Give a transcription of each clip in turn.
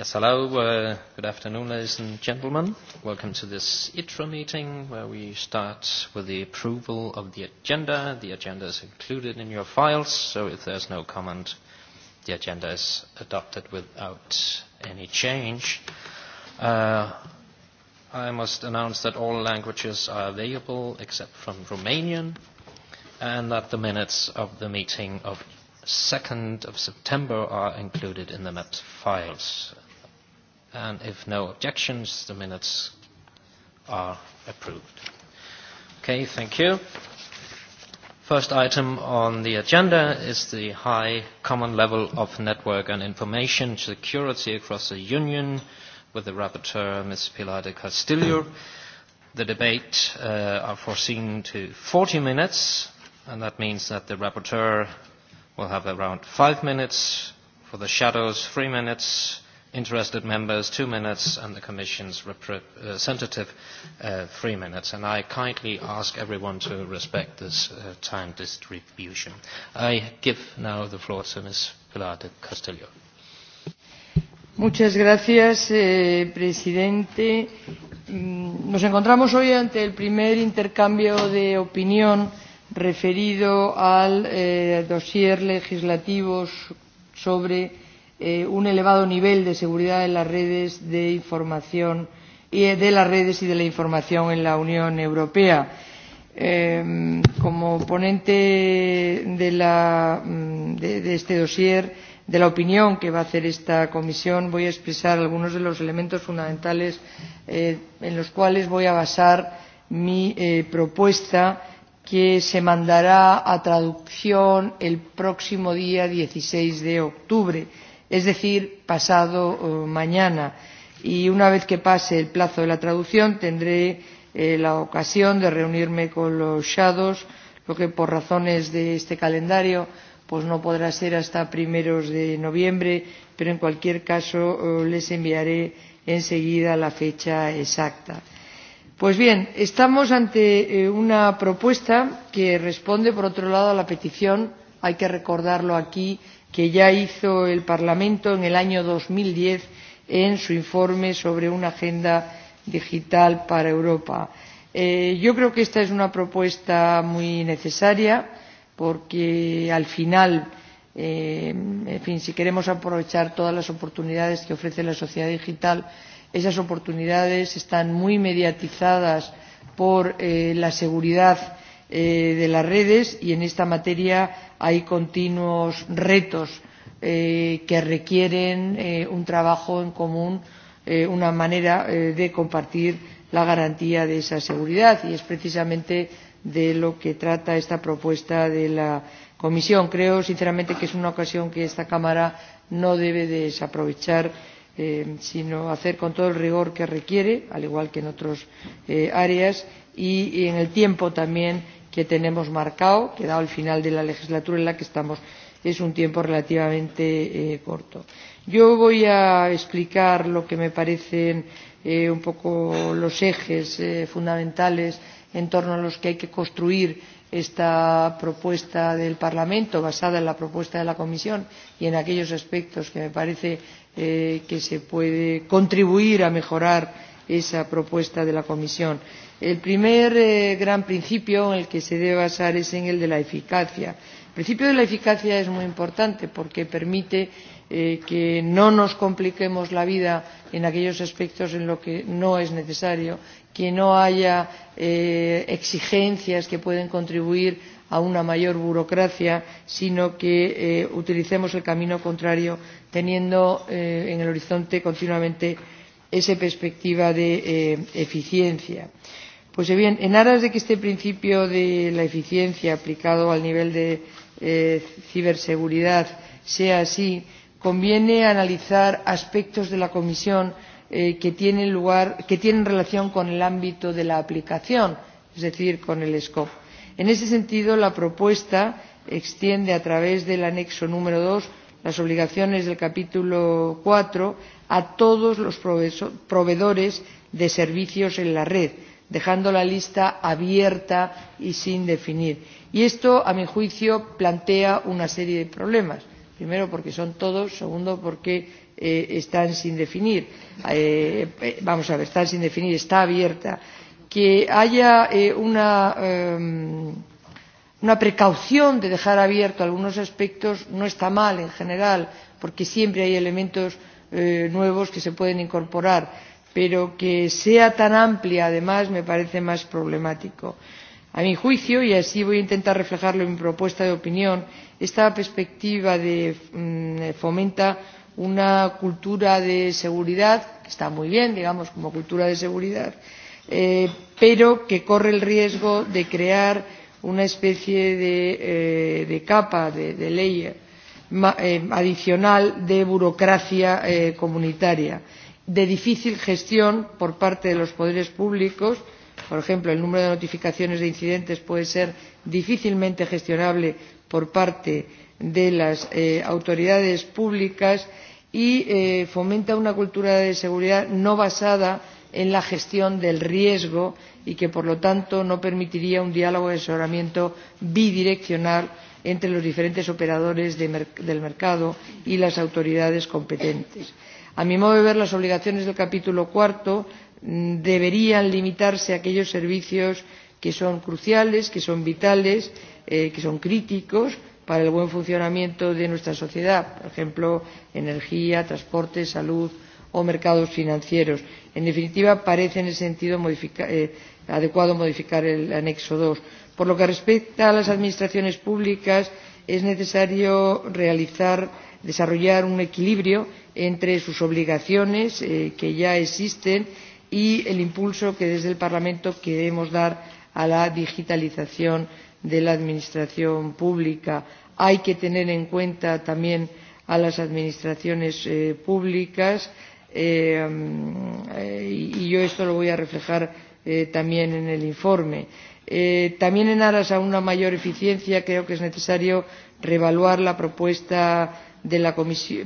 Yes, hello. Uh, good afternoon, ladies and gentlemen. Welcome to this ITRA meeting where we start with the approval of the agenda. The agenda is included in your files, so if there's no comment, the agenda is adopted without any change. Uh, I must announce that all languages are available except from Romanian and that the minutes of the meeting of 2nd of September are included in the MEPS files And if no objections, the minutes are approved. Okay, thank you. First item on the agenda is the high common level of network and information security across the Union with the rapporteur, Ms. Pilar de Castillo. the debate uh, are foreseen to 40 minutes, and that means that the rapporteur will have around five minutes, for the shadows, three minutes, interested members two minutes and the Commission's representative uh, uh, three minutes. And I kindly ask everyone to respect this uh, time distribution. I give now the floor to Ms. Pilar de Castillo. Muchas gracias, eh, presidente. Mm, nos encontramos hoy ante el primer intercambio de opinión referido al eh, dossier legislativo sobre eh, un elevado nivel de seguridad en las redes de información y eh, de las redes y de la información en la Unión Europea. Eh, como ponente de, la, mm, de, de este dossier, de la opinión que va a hacer esta comisión, voy a expresar algunos de los elementos fundamentales eh, en los cuales voy a basar mi eh, propuesta que se mandará a traducción el próximo día 16 de octubre. Eh, es decir, pasado eh, mañana. Y una vez que pase el plazo de la traducción, tendré eh, la ocasión de reunirme con los shadows, lo que por razones de este calendario pues no podrá ser hasta primeros de noviembre, pero en cualquier caso eh, les enviaré enseguida la fecha exacta. Pues bien, estamos ante eh, una propuesta que responde, por otro lado, a la petición, hay que recordarlo aquí, que ya hizo el Parlamento en el año 2010 en su informe sobre una agenda digital para Europa. Eh, yo creo que esta es una propuesta muy necesaria porque al final, eh, en fin, si queremos aprovechar todas las oportunidades que ofrece la sociedad digital, esas oportunidades están muy mediatizadas por eh, la seguridad Eh, de las redes y en esta materia hay continuos retos eh, que requieren eh, un trabajo en común, una manera de compartir la garantía de esa seguridad y es precisamente de lo que trata esta propuesta de la Comisión. Creo sinceramente que es una ocasión que esta Cámara no debe desaprovechar eh, sino hacer con todo el rigor que requiere, al igual que en otras eh, áreas, y, y en el tiempo también que tenemos marcado que dado el final de la legislatura en la que estamos es un tiempo relativamente eh, corto. Yo voy a explicar lo que me parecen eh, un poco los ejes eh, fundamentales en torno a los que hay que construir esta propuesta del Parlamento basada en la propuesta de la Comisión y en aquellos aspectos que me parece eh, que se puede contribuir a mejorar esa propuesta de la Comisión. Eh, el primer eh, gran principio en el que se debe basar es en el de la eficacia. El principio de la eficacia es muy importante porque permite eh, que no nos compliquemos la vida en aquellos aspectos en los que no es necesario, que no haya eh, exigencias que pueden contribuir a una mayor burocracia, sino que eh, utilicemos el camino contrario, teniendo eh, en el horizonte continuamente esa perspectiva de eh, eficiencia. Eh, pues eh, bien en aras de que este principio de la eficiencia aplicado al nivel de eh, ciberseguridad sea así conviene analizar aspectos de la comisión eh, que, tienen lugar, que tienen relación con el ámbito de la aplicación es decir con el scope. en ese sentido la propuesta extiende a través del anexo número dos las obligaciones del capítulo cuatro a todos los proveedores de servicios en la red dejando la lista abierta y sin definir. y esto a mi juicio plantea una serie de problemas primero porque son todos segundo porque eh, están sin definir eh, eh vamos a ver están sin definir está abierta que haya eh, una, eh, una precaución de dejar abiertos algunos aspectos no está mal en general porque siempre hay elementos eh, nuevos que se pueden incorporar pero que sea tan amplia además me parece más problemático. A mi juicio, y así voy a intentar reflejarlo en mi propuesta de opinión, esta perspectiva de, mm, fomenta una cultura de seguridad, que está muy bien, digamos, como cultura de seguridad, eh, pero que corre el riesgo de crear una especie de, eh, de capa, de, de layer ma, eh, adicional de burocracia eh, comunitaria de difícil gestión por parte de los poderes públicos por ejemplo el número de notificaciones de incidentes puede ser difícilmente gestionable por parte de las eh, autoridades públicas y eh, fomenta una cultura de seguridad no basada en la gestión del riesgo y que por lo tanto no permitiría un diálogo de asesoramiento bidireccional entre los diferentes operadores del mercado y las autoridades competentes. Sí a mi modo de ver las obligaciones del capítulo cuarto deberían limitarse a aquellos servicios que son cruciales que son vitales eh, que son críticos para el buen funcionamiento de nuestra sociedad por ejemplo energía transporte salud o mercados financieros. en definitiva parece en ese sentido modifica, eh, adecuado modificar el anexo ii. por lo que respecta a las administraciones públicas es necesario realizar desarrollar un equilibrio entre sus obligaciones eh, que ya existen y el impulso que desde el parlamento queremos dar a la digitalización de la administración pública. hay que tener en cuenta también a las administraciones eh, públicas eh, mm, eh y yo esto lo voy a reflejar eh, también en el informe. Eh, también en aras de una mayor eficiencia creo que es necesario reevaluar la propuesta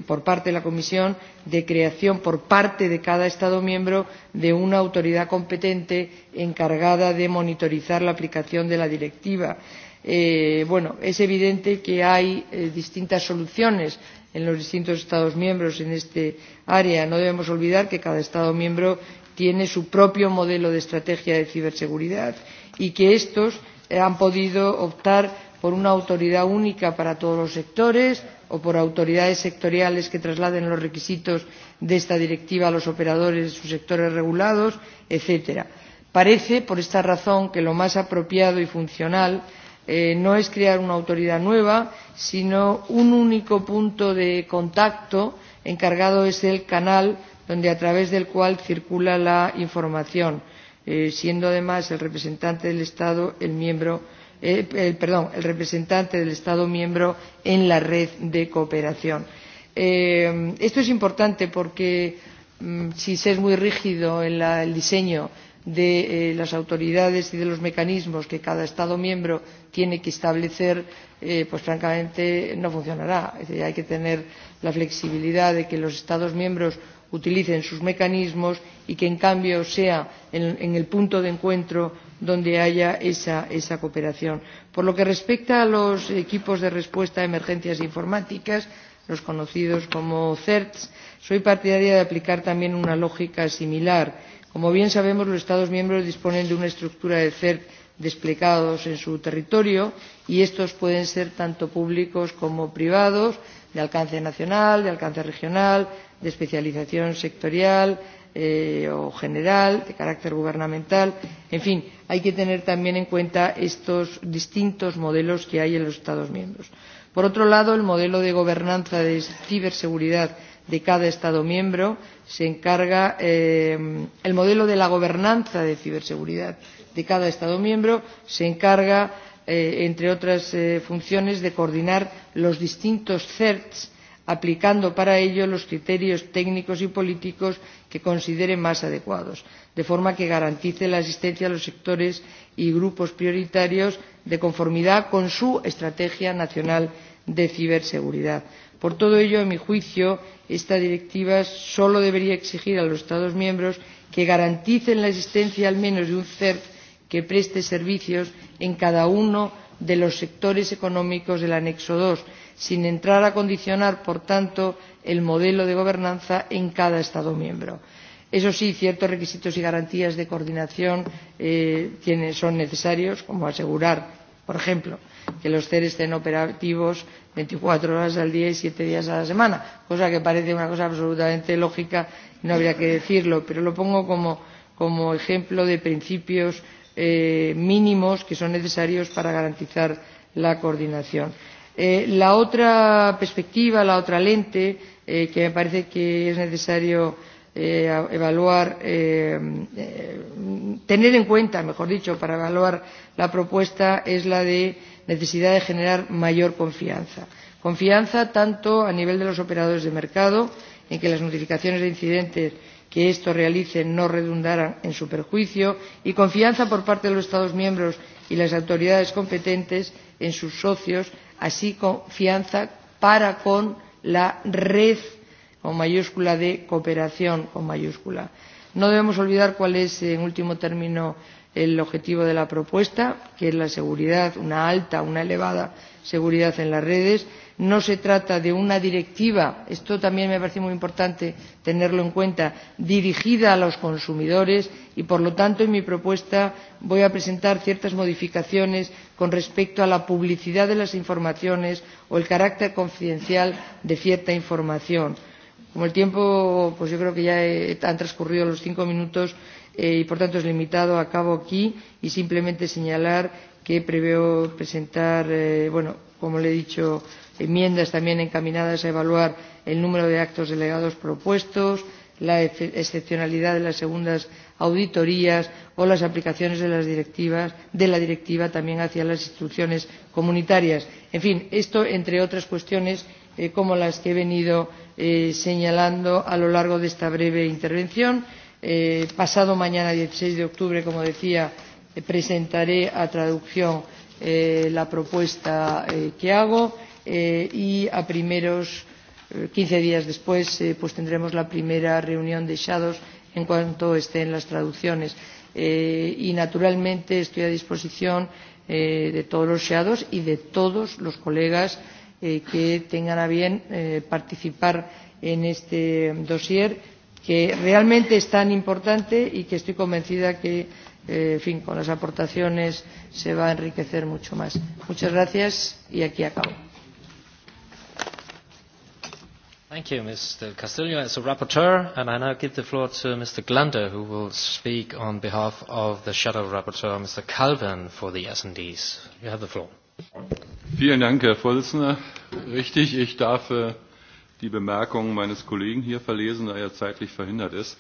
por parte de la Comisión de creación por parte de cada Estado miembro de una autoridad competente encargada de monitorizar la aplicación de la directiva. Eh, es evidente que hay eh, distintas soluciones en los distintos Estados miembros en esta área. No debemos olvidar que cada Estado miembro tiene su propio modelo de estrategia de ciberseguridad y que estos han podido optar por una autoridad única para todos los sectores o por autoridades sectoriales que trasladen los requisitos de esta directiva a los operadores de sus sectores regulados etc. parece por esta razón que lo más apropiado y funcional eh, no es crear una autoridad nueva sino un único punto de contacto encargado es el canal donde a través del cual circula la información eh, siendo además el representante del estado el miembro el, eh, eh, perdón, el representante del Estado miembro en la red de cooperación. Eh, esto es importante porque mm, si se es muy rígido en la, el diseño de eh, las autoridades y de los mecanismos que cada Estado miembro tiene que establecer, eh, pues francamente no funcionará. Es decir, hay que tener la flexibilidad de que los Estados miembros utilicen sus mecanismos y que en cambio sea en, en el punto de encuentro donde haya esa, esa cooperación. Por lo que respecta a los equipos de respuesta a emergencias informáticas, los conocidos como CERTs, soy partidaria de aplicar también una lógica similar. Como bien sabemos, los Estados miembros disponen de una estructura de CERT desplegados en su territorio y estos pueden ser tanto públicos como privados, de alcance nacional, de alcance regional, de especialización sectorial, Eh, o general, de carácter gubernamental. En fin, hay que tener también en cuenta estos distintos modelos que hay en los Estados miembros. Por otro lado, el modelo de gobernanza de ciberseguridad de cada Estado miembro se encarga eh, el modelo de la gobernanza de ciberseguridad de cada Estado miembro se encarga, eh, entre otras eh, funciones, de coordinar los distintos CERTs aplicando para ello los criterios técnicos y políticos que considere más adecuados de forma que garantice la asistencia a los sectores y grupos prioritarios de conformidad con su estrategia nacional de ciberseguridad. por todo ello a mi juicio esta directiva solo debería exigir a los estados miembros que garanticen la existencia al menos de un cert que preste servicios en cada uno de los sectores económicos del anexo ii sin entrar a condicionar por tanto el modelo de gobernanza en cada estado miembro. eso sí ciertos requisitos y garantías de coordinación eh, son necesarios como asegurar por ejemplo que los CER estén operativos veinticuatro horas al día y siete días a la semana cosa que parece una cosa absolutamente lógica y no habría que decirlo pero lo pongo como, como ejemplo de principios eh, mínimos que son necesarios para garantizar la coordinación. Eh, la otra perspectiva, la otra lente eh, que me parece que es necesario eh, evaluar, eh, eh, tener en cuenta, mejor dicho, para evaluar la propuesta es la de necesidad de generar mayor confianza. Confianza tanto a nivel de los operadores de mercado, en que las notificaciones de incidentes que estos realicen no redundarán en su perjuicio, y confianza por parte de los Estados miembros y las autoridades competentes en sus socios así confianza para con la red con mayúscula de cooperación con mayúscula. No debemos olvidar cuál es, en último término, el objetivo de la propuesta, que es la seguridad, una alta, una elevada seguridad en las redes. No se trata de una directiva, esto también me parece muy importante tenerlo en cuenta, dirigida a los consumidores y, por lo tanto, en mi propuesta voy a presentar ciertas modificaciones con respecto a la publicidad de las informaciones o el carácter confidencial de cierta información. Como el tiempo, pues yo creo que ya eh, han transcurrido los cinco minutos eh, y por tanto es limitado, acabo aquí y simplemente señalar que preveo presentar, eh, bueno, como le he dicho, enmiendas también encaminadas a evaluar el número de actos delegados propuestos, la excepcionalidad de las segundas auditorías o las aplicaciones de, la directiva también hacia las instituciones comunitarias. en fin esto entre otras cuestiones eh, como las que he venido eh, señalando a lo largo de esta breve intervención. Eh, pasado mañana dieciseis de octubre como decía presentaré a traducción la propuesta que hago y a primeros quince días después pues tendremos la primera reunión de ponentes alternativos en cuanto estén las traducciones. Eh, y naturalmente estoy a disposición eh, de todos los SEADOS y de todos los colegas eh, que tengan a bien participar en este dosier que realmente es tan importante y que estoy convencida que en fin, con las aportaciones se va a enriquecer mucho más. Muchas gracias y aquí acabo. Thank you, Mr. Castillo, as a rapporteur, and I now give the floor to Mr. Glander, who will speak on behalf of the shadow rapporteur, Mr. Calvin, for the S&Ds. You have the floor. Vielen Dank, Herr Vorsitzender. Richtig, ich darf äh, die Bemerkungen meines Kollegen hier verlesen, da er zeitlich verhindert ist.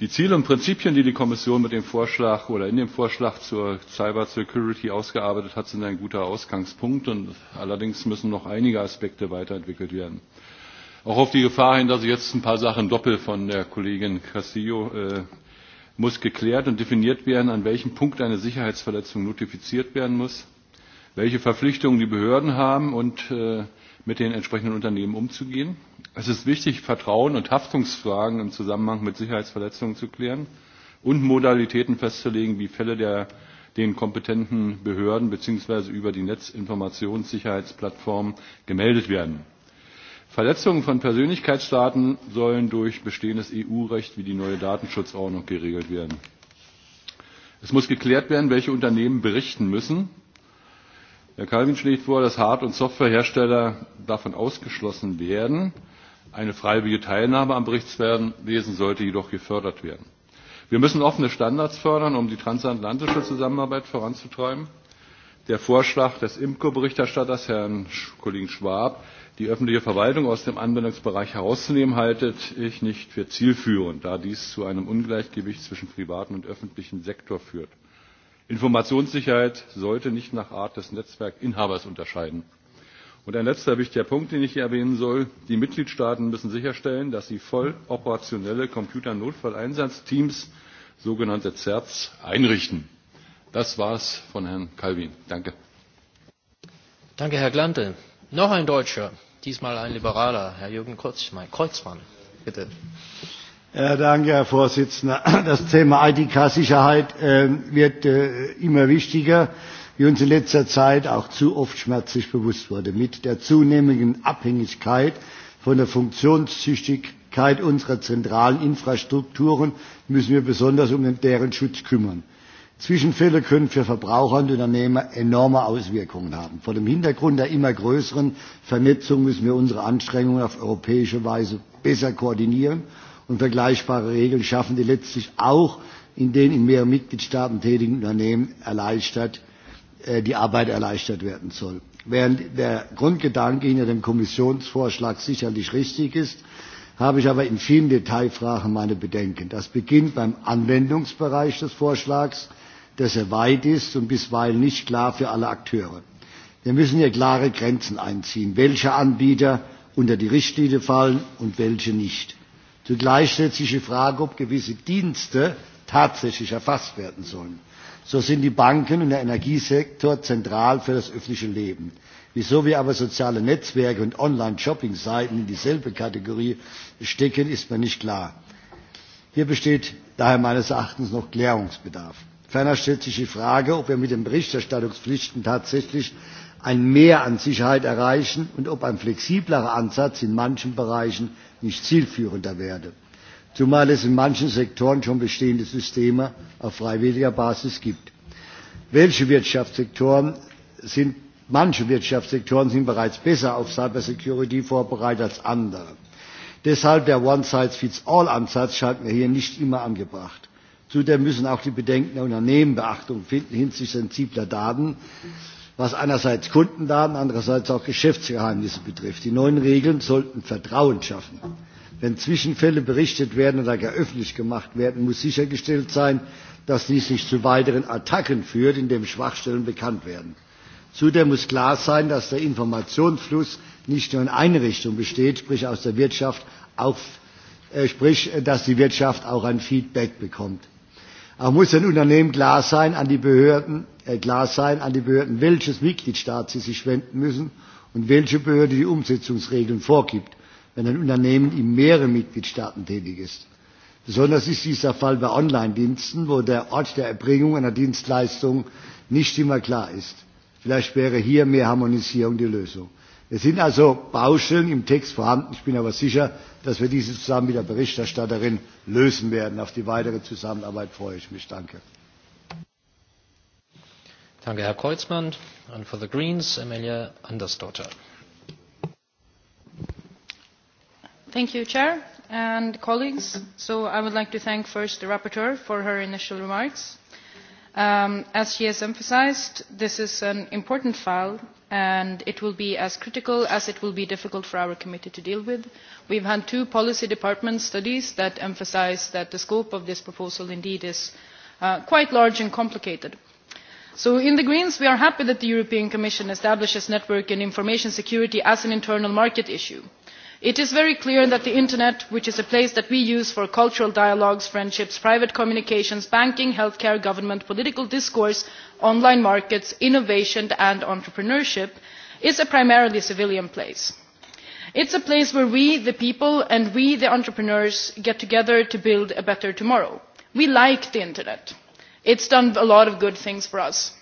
Die Ziele und Prinzipien, die die Kommission mit dem Vorschlag oder in dem Vorschlag zur Cyber Security ausgearbeitet hat, sind ein guter Ausgangspunkt und allerdings müssen noch einige Aspekte weiterentwickelt werden auch auf die Gefahr hin, dass ich jetzt ein paar Sachen doppelt von der Kollegin Castillo äh, muss geklärt und definiert werden, an welchem Punkt eine Sicherheitsverletzung notifiziert werden muss, welche Verpflichtungen die Behörden haben und äh, mit den entsprechenden Unternehmen umzugehen. Es ist wichtig, Vertrauen und Haftungsfragen im Zusammenhang mit Sicherheitsverletzungen zu klären und Modalitäten festzulegen, wie Fälle der den kompetenten Behörden bzw. über die Netzinformationssicherheitsplattform gemeldet werden. Verletzungen von Persönlichkeitsdaten sollen durch bestehendes EU-Recht wie die neue Datenschutzordnung geregelt werden. Es muss geklärt werden, welche Unternehmen berichten müssen. Herr Calvin schlägt vor, dass Hard- und Softwarehersteller davon ausgeschlossen werden. Eine freiwillige Teilnahme am Berichtswesen sollte jedoch gefördert werden. Wir müssen offene Standards fördern, um die transatlantische Zusammenarbeit voranzutreiben. Der Vorschlag des IMCO-Berichterstatters, Herrn Kollegen Schwab, die öffentliche Verwaltung aus dem Anwendungsbereich herauszunehmen, halte ich nicht für zielführend, da dies zu einem Ungleichgewicht zwischen privatem und öffentlichem Sektor führt. Informationssicherheit sollte nicht nach Art des Netzwerkinhabers unterscheiden. Und ein letzter wichtiger Punkt, den ich hier erwähnen soll. Die Mitgliedstaaten müssen sicherstellen, dass sie voll operationelle Computernotfalleinsatzteams, sogenannte CERTs, einrichten. Das war es von Herrn Calvin. Danke. Danke, Herr Glante. Noch ein Deutscher, diesmal ein Liberaler, Herr Jürgen Kreuzmann, bitte. Ja, danke, Herr Vorsitzender. Das Thema IDK-Sicherheit äh, wird äh, immer wichtiger, wie uns in letzter Zeit auch zu oft schmerzlich bewusst wurde. Mit der zunehmenden Abhängigkeit von der Funktionstüchtigkeit unserer zentralen Infrastrukturen müssen wir besonders um deren Schutz kümmern. Zwischenfälle können für Verbraucher und Unternehmer enorme Auswirkungen haben. Vor dem Hintergrund der immer größeren Vernetzung müssen wir unsere Anstrengungen auf europäische Weise besser koordinieren und vergleichbare Regeln schaffen, die letztlich auch in den in mehreren Mitgliedstaaten tätigen Unternehmen erleichtert, äh, die Arbeit erleichtert werden soll. Während der Grundgedanke hinter dem Kommissionsvorschlag sicherlich richtig ist, habe ich aber in vielen Detailfragen meine Bedenken. Das beginnt beim Anwendungsbereich des Vorschlags, dass er weit ist und bisweilen nicht klar für alle Akteure. Wir müssen hier klare Grenzen einziehen, welche Anbieter unter die Richtlinie fallen und welche nicht. Zugleich stellt sich die Frage, ob gewisse Dienste tatsächlich erfasst werden sollen. So sind die Banken und der Energiesektor zentral für das öffentliche Leben. Wieso wir aber soziale Netzwerke und Online-Shopping-Seiten in dieselbe Kategorie stecken, ist mir nicht klar. Hier besteht daher meines Erachtens noch Klärungsbedarf. Ferner stellt sich die Frage, ob wir mit den Berichterstattungspflichten tatsächlich ein Mehr an Sicherheit erreichen und ob ein flexiblerer Ansatz in manchen Bereichen nicht zielführender werde, zumal es in manchen Sektoren schon bestehende Systeme auf freiwilliger Basis gibt. Welche Wirtschaftssektoren sind, manche Wirtschaftssektoren sind bereits besser auf Cybersecurity vorbereitet als andere. Deshalb der One-Size-Fits-All-Ansatz scheint mir hier nicht immer angebracht. Zudem müssen auch die Bedenken der Unternehmen Beachtung finden hinsichtlich sensibler Daten, was einerseits Kundendaten, andererseits auch Geschäftsgeheimnisse betrifft. Die neuen Regeln sollten Vertrauen schaffen. Wenn Zwischenfälle berichtet werden oder gar öffentlich gemacht werden, muss sichergestellt sein, dass dies nicht zu weiteren Attacken führt, indem Schwachstellen bekannt werden. Zudem muss klar sein, dass der Informationsfluss nicht nur in eine Richtung besteht, sprich aus der Wirtschaft, auf, äh, sprich, äh, dass die Wirtschaft auch ein Feedback bekommt. Aber muss ein Unternehmen klar sein an die Behörden, äh, klar sein an die Behörden, welches Mitgliedstaat sie sich wenden müssen und welche Behörde die Umsetzungsregeln vorgibt, wenn ein Unternehmen in mehreren Mitgliedstaaten tätig ist. Besonders ist dieser Fall bei Online-Diensten, wo der Ort der Erbringung einer Dienstleistung nicht immer klar ist. Vielleicht wäre hier mehr Harmonisierung die Lösung. Es sind also Baustellen im Text vorhanden. Ich bin aber sicher, dass wir diese zusammen mit der Berichterstatterin lösen werden. Auf die weitere Zusammenarbeit freue ich mich. Danke. Danke, Herr Kreuzmann. Und für die Greens, Amelia Andersdotter. Thank you, Chair and colleagues. So I would like to thank first the rapporteur for her initial remarks Um, as she has emphasised, this is an important file and it will be as critical as it will be difficult for our committee to deal with. We have had two policy department studies that emphasise that the scope of this proposal indeed is indeed uh, quite large and complicated. So in the Greens, we are happy that the European Commission establishes network and information security as an internal market issue it is very clear that the internet which is a place that we use for cultural dialogues friendships private communications banking healthcare government political discourse online markets innovation and entrepreneurship is a primarily civilian place. it is a place where we the people and we the entrepreneurs get together to build a better tomorrow. we like the internet. it has done a lot of good things for us.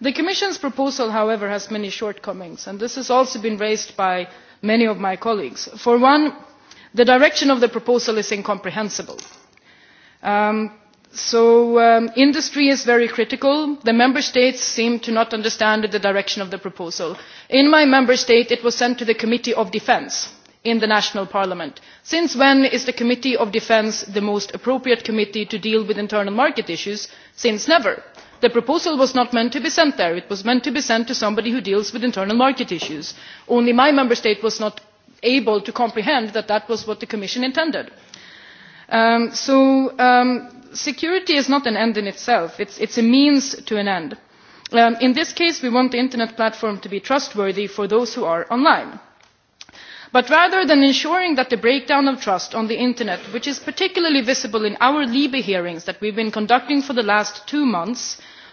the commission's proposal however has many shortcomings and this has also been raised by many of my colleagues. for one the direction of the proposal is incomprehensible. Um, so um, industry is very critical. the member states seem to not understand the direction of the proposal. in my member state it was sent to the committee of defence in the national parliament. since when is the committee of defence the most appropriate committee to deal with internal market issues? since never the proposal was not meant to be sent there it was meant to be sent to somebody who deals with internal market issues only my member state was not able to comprehend that that was what the commission intended. Um, so um, security is not an end in itself it is a means to an end. Um, in this case we want the internet platform to be trustworthy for those who are online but rather than ensuring that the breakdown of trust on the internet which is particularly visible in our libe hearings that we have been conducting for the last two months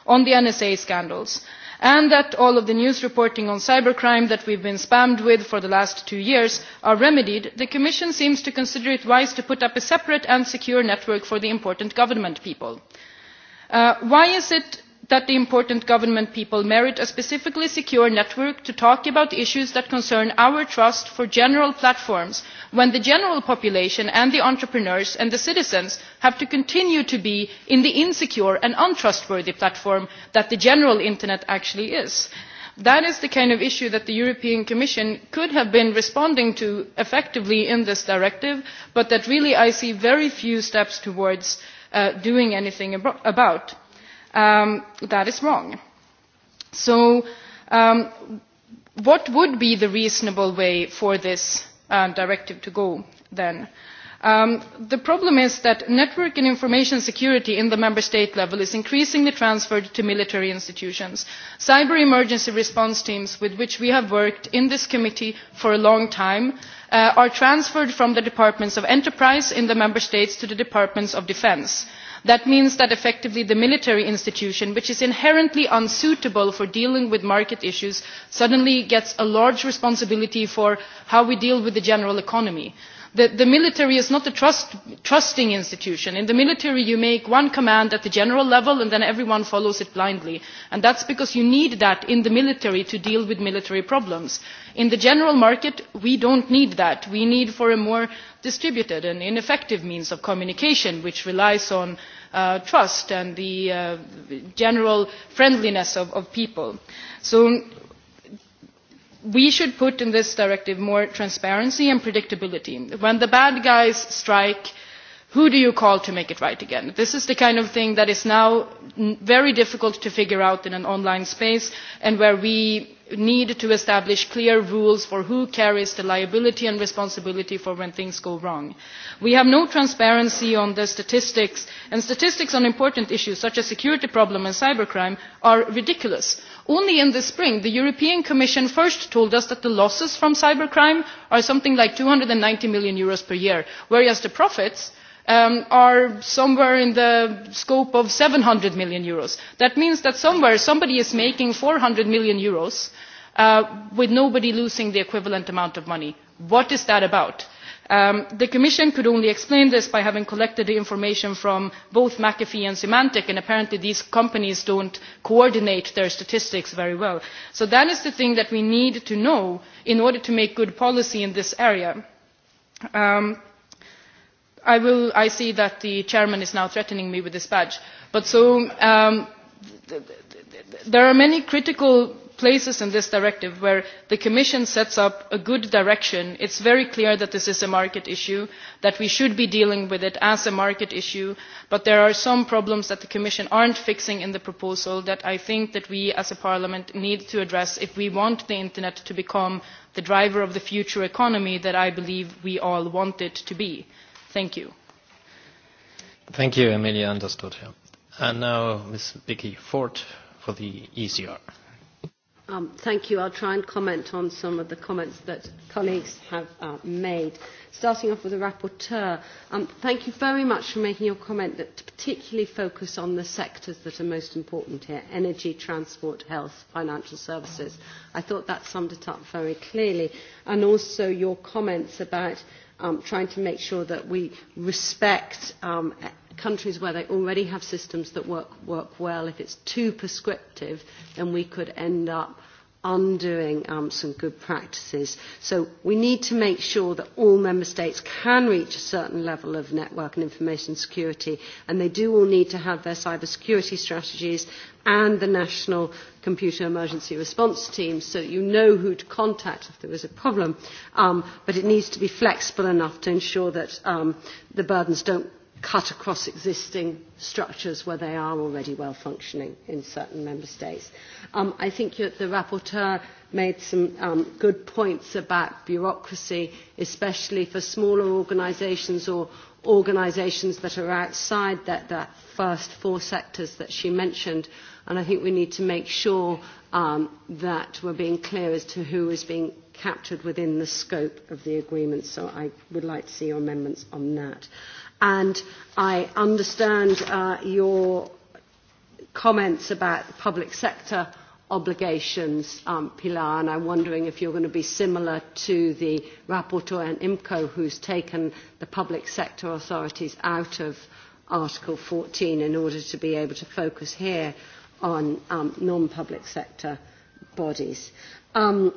on the nsa scandals and that all of the news reporting on cybercrime that we have been spammed with for the last two years are remedied the commission seems to consider it wise to put up a separate and secure network for the important government people. Uh, why is it that the important government people merit a specifically secure network to talk about issues that concern our trust for general platforms when the general population and the entrepreneurs and the citizens have to continue to be in the insecure and untrustworthy platform that the general internet actually is. that is the kind of issue that the european commission could have been responding to effectively in this directive but that really i see very few steps towards uh, doing anything about um, that is wrong. So um, what would be the reasonable way for this uh, directive to go then? Um, the problem is that network and information security in the member state level is increasingly transferred to military institutions. cyber emergency response teams with which we have worked in this committee for a long time uh, are transferred from the departments of enterprise in the member states to the departments of defence that means that effectively the military institution which is inherently unsuitable for dealing with market issues suddenly gets a large responsibility for how we deal with the general economy. The, military is not a trusting institution. in the military you make one command at the general level and then everyone follows it blindly and that is because you need that in the military to deal with military problems. in the general market we do not need that. we need for a more distributed and ineffective means of communication which relies on uh, trust and the uh, general friendliness of, of people. So we should put in this directive more transparency and predictability. When the bad guys strike, who do you call to make it right again? This is the kind of thing that is now very difficult to figure out in an online space and where we need to establish clear rules for who carries the liability and responsibility for when things go wrong. We have no transparency on the statistics, and statistics on important issues such as security problem and cybercrime are ridiculous. Only in the spring, the European Commission first told us that the losses from cybercrime are something like 290 million euros per year, whereas the profits Um, are somewhere in the scope of 700 million euros. That means that somewhere somebody is making 400 million euros million uh, with nobody losing the equivalent amount of money. What is that about? Um, the commission could only explain this by having collected the information from both mcafee and symantec and apparently these companies do not coordinate their statistics very well. so that is the thing that we need to know in order to make good policy in this area. Um, I, see that the chairman is now threatening me with his badge but um, there are many critical places in this directive where the commission sets up a good direction it is very clear that this is a market issue that we should be dealing with it as a market issue but there are some problems that the commission is not fixing in the proposal that i think that we as a parliament need to address if we want the internet to become the driver of the future economy that i believe we all want it to be. Thank you. Thank you, Emilia Understood. And now Ms. Vicky Ford for the ECR. Um, thank you. I'll try and comment on some of the comments that colleagues have uh, made. Starting off with the rapporteur, um, thank you very much for making your comment that to particularly focus on the sectors that are most important here, energy, transport, health, financial services. I thought that summed it up very clearly. And also your comments about um, trying to make sure that we respect um, countries where they already have systems that work, work well. If it's too prescriptive, then we could end up undoing um, some good practices. So we need to make sure that all member states can reach a certain level of network and information security, and they do all need to have their cybersecurity strategies and the national computer emergency response teams so you know who to contact if there is a problem. Um, but it needs to be flexible enough to ensure that um, the burdens don't cut across existing structures where they are already well functioning in certain member states. Um, I think you, the rapporteur made some um, good points about bureaucracy, especially for smaller organisations or organisations that are outside that, that first four sectors that she mentioned. And I think we need to make sure um, that we're being clear as to who is being captured within the scope of the agreement. So I would like to see your amendments on that. And I understand uh, your comments about public sector obligations, um, Pilar, and I'm wondering if you're going to be similar to the rapporteur and IMCO who's taken the public sector authorities out of Article 14 in order to be able to focus here on um, non-public sector bodies. Um,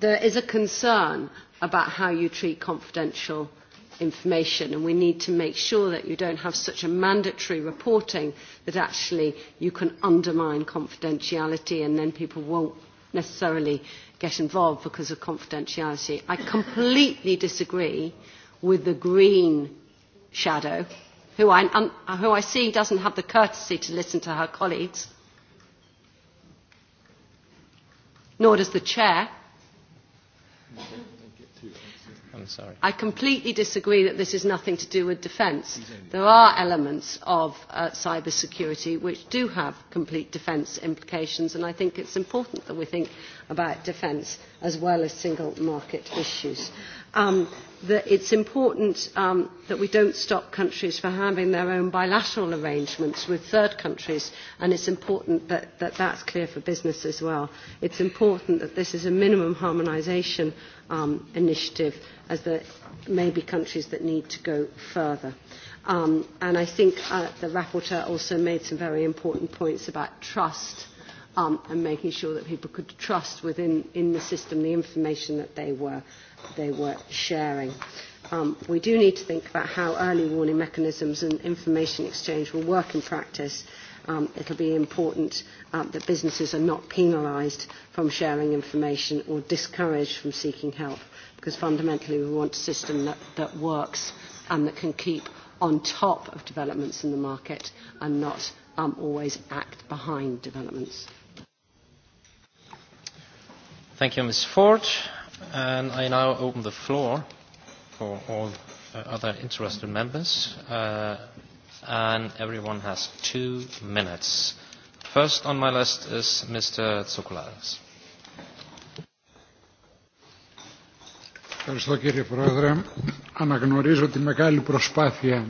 there is a concern about how you treat confidential information and we need to make sure that you don't have such a mandatory reporting that actually you can undermine confidentiality and then people won't necessarily get involved because of confidentiality. I completely disagree with the green shadow who I, um, who I see doesn't have the courtesy to listen to her colleagues, nor does the chair. I'm sorry. I completely disagree that this is nothing to do with defence. There are elements of uh, cyber security which do have complete defence implications, and I think it's important that we think about defence as well as single market issues um, that it's important um, that we don't stop countries from having their own bilateral arrangements with third countries, and it's important that, that that's clear for business as well. It's important that this is a minimum harmonisation um, initiative, as there may be countries that need to go further. Um, and I think uh, the rapporteur also made some very important points about trust um, and making sure that people could trust within in the system the information that they were they were sharing. Um, we do need to think about how early warning mechanisms and information exchange will work in practice. Um, it'll be important uh, that businesses are not penalised from sharing information or discouraged from seeking help, because fundamentally we want a system that, that works and that can keep on top of developments in the market and not um, always act behind developments. Thank you, Ms. Ford and I now open the floor for all uh, other interested members. Uh, and everyone has two minutes. First on my list is Mr. Tsoukalas. Ευχαριστώ κύριε Πρόεδρε. Αναγνωρίζω τη μεγάλη προσπάθεια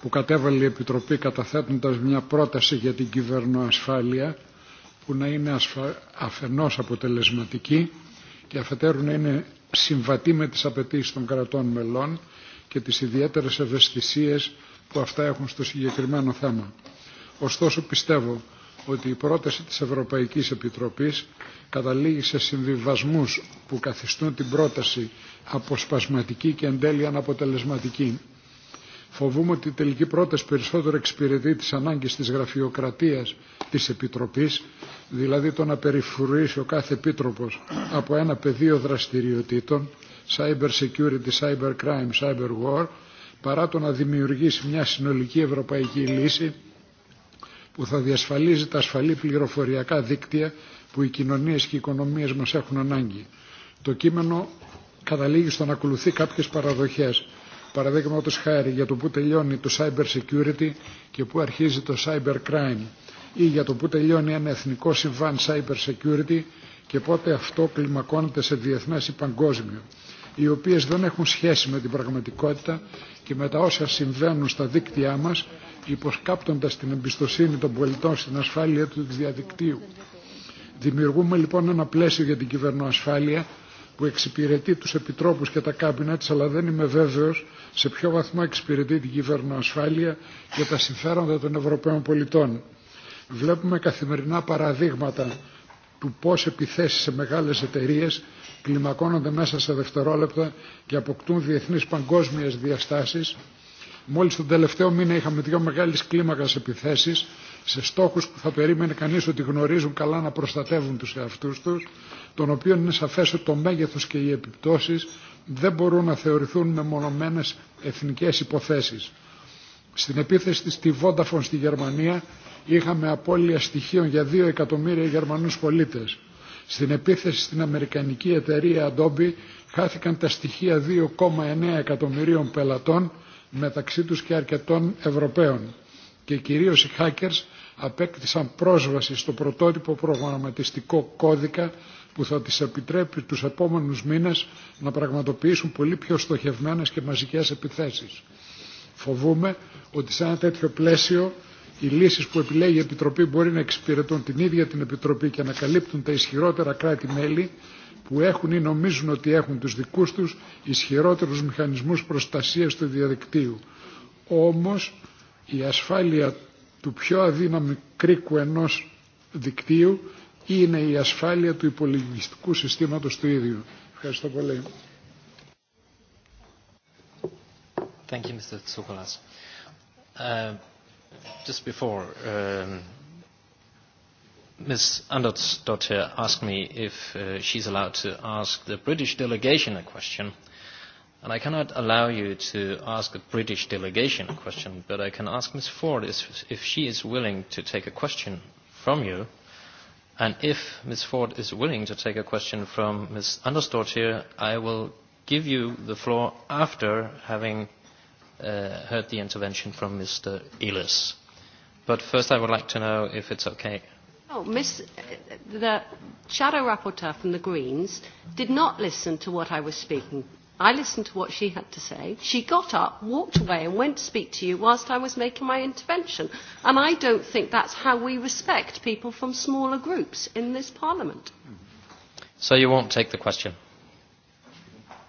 που κατέβαλε η Επιτροπή καταθέτοντας μια πρόταση για την κυβερνοασφάλεια που να είναι αφενός αποτελεσματική και αφετέρου να είναι συμβατή με τις απαιτήσεις των κρατών μελών και τις ιδιαίτερες ευαισθησίες που αυτά έχουν στο συγκεκριμένο θέμα. Ωστόσο πιστεύω ότι η πρόταση της Ευρωπαϊκής Επιτροπής καταλήγει σε συμβιβασμούς που καθιστούν την πρόταση αποσπασματική και εν τέλει αναποτελεσματική. Φοβούμαι ότι η τελική πρόταση περισσότερο εξυπηρετεί τις ανάγκες της γραφειοκρατίας της Επιτροπής, δηλαδή το να περιφρουρήσει ο κάθε επίτροπος από ένα πεδίο δραστηριοτήτων, cyber security, cyber crime, cyber war, παρά το να δημιουργήσει μια συνολική ευρωπαϊκή λύση που θα διασφαλίζει τα ασφαλή πληροφοριακά δίκτυα που οι κοινωνίες και οι οικονομίες μας έχουν ανάγκη. Το κείμενο καταλήγει στο να ακολουθεί κάποιες παραδοχές παραδείγματος χάρη για το που τελειώνει το cyber security και που αρχίζει το cyber crime ή για το που τελειώνει ένα εθνικό συμβάν cyber security και πότε αυτό κλιμακώνεται σε διεθνές ή παγκόσμιο οι οποίες δεν έχουν σχέση με την πραγματικότητα και με τα όσα συμβαίνουν στα δίκτυά μας υποσκάπτοντας την εμπιστοσύνη των πολιτών στην ασφάλεια του διαδικτύου. Δημιουργούμε λοιπόν ένα πλαίσιο για την κυβερνοασφάλεια που εξυπηρετεί τους επιτρόπους και τα κάμπινα της, αλλά δεν είμαι βέβαιος σε ποιο βαθμό εξυπηρετεί την κυβέρνηση ασφάλεια και τα συμφέροντα των Ευρωπαίων πολιτών. Βλέπουμε καθημερινά παραδείγματα του πώς επιθέσεις σε μεγάλες εταιρείες κλιμακώνονται μέσα σε δευτερόλεπτα και αποκτούν διεθνείς παγκόσμιες διαστάσεις. Μόλις τον τελευταίο μήνα είχαμε δύο μεγάλες κλίμακας επιθέσεις σε στόχους που θα περίμενε κανείς ότι γνωρίζουν καλά να προστατεύουν τους εαυτούς τους, των οποίων είναι σαφές ότι το μέγεθος και οι επιπτώσεις δεν μπορούν να θεωρηθούν μεμονωμένες εθνικές υποθέσεις. Στην επίθεση της στη Vodafone στη Γερμανία είχαμε απώλεια στοιχείων για 2 εκατομμύρια Γερμανούς πολίτες. Στην επίθεση στην Αμερικανική εταιρεία Adobe χάθηκαν τα στοιχεία 2,9 εκατομμυρίων πελατών μεταξύ τους και αρκετών Ευρωπαίων και κυρίως οι hackers απέκτησαν πρόσβαση στο πρωτότυπο προγραμματιστικό κώδικα που θα τις επιτρέπει τους επόμενους μήνες να πραγματοποιήσουν πολύ πιο στοχευμένες και μαζικές επιθέσεις. Φοβούμε ότι σε ένα τέτοιο πλαίσιο οι λύσεις που επιλέγει η Επιτροπή μπορεί να εξυπηρετούν την ίδια την Επιτροπή και να καλύπτουν τα ισχυρότερα κράτη-μέλη που έχουν ή νομίζουν ότι έχουν τους δικούς τους ισχυρότερους μηχανισμούς προστασίας του διαδικτύου. Όμως η ασφάλεια του πιο αδύναμου κρίκου ενός δικτύου είναι η ασφάλεια του υπολογιστικού συστήματος του ίδιου. Ευχαριστώ πολύ. Thank you, Mr. Tsoukalas. Uh, just before, um, Ms. daughter asked me if uh, she's allowed to ask the British delegation a question. And I cannot allow you to ask a British delegation a question, but I can ask Ms. Ford if, if she is willing to take a question from you And if Ms. Ford is willing to take a question from Ms. Understort here, I will give you the floor after having uh, heard the intervention from Mr. Ellis. But first I would like to know if it's okay. Oh, Ms. the shadow rapporteur from the Greens did not listen to what I was speaking I listened to what she had to say. She got up, walked away, and went to speak to you whilst I was making my intervention. And I don't think that's how we respect people from smaller groups in this Parliament. So you won't take the question?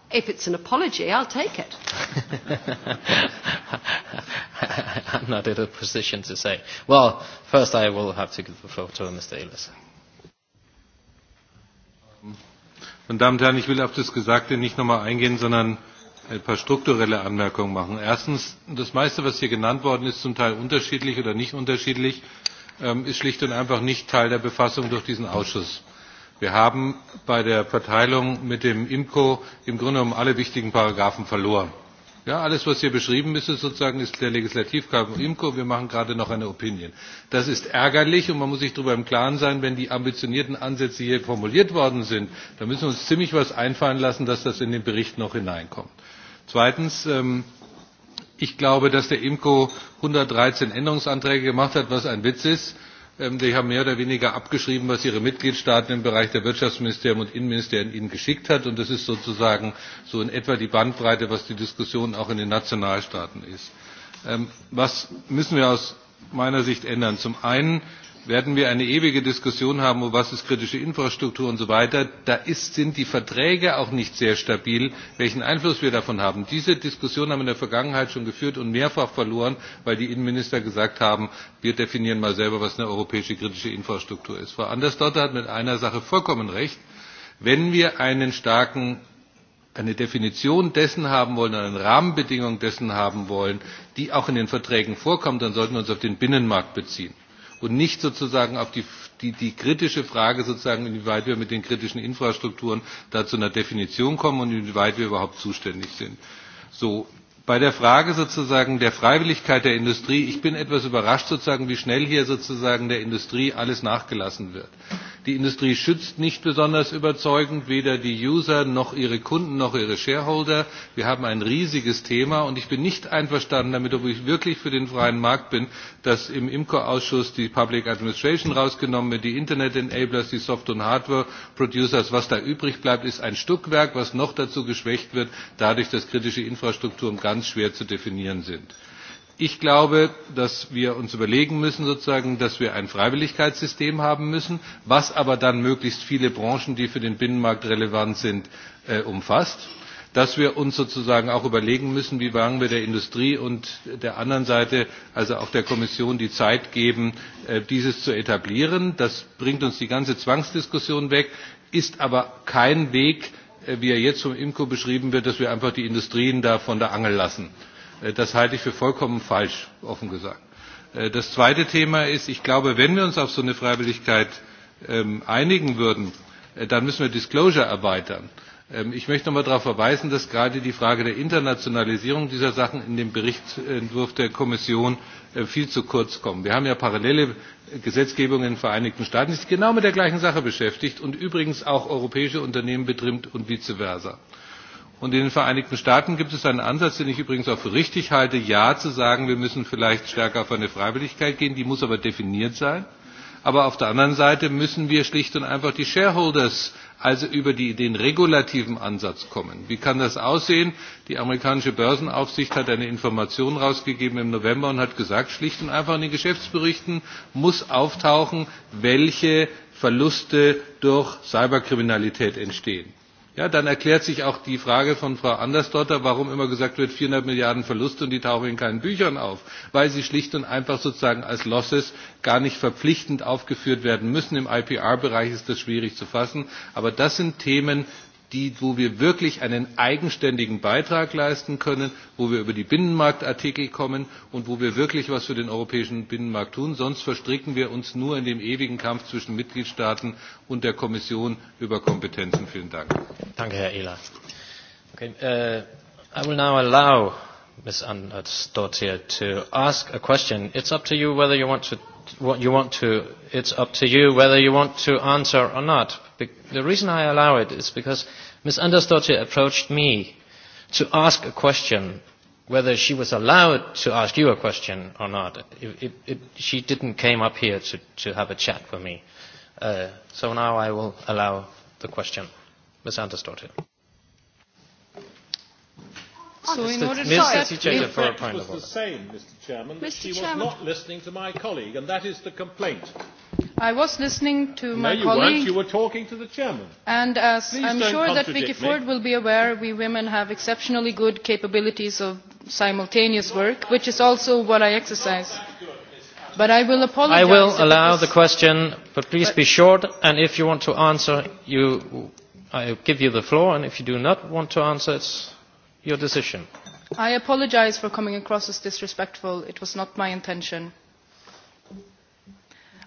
If it's an apology, I'll take it. I'm not in a position to say. Well, first I will have to give the floor to Mr. Ellis. Meine Damen und Herren, ich will auf das Gesagte nicht noch einmal eingehen, sondern ein paar strukturelle Anmerkungen machen. Erstens, das meiste, was hier genannt worden ist, zum Teil unterschiedlich oder nicht unterschiedlich, ähm, ist schlicht und einfach nicht Teil der Befassung durch diesen Ausschuss. Wir haben bei der Verteilung mit dem IMCO im Grunde genommen alle wichtigen Paragraphen verloren. Ja, alles, was hier beschrieben ist, ist sozusagen ist der Legislativkampf IMCO. Wir machen gerade noch eine Opinion. Das ist ärgerlich und man muss sich darüber im Klaren sein, wenn die ambitionierten Ansätze hier formuliert worden sind, dann müssen wir uns ziemlich was einfallen lassen, dass das in den Bericht noch hineinkommt. Zweitens, ähm, ich glaube, dass der IMCO 113 Änderungsanträge gemacht hat, was ein Witz ist Ähm, die haben mehr oder weniger abgeschrieben, was ihre Mitgliedstaaten im Bereich der Wirtschaftsministerien und Innenministerien ihnen geschickt haben Und das ist sozusagen so in etwa die Bandbreite, was die Diskussion auch in den Nationalstaaten ist. Ähm, was müssen wir aus meiner Sicht ändern? Zum einen werden wir eine ewige Diskussion haben, um was ist kritische Infrastruktur und so weiter. Da ist, sind die Verträge auch nicht sehr stabil, welchen Einfluss wir davon haben. Diese Diskussion haben wir in der Vergangenheit schon geführt und mehrfach verloren, weil die Innenminister gesagt haben, wir definieren mal selber, was eine europäische kritische Infrastruktur ist. Frau Andersdotter hat mit einer Sache vollkommen recht. Wenn wir einen starken eine Definition dessen haben wollen, eine Rahmenbedingung dessen haben wollen, die auch in den Verträgen vorkommt, dann sollten wir uns auf den Binnenmarkt beziehen und nicht sozusagen auf die, die, die kritische Frage sozusagen, inwieweit wir mit den kritischen Infrastrukturen da zu einer Definition kommen und inwieweit wir überhaupt zuständig sind. So, bei der Frage sozusagen der Freiwilligkeit der Industrie, ich bin etwas überrascht sozusagen, wie schnell hier sozusagen der Industrie alles nachgelassen wird. Die Industrie schützt nicht besonders überzeugend weder die User noch ihre Kunden noch ihre Shareholder. Wir haben ein riesiges Thema und ich bin nicht einverstanden damit, obwohl ich wirklich für den freien Markt bin, dass im IMCO-Ausschuss die Public Administration herausgenommen wird, die Internet-Enablers, die Soft- und Hardware-Producers. Was da übrig bleibt, ist ein Stückwerk, das noch dazu geschwächt wird, dadurch, dass kritische Infrastrukturen ganz schwer zu definieren sind ich glaube dass wir uns überlegen müssen sozusagen dass wir ein freiwilligkeitssystem haben müssen was aber dann möglichst viele branchen die für den binnenmarkt relevant sind äh, umfasst dass wir uns sozusagen auch überlegen müssen wie wir der industrie und der anderen seite also auch der kommission die zeit geben äh, dies zu etablieren. das bringt uns die ganze zwangsdiskussion weg ist aber kein weg äh, wie er jetzt vom imco beschrieben wird dass wir einfach die industrien da von der angel lassen. Äh, das halte ich für vollkommen falsch, offen gesagt. Äh, das zweite Thema ist, ich glaube, wenn wir uns auf so eine Freiwilligkeit ähm, einigen würden, äh, dann müssen wir Disclosure erweitern. Ähm, ich möchte noch einmal darauf verweisen, dass gerade die Frage der Internationalisierung dieser Sachen in dem Berichtsentwurf der Kommission viel zu kurz kommt. Wir haben ja parallele Gesetzgebungen in den Vereinigten Staaten, die sich genau mit der gleichen Sache beschäftigt und übrigens auch europäische Unternehmen betrimmt und vice versa. Und in den Vereinigten Staaten gibt es einen Ansatz, den ich übrigens auch für richtig halte, ja zu sagen, wir müssen vielleicht stärker auf eine Freiwilligkeit gehen, die muss aber definiert sein. Aber auf der anderen Seite müssen wir schlicht und einfach die Shareholders also über die, den regulativen Ansatz kommen. Wie kann das aussehen? Die amerikanische Börsenaufsicht hat eine Information rausgegeben im November und hat gesagt, schlicht und einfach in den Geschäftsberichten muss auftauchen, welche Verluste durch Cyberkriminalität entstehen. Ja, dann erklärt sich auch die Frage von Frau Andersdotter, warum immer gesagt wird, vierhundert Milliarden Verlust und die tauchen in keinen Büchern auf, weil sie schlicht und einfach sozusagen als Losses gar nicht verpflichtend aufgeführt werden müssen. Im IPR-Bereich ist das schwierig zu fassen, aber das sind Themen, die, wo wir wirklich einen eigenständigen Beitrag leisten können, wo wir über die Binnenmarktartikel kommen und wo wir wirklich was für den europäischen Binnenmarkt tun. Sonst verstricken wir uns nur in dem ewigen Kampf zwischen Mitgliedstaaten und der Kommission über Kompetenzen. Vielen Dank. Danke, Herr Ehler. Okay, uh, I will now allow Ms. to ask a question. It's up to you whether you want to, what you want to, it's up to you whether you want to answer or not the reason I allow it is because Ms. Andersdottir approached me to ask a question, whether she was allowed to ask you a question or not. It, it, it, she didn't came up here to, to have a chat with me. Uh, so now I will allow the question. Ms. Andersdottir. So in order to Mr. for a point was the same, Mr. Chairman. Mr. She Chairman. was not listening to my colleague, and that is the complaint. I was listening to no, my you colleague. Weren't. You were talking to the chairman. And as Please I'm sure that Vicky me. Ford will be aware, we women have exceptionally good capabilities of simultaneous work, which is also what I exercise. But I will apologize. I will allow the question, but please but be short. And if you want to answer, you, I give you the floor. And if you do not want to answer, it's your decision. I apologize for coming across as disrespectful. It was not my intention.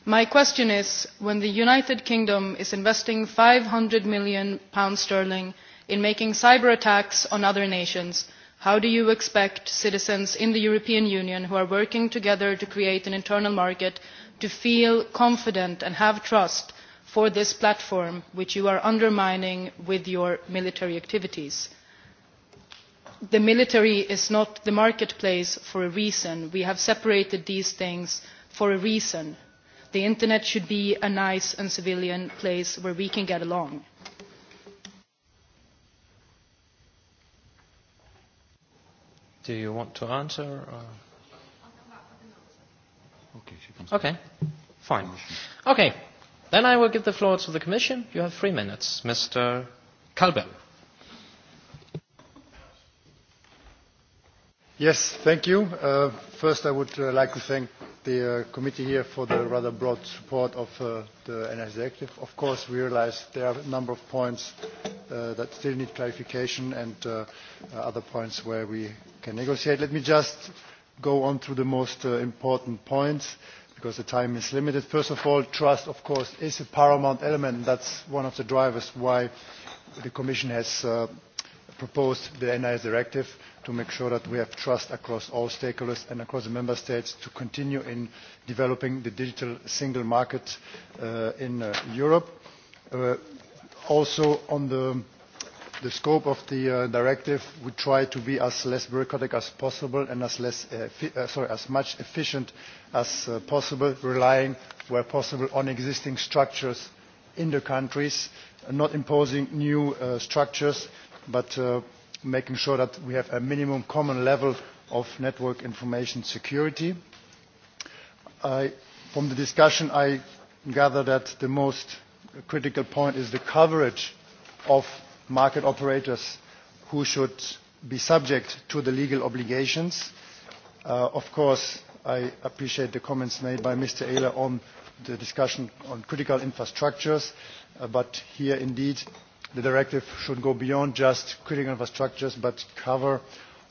My question is, when the United Kingdom is investing 500 million pounds sterling in making cyber attacks on other nations, how do you expect citizens in the European Union who are working together to create an internal market to feel confident and have trust for this platform which you are undermining with your military activities? the military is not the marketplace for a reason. we have separated these things for a reason. the internet should be a nice and civilian place where we can get along. Do you want to answer? Or? Okay, fine. Okay, then I will give the floor to the Commission. You have three minutes, Mr. Kalbel. Yes, thank you. Uh, first, I would uh, like to thank the uh, committee here for the rather broad support of the energy directive. Of course, we realise there are a number of points that still need clarification and other points where we can negotiate. Let me just go on through the most important points because the time is limited. First of all, trust, of course, is a paramount element. That's one of the drivers why the Commission has proposed the NIS directive to make sure that we have trust across all stakeholders and across the member states to continue in developing the digital single market uh, in uh, Europe. Uh, also on the, the scope of the uh, directive, we try to be as less bureaucratic as possible and as, less, uh, sorry, as much efficient as uh, possible, relying where possible on existing structures in the countries, not imposing new structures but uh, making sure that we have a minimum common level of network information security. I, from the discussion, I gather that the most critical point is the coverage of market operators who should be subject to the legal obligations. Uh, of course, I appreciate the comments made by Mr. Ehler on the discussion on critical infrastructures, uh, but here indeed the directive should go beyond just critical infrastructures but cover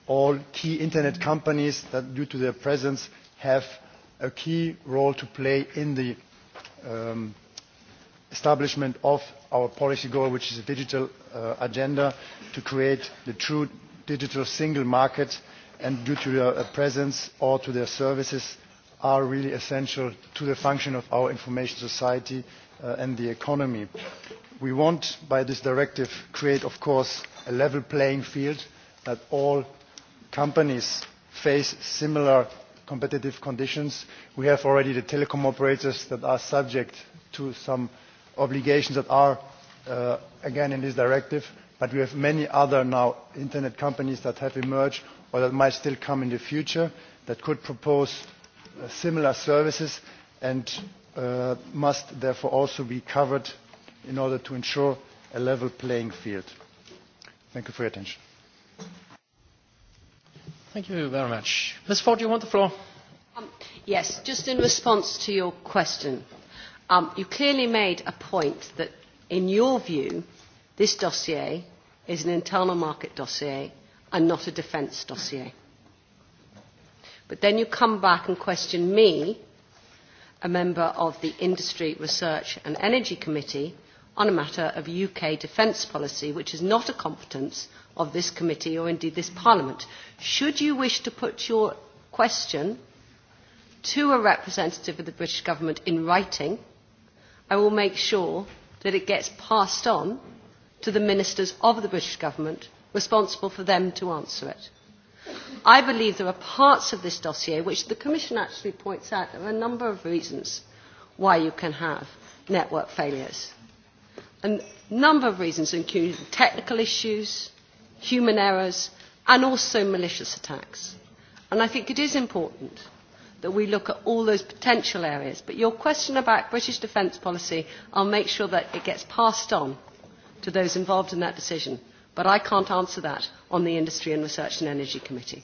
all key internet companies that due to their presence have a key role to play in the um, establishment of our policy goal which is a digital uh, agenda to create the true digital single market and due to their uh, presence or to their services are really essential to the function of our information society uh, and the economy. We want, by this directive, create, of course, a level playing field that all companies face similar competitive conditions. We have already the telecom operators that are subject to some obligations that are, uh, again, in this directive, but we have many other now internet companies that have emerged or that might still come in the future that could propose similar services and uh, must therefore also be covered in order to ensure a level playing field. Thank you for your attention. Thank you very much. Ms Ford, do you want the floor? Um, yes, just in response to your question. Um, you clearly made a point that, in your view, this dossier is an internal market dossier and not a defence dossier. But then you come back and question me, a member of the Industry, Research and Energy Committee, on a matter of UK defence policy, which is not a competence of this committee or indeed this parliament. Should you wish to put your question to a representative of the British government in writing, I will make sure that it gets passed on to the ministers of the British government responsible for them to answer it. I believe there are parts of this dossier which the Commission actually points out there are a number of reasons why you can have network failures. A number of reasons, including technical issues, human errors, and also malicious attacks. And I think it is important that we look at all those potential areas. But your question about British defence policy, I'll make sure that it gets passed on to those involved in that decision but I can't answer that on the Industry and Research and Energy Committee.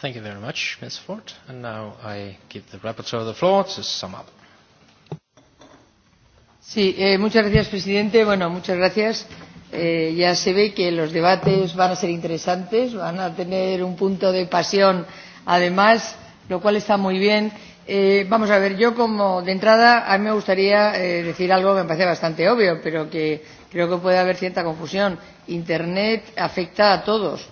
Thank you very much, Ms. Ford. And now I give the rapporteur the floor to sum up. Sí, eh, muchas gracias, presidente. Bueno, muchas gracias. Eh, ya se ve que los debates van a ser interesantes, van a tener un punto de pasión, además, lo cual está muy bien Eh, vamos a ver, yo como de entrada a mí me gustaría eh, decir algo que me parece bastante obvio, pero que creo que puede haber cierta confusión. Internet afecta a todos,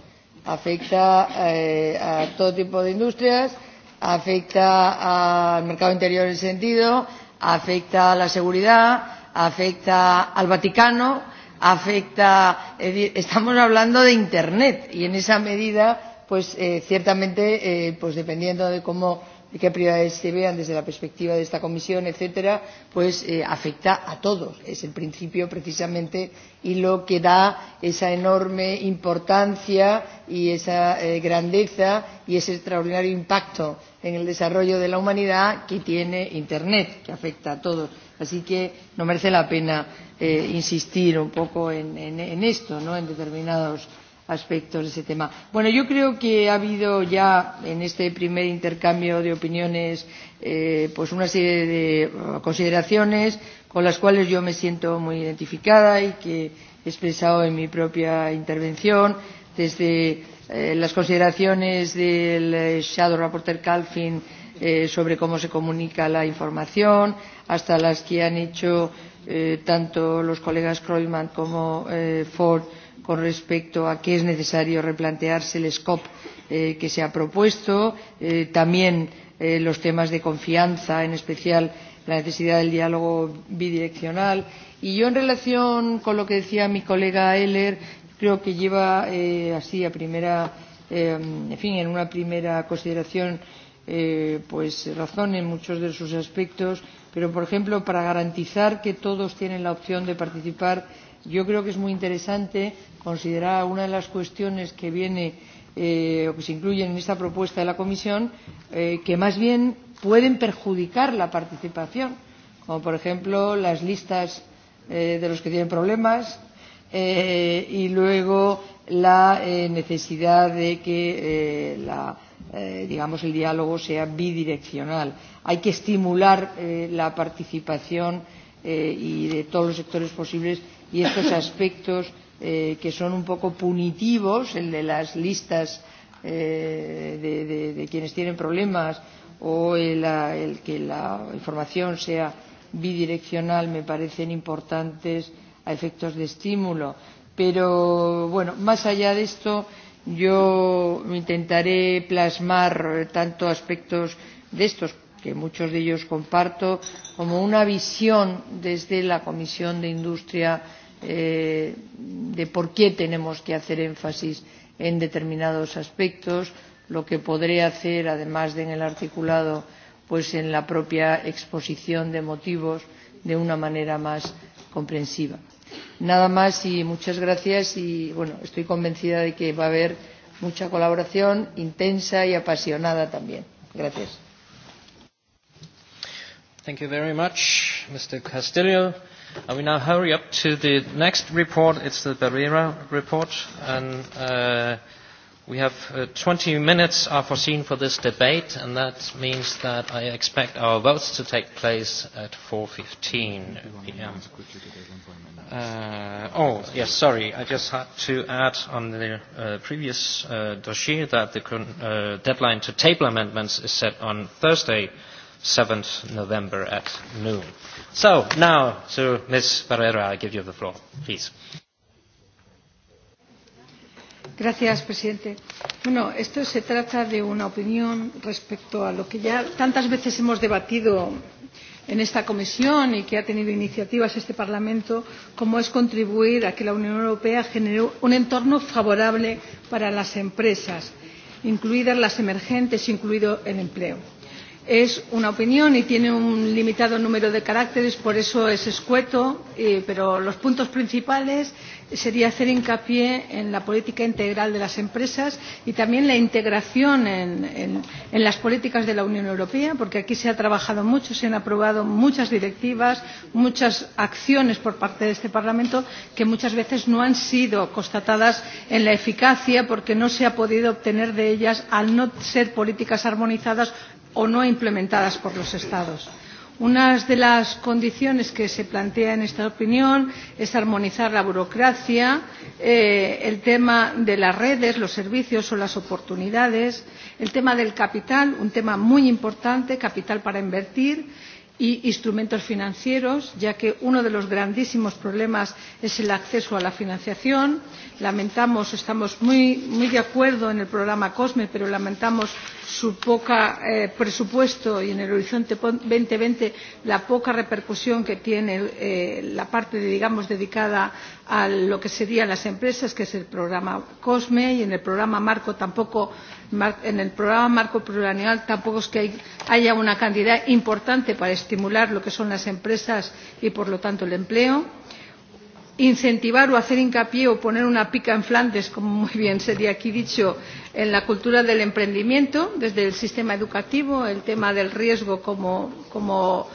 afecta eh, a todo tipo de industrias, afecta al mercado interior en sentido, afecta a la seguridad, afecta al Vaticano, afecta. Es estamos hablando de Internet y en esa medida, pues eh, ciertamente, eh, pues dependiendo de cómo de qué prioridades se vean desde la perspectiva de esta comisión, etcétera, pues eh, afecta a todos. Es el principio precisamente y lo que da esa enorme importancia y esa eh, grandeza y ese extraordinario impacto en el desarrollo de la humanidad que tiene Internet, que afecta a todos. Así que no merece la pena eh, insistir un poco en, en, en esto, ¿no? en determinados aspectos de ese tema. Bueno, yo creo que ha habido ya en este primer intercambio de opiniones eh, pues una serie de eh, consideraciones con las cuales yo me siento muy identificada y que he expresado en mi propia intervención desde eh, las consideraciones del eh, Shadow Reporter Calfin eh, sobre cómo se comunica la información hasta las que han hecho eh, tanto los colegas Kroyman como eh, Ford eh, con respecto a que es necesario replantearse el scope eh, que se ha propuesto, eh, también eh, los temas de confianza, en especial la necesidad del diálogo bidireccional. Y yo, en relación con lo que decía mi colega Heller, creo que lleva eh, así a primera, eh, en fin, en una primera consideración, eh, pues razón en muchos de sus aspectos, pero, por ejemplo, para garantizar que todos tienen la opción de participar, yo creo que es muy interesante considerada una de las cuestiones que viene eh, o que se incluye en esta propuesta de la Comisión, eh, que más bien pueden perjudicar la participación, como por ejemplo las listas eh, de los que tienen problemas eh, y luego la eh, necesidad de que eh, la, eh, digamos el diálogo sea bidireccional. Hay que estimular eh, la participación eh, y de todos los sectores posibles y estos aspectos eh, que son un poco punitivos, el de las listas eh, de, de, de quienes tienen problemas o el, el que la información sea bidireccional me parecen importantes a efectos de estímulo. Pero bueno, más allá de esto, yo intentaré plasmar tanto aspectos de estos, que muchos de ellos comparto, como una visión desde la Comisión de Industria eh, de por qué tenemos que hacer énfasis en determinados aspectos, lo que podré hacer, además de en el articulado, pues en la propia exposición de motivos de una manera más comprensiva. Nada más y muchas gracias y bueno, estoy convencida de que va a haber mucha colaboración intensa y apasionada también. Gracias. Thank you very much, Mr. Castillo. And we now hurry up to the next report. It's the Barrera report. And uh, we have uh, 20 minutes are foreseen for this debate, and that means that I expect our votes to take place at 4.15 p.m. Uh, oh, yes, sorry. I just had to add on the uh, previous uh, dossier that the uh, deadline to table amendments is set on Thursday, 7th November at noon. So now to Ms. Barrera, I give you the floor, please. Gracias, presidente. Bueno, esto se trata de una opinión respecto a lo que ya tantas veces hemos debatido en esta comisión y que ha tenido iniciativas este Parlamento, como es contribuir a que la Unión Europea genere un entorno favorable para las empresas, incluidas las emergentes, incluido el empleo Es una opinión y tiene un limitado número de caracteres, por eso es escueto, eh, pero los puntos principales serían hacer hincapié en la política integral de las empresas y también la integración en, en las políticas de la Unión Europea, porque aquí se ha trabajado mucho, se han aprobado muchas directivas, muchas acciones por parte de este Parlamento que muchas veces no han sido constatadas en la eficacia porque no se ha podido obtener de ellas al no ser políticas armonizadas o no implementadas por los Estados. Una de las condiciones que se plantea en esta opinión es armonizar la burocracia, eh, el tema de las redes, los servicios o las oportunidades, el tema del capital, un tema muy importante, capital para invertir, y instrumentos financieros ya que uno de los grandísimos problemas es el acceso a la financiación. Lamentamos, estamos muy, de acuerdo con el programa cosme pero lamentamos su poco eh, presupuesto y en horizonte dos mil veinte la poca repercusión que tiene eh, la parte dedicada a lo que serían las empresas que es el programa cosme y en el programa marco tampoco en el programa marco plurianual tampoco es que haya una cantidad importante para estimular lo que son las empresas y por lo tanto el empleo incentivar o hacer hincapié o poner una pica en flandes como muy bien sería aquí dicho en la cultura del emprendimiento desde el sistema educativo el tema del riesgo como, como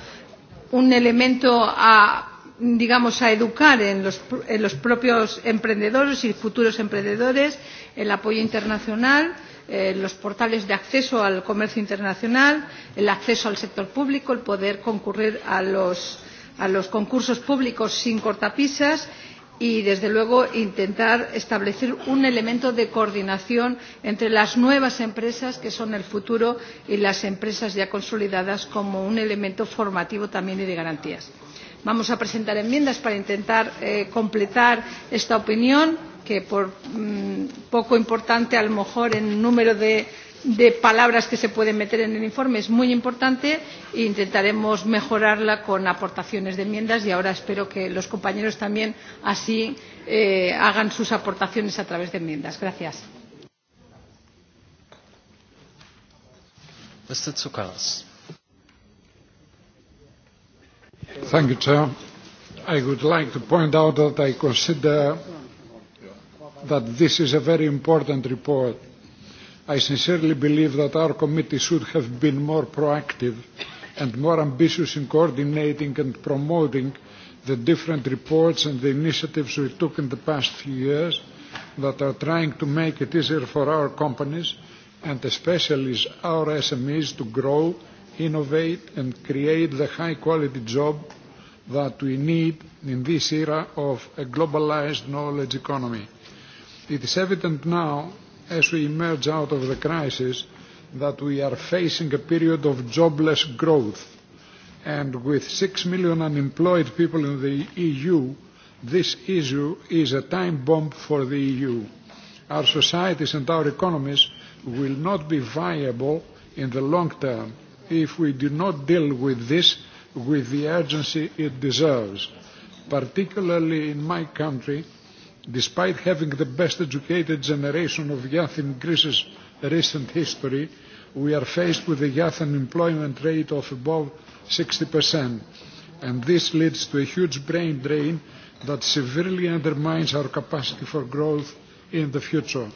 un elemento a digamos a educar en los, en los propios emprendedores y futuros emprendedores el apoyo internacional y Eh, los portales de acceso al comercio internacional, el acceso al sector público, el poder concurrir a los, a los concursos públicos sin cortapisas y desde luego intentar establecer un elemento de coordinación entre las nuevas empresas que son el futuro y las empresas ya consolidadas como un elemento formativo también y de garantías. Vamos a presentar enmiendas para intentar eh, completar esta opinión que por mmm, poco importante a lo mejor en número de, de palabras que se pueden meter en el informe es muy importante e intentaremos mejorarla con aportaciones de enmiendas y ahora espero que los compañeros también así eh, hagan sus aportaciones a través de enmiendas. Gracias. Mr. Tsoukalas. Thank you, Chair. I would like to point out that I consider that this is a very important report. I sincerely believe that our committee should have been more proactive and more ambitious in coordinating and promoting the different reports and the initiatives we took in the past few years that are trying to make it easier for our companies and especially our SMEs to grow, innovate and create the high quality job that we need in this era of a globalized knowledge economy. It is evident now, as we emerge out of the crisis, that we are facing a period of jobless growth. And with 6 million unemployed people in the EU, this issue is a time bomb for the EU. Our societies and our economies will not be viable in the long term if we do not deal with this with the urgency it deserves. Particularly in my country, despite having the best educated generation of youth in Greece's recent history, we are faced with a youth unemployment rate of above 60%, and this leads to a huge brain drain that severely undermines our capacity for growth in the future.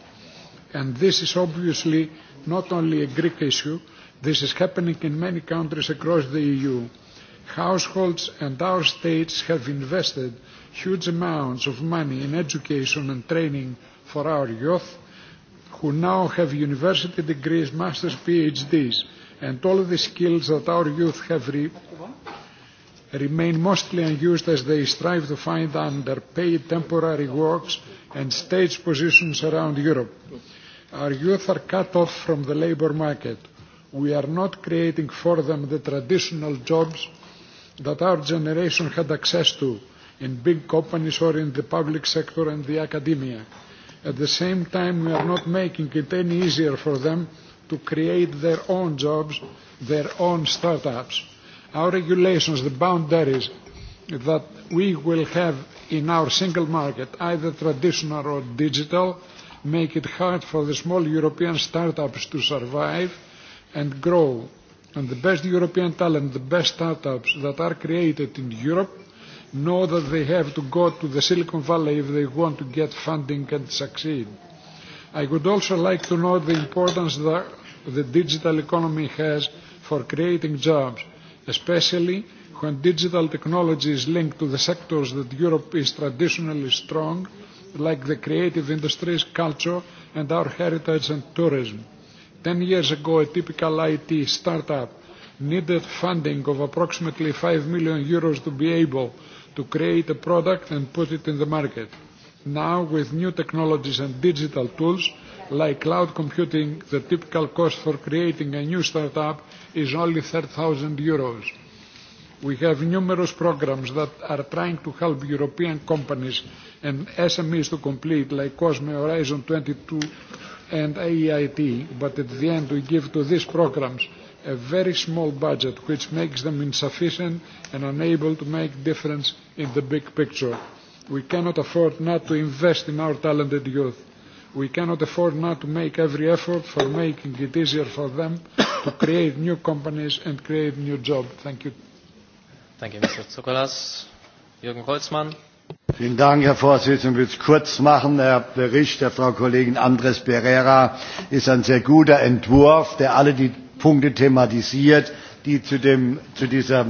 And this is obviously not only a Greek issue, this is happening in many countries across the EU households and our states have invested huge amounts of money in education and training for our youth who now have university degrees, masters, PhDs, and all the skills that our youth have re remain mostly unused as they strive to find underpaid temporary works and stage positions around Europe. Our youth are cut off from the labour market. We are not creating for them the traditional jobs that our generation had access to in big companies or in the public sector and the academia. At the same time, we are not making it any easier for them to create their own jobs, their own startups. Our regulations, the boundaries that we will have in our single market, either traditional or digital, make it hard for the small European startups to survive and grow and the best European talent, the best startups that are created in Europe know that they have to go to the Silicon Valley if they want to get funding and succeed. I would also like to note the importance that the digital economy has for creating jobs, especially when digital technology is linked to the sectors that Europe is traditionally strong, like the creative industries, culture and our heritage and tourism. Ten years ago, a typical IT startup needed funding of approximately 5 million euros to be able to create a product and put it in the market. Now, with new technologies and digital tools like cloud computing, the typical cost for creating a new startup is only 30,000 euros. We have numerous programs that are trying to help European companies and SMEs to complete, like COSME Horizon 22, and AEIT, but at the end we give to these programs a very small budget, which makes them insufficient and unable to make difference in the big picture. We cannot afford not to invest in our talented youth. We cannot afford not to make every effort for making it easier for them to create new companies and create new jobs. Thank you. Thank you, Mr. Tsoukalas. Jürgen Holzmann. Vielen Dank, Herr Vorsitzender. Ich will es kurz machen. Der Bericht der Frau Kollegin Andres Pereira ist ein sehr guter Entwurf, der alle die Punkte thematisiert, die zu, dem, zu, dieser,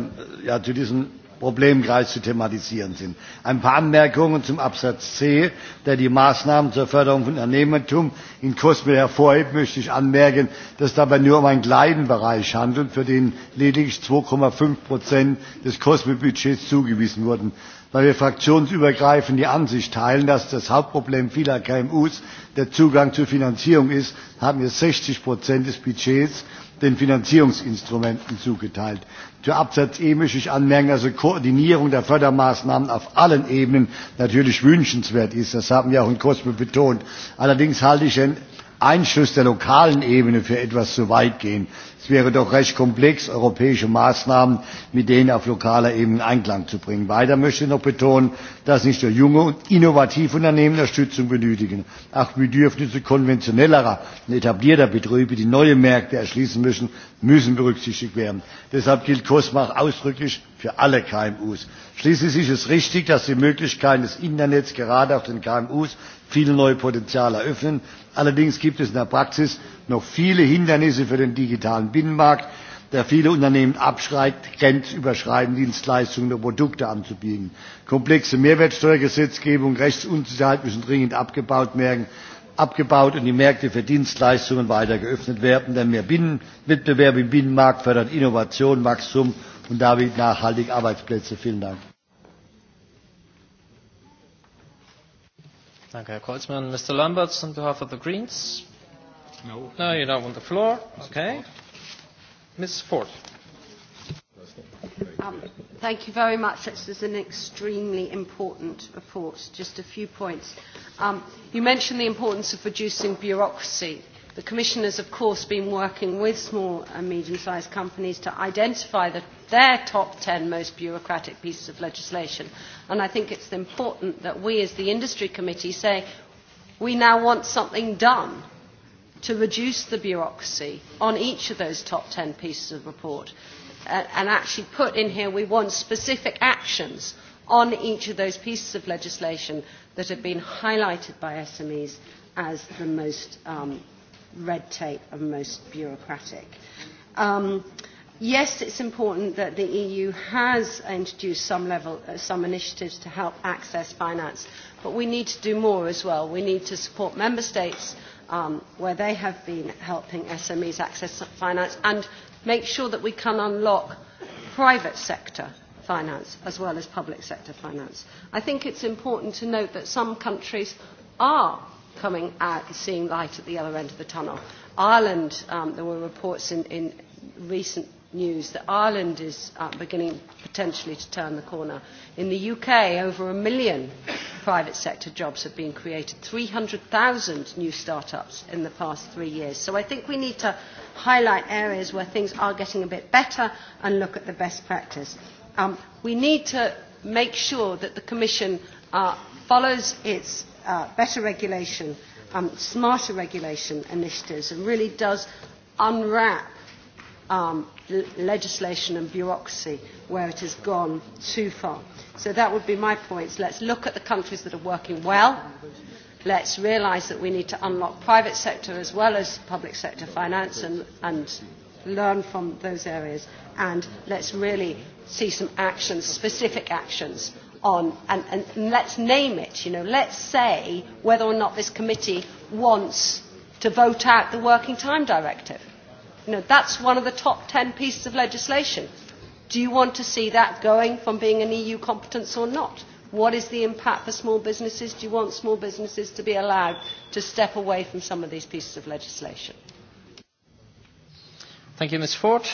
ja, zu diesem Problemkreis zu thematisieren sind. Ein paar Anmerkungen zum Absatz C, der die Maßnahmen zur Förderung von Unternehmertum in Kosmel hervorhebt, möchte ich anmerken, dass dabei nur um einen kleinen Bereich handelt, für den lediglich 2,5 Prozent des Kosmel-Budgets zugewiesen wurden weil wir fraktionsübergreifend die Ansicht teilen, dass das Hauptproblem vieler KMU der Zugang zur Finanzierung ist, haben wir 60 Prozent des Budgets den Finanzierungsinstrumenten zugeteilt. Zur Absatz E möchte ich anmerken, dass eine Koordinierung der Fördermaßnahmen auf allen Ebenen natürlich wünschenswert ist. Das haben wir auch in COSME betont. Allerdings halte ich den Einschluss der lokalen Ebene für etwas zu weitgehend es wäre doch recht komplex europäische maßnahmen mit denen auf lokaler ebene in einklang zu bringen. weiter möchte ich noch betonen dass nicht nur junge und innovative unternehmen unterstützung benötigen auch bedürfnisse konventionellerer und etablierter betriebe die neue märkte erschließen müssen müssen berücksichtigt werden. deshalb gilt cosme ausdrücklich für alle kmu. schließlich ist es richtig dass die möglichkeiten des internets gerade auch den kmu viele neue potenziale eröffnen. Allerdings gibt es in der Praxis noch viele Hindernisse für den digitalen Binnenmarkt, der da viele Unternehmen abschreckt, grenzüberschreitende Dienstleistungen oder Produkte anzubieten. Komplexe Mehrwertsteuergesetzgebung, Rechtsunsicherheit müssen dringend abgebaut werden abgebaut und die Märkte für Dienstleistungen weiter geöffnet werden. Denn mehr wettbewerb im Binnenmarkt fördert Innovation, Wachstum und damit nachhaltig Arbeitsplätze. Thank you, Kreuzmann. Mr. Lamberts, on behalf of the Greens? No. No, you don't want the floor? Okay. Ms. Ford. Um, thank you very much. This is an extremely important report. Just a few points. Um, you mentioned the importance of reducing bureaucracy The Commission has, of course, been working with small and medium-sized companies to identify the, their top 10 most bureaucratic pieces of legislation. And I think it's important that we, as the Industry Committee, say we now want something done to reduce the bureaucracy on each of those top 10 pieces of report uh, and actually put in here we want specific actions on each of those pieces of legislation that have been highlighted by SMEs as the most um, red tape and most bureaucratic. Um, yes, it's important that the EU has introduced some, level, uh, some initiatives to help access finance, but we need to do more as well. We need to support member states um, where they have been helping SMEs access finance and make sure that we can unlock private sector finance as well as public sector finance. I think it's important to note that some countries are coming out, seeing light at the other end of the tunnel. Ireland, um, there were reports in, in recent news that Ireland is uh, beginning potentially to turn the corner. In the UK, over a million private sector jobs have been created, 300,000 new startups in the past three years. So I think we need to highlight areas where things are getting a bit better and look at the best practice. Um, we need to make sure that the Commission uh, follows its Uh, better regulation, um, smarter regulation initiatives, and really does unwrap um, legislation and bureaucracy where it has gone too far. So that would be my points. Let's look at the countries that are working well. Let's realise that we need to unlock private sector as well as public sector finance and, and learn from those areas. And let's really see some actions, specific actions, on, and, and, and let's name it, you know, let's say whether or not this committee wants to vote out the Working Time Directive. You know, that's one of the top ten pieces of legislation. Do you want to see that going from being an EU competence or not? What is the impact for small businesses? Do you want small businesses to be allowed to step away from some of these pieces of legislation? Thank you, Ms. Ford.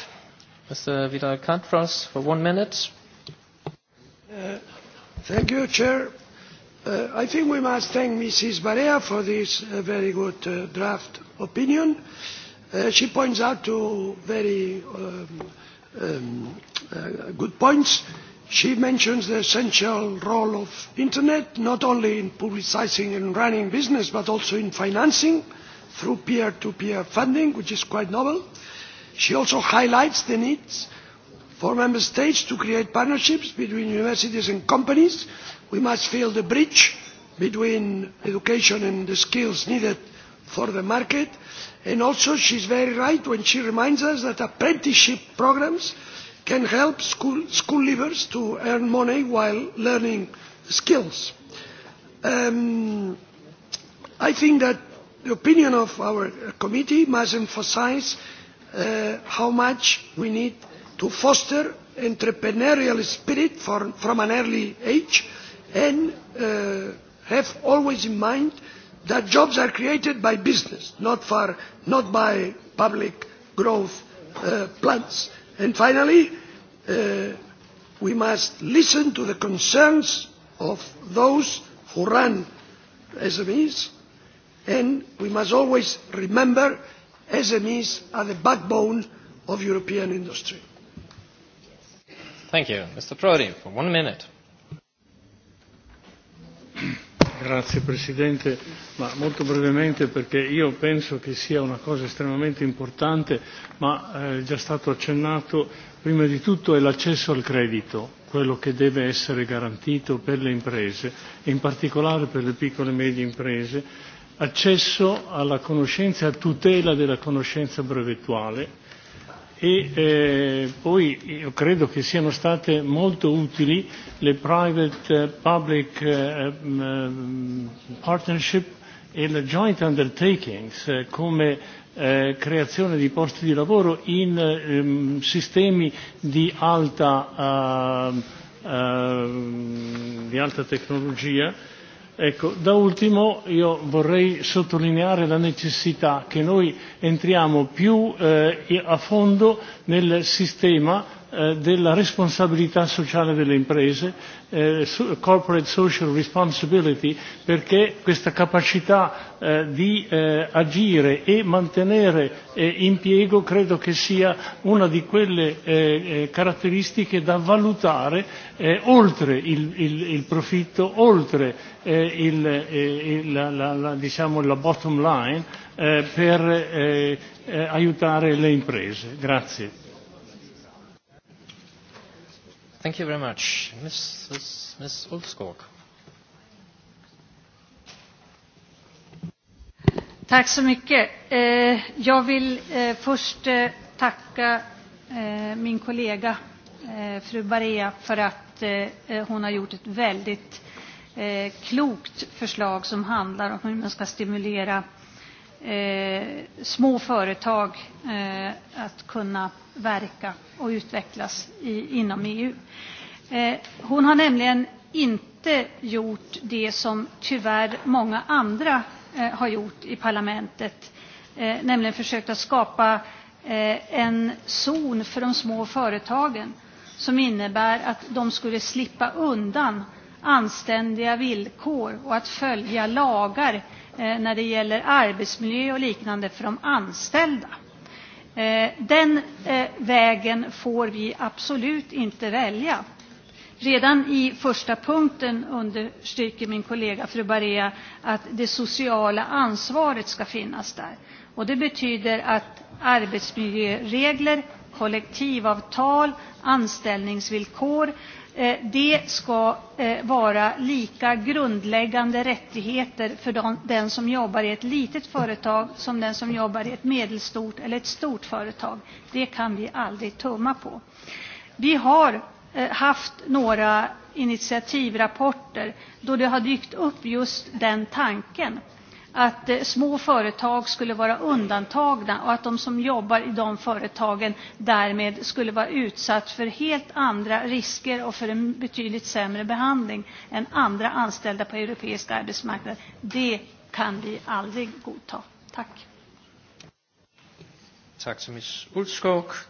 Mr. Vidal-Cantras for one minute. Uh, Thank you, Chair. Uh, I think we must thank Mrs. Barea for this uh, very good uh, draft opinion. she points out two very um, um, good points. She mentions the essential role of internet, not only in publicising and running business, but also in financing through peer-to-peer -peer funding, which is quite novel. She also highlights the needs for member states to create partnerships between universities and companies we must fill the breach between education and the skills needed for the market and also she is very right when she reminds us that apprenticeship programmes can help school, leavers to earn money while learning skills. Um, i think that the opinion of our committee must emphasise uh, how much we need to foster entrepreneurial spirit for, from an early age and uh, have always in mind that jobs are created by business not, for, not by public growth uh, plans. And finally uh, we must listen to the concerns of those who run smes and we must always remember smes are the backbone of european industry. Thank Grazie Presidente, ma molto brevemente perché io penso che sia una cosa estremamente importante, ma è eh, già stato accennato, prima di tutto è l'accesso al credito, quello che deve essere garantito per le imprese, in particolare per le piccole e medie imprese, accesso alla conoscenza e a tutela della conoscenza brevettuale, e eh, poi io credo che siano state molto utili le private eh, public eh, ehm, ehm, partnership e le joint undertakings eh, come eh, creazione di posti di lavoro in ehm, sistemi di alta, eh, eh, di alta tecnologia Ecco, da ultimo io vorrei sottolineare la necessità che noi entriamo più eh, a fondo nel sistema Eh, della responsabilità sociale delle imprese, eh, corporate social responsibility, perché questa capacità eh, di eh, agire e mantenere eh, impiego credo che sia una di quelle eh, eh caratteristiche da valutare eh, oltre il, il, il profitto, oltre eh, il, eh, il, la, la, la, diciamo, la bottom line eh, per eh, eh, aiutare le imprese. Grazie. Thank you very much. Mrs. Ms. Ulfskog. Tack så mycket. Eh, jag vill eh, först eh, tacka eh, min kollega eh, fru Barea för att eh, eh hon har gjort ett väldigt eh, klokt förslag som handlar om hur man ska stimulera eh, små företag eh, att kunna verka och utvecklas i, inom EU. Eh, hon har nämligen inte gjort det som tyvärr många andra eh, har gjort i parlamentet, eh, nämligen försökt att skapa eh, en zon för de små företagen som innebär att de skulle slippa undan anständiga villkor och att följa lagar Eh, när det gäller arbetsmiljö och liknande för de anställda. Eh, den eh, vägen får vi absolut inte välja. Redan i första punkten understryker min kollega fru Barea att det sociala ansvaret ska finnas där. Och Det betyder att arbetsmiljöregler, kollektivavtal anställningsvillkor. Eh, det ska eh, vara lika grundläggande rättigheter för den som jobbar i ett litet företag som den som jobbar i ett medelstort eller ett stort företag. Det kan vi aldrig tumma på. Vi har eh, haft några initiativrapporter då det har dykt upp just den tanken att eh, små företag skulle vara undantagna och att de som jobbar i de företagen därmed skulle vara utsatta för helt andra risker och för en betydligt sämre behandling än andra anställda på europeisk arbetsmarknad. Det kan vi aldrig godta. Tack. Tack så mycket,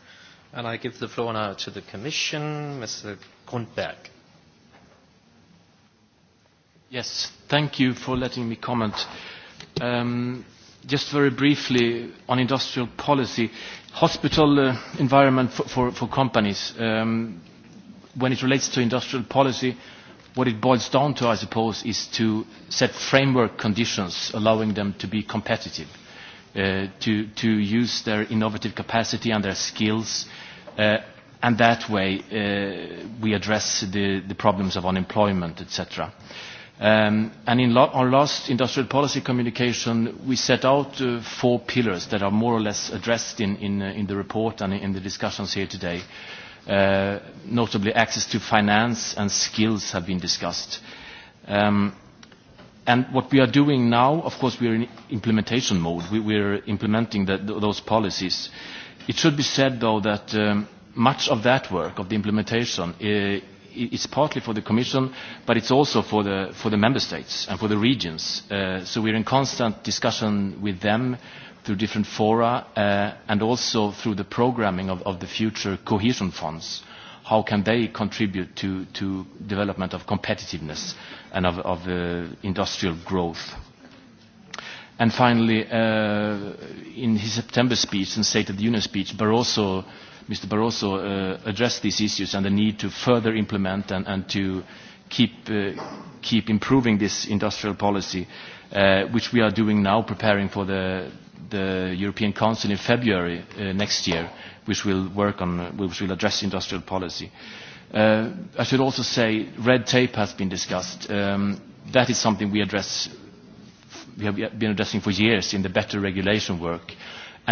And I give the floor now to the Commission, Mr. Grundberg. Yes, thank you for letting me comment. Uh, Um, just very briefly on industrial policy, hospital uh, environment for, for, for companies. Um, when it relates to industrial policy, what it boils down to, I suppose, is to set framework conditions allowing them to be competitive, uh, to, to use their innovative capacity and their skills, uh, and that way uh, we address the, the problems of unemployment, etc. Um, and in our last industrial policy communication, we set out uh, four pillars that are more or less addressed in, in, uh, in the report and in the discussions here today. Uh, notably, access to finance and skills have been discussed. Um, and what we are doing now, of course, we are in implementation mode. We, we are implementing the, those policies. It should be said, though, that um, much of that work, of the implementation, uh, it's partly for the Commission, but it's also for the, for the member states and for the regions. Uh, so we're in constant discussion with them through different fora uh, and also through the programming of, of the future cohesion funds. How can they contribute to, to development of competitiveness and of, of uh, industrial growth? And finally, uh, in his September speech, and State of the Union speech, Barroso uh, Mr. Barroso uh, addressed these issues and the need to further implement and, and to keep, uh, keep improving this industrial policy, uh, which we are doing now, preparing for the, the European Council in February uh, next year, which will work on, which will address industrial policy. Uh, I should also say red tape has been discussed. Um, that is something we address, we have been addressing for years in the better regulation work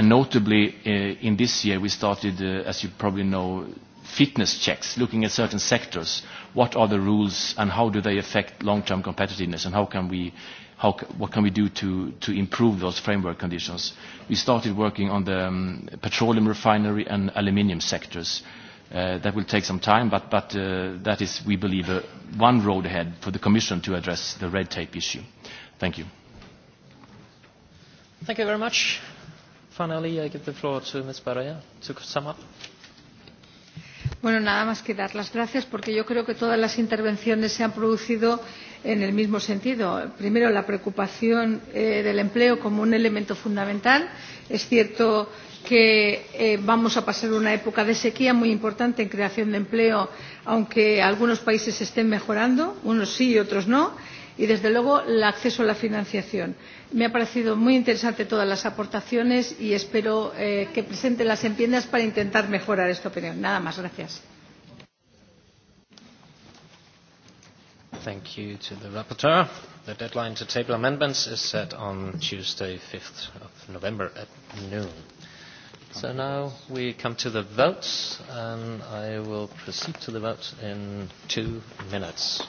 notably, uh, in this year, we started, uh, as you probably know, fitness checks, looking at certain sectors. What are the rules and how do they affect long-term competitiveness and how can we, what can we do to, improve those framework conditions? We started working on the um, petroleum refinery and aluminium sectors. Uh, that will take some time, but, that is, we believe, one road ahead for the Commission to address the red tape issue. Thank you. Thank you very much. Finally, I give the floor to Ms. Baraya to sum up. Bueno, nada más que dar las gracias porque yo creo que todas las intervenciones se han producido en el mismo sentido. Primero, la preocupación eh, del empleo como un elemento fundamental. Es cierto que eh, vamos a pasar una época de sequía muy importante en creación de empleo, aunque algunos países estén mejorando, unos sí y otros no. Eh, y desde luego el acceso a la financiación. me han parecido muy interesantes todas las aportaciones y espero eh, que presente las enmiendas para intentar mejorar esta opinión. nada más. gracias. Thank you to the rapporteur. The deadline to table amendments is set on Tuesday, 5th of November at noon. So now we come to the votes, and I will proceed to the in two minutes.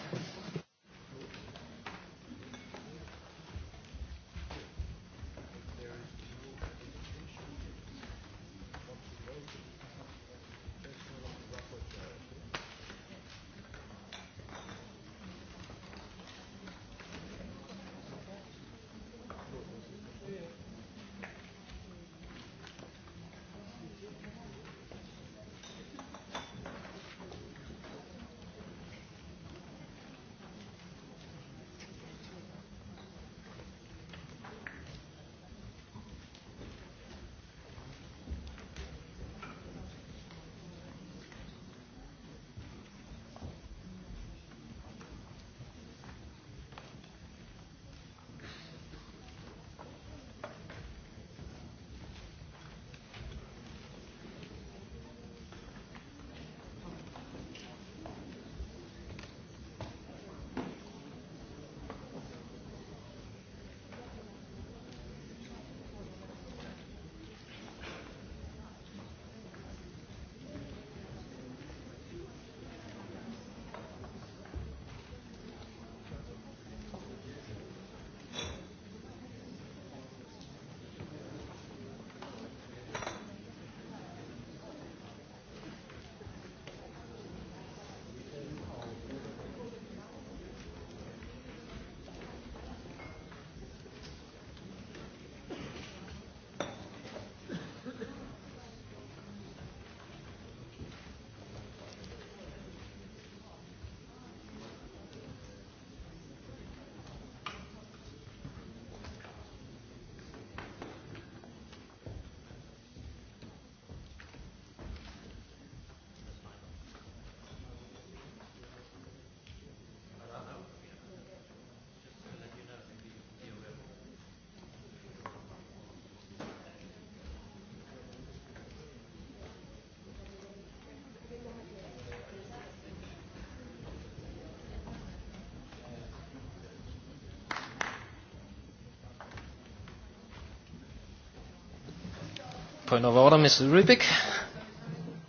for another order, Mr. Rubik.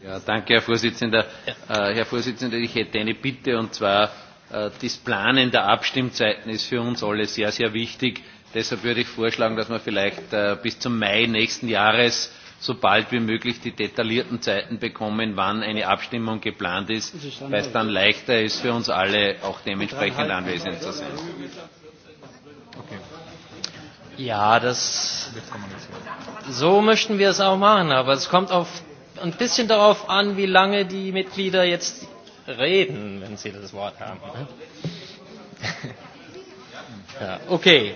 Ja, danke, Herr Vorsitzender. Ja. Äh, Herr Vorsitzender, ich hätte eine Bitte, und zwar äh, das Planen der Abstimmzeiten ist für uns alle sehr, sehr wichtig. Deshalb würde ich vorschlagen, dass wir vielleicht äh, bis zum Mai nächsten Jahres so bald wie möglich die detaillierten Zeiten bekommen, wann eine Abstimmung geplant ist, weil es dann leichter ist für uns alle, auch dementsprechend anwesend zu sein. Okay. Ja, das so möchten wir es auch machen, aber es kommt auf ein bisschen darauf an, wie lange die Mitglieder jetzt reden, wenn sie das Wort haben. ja, okay,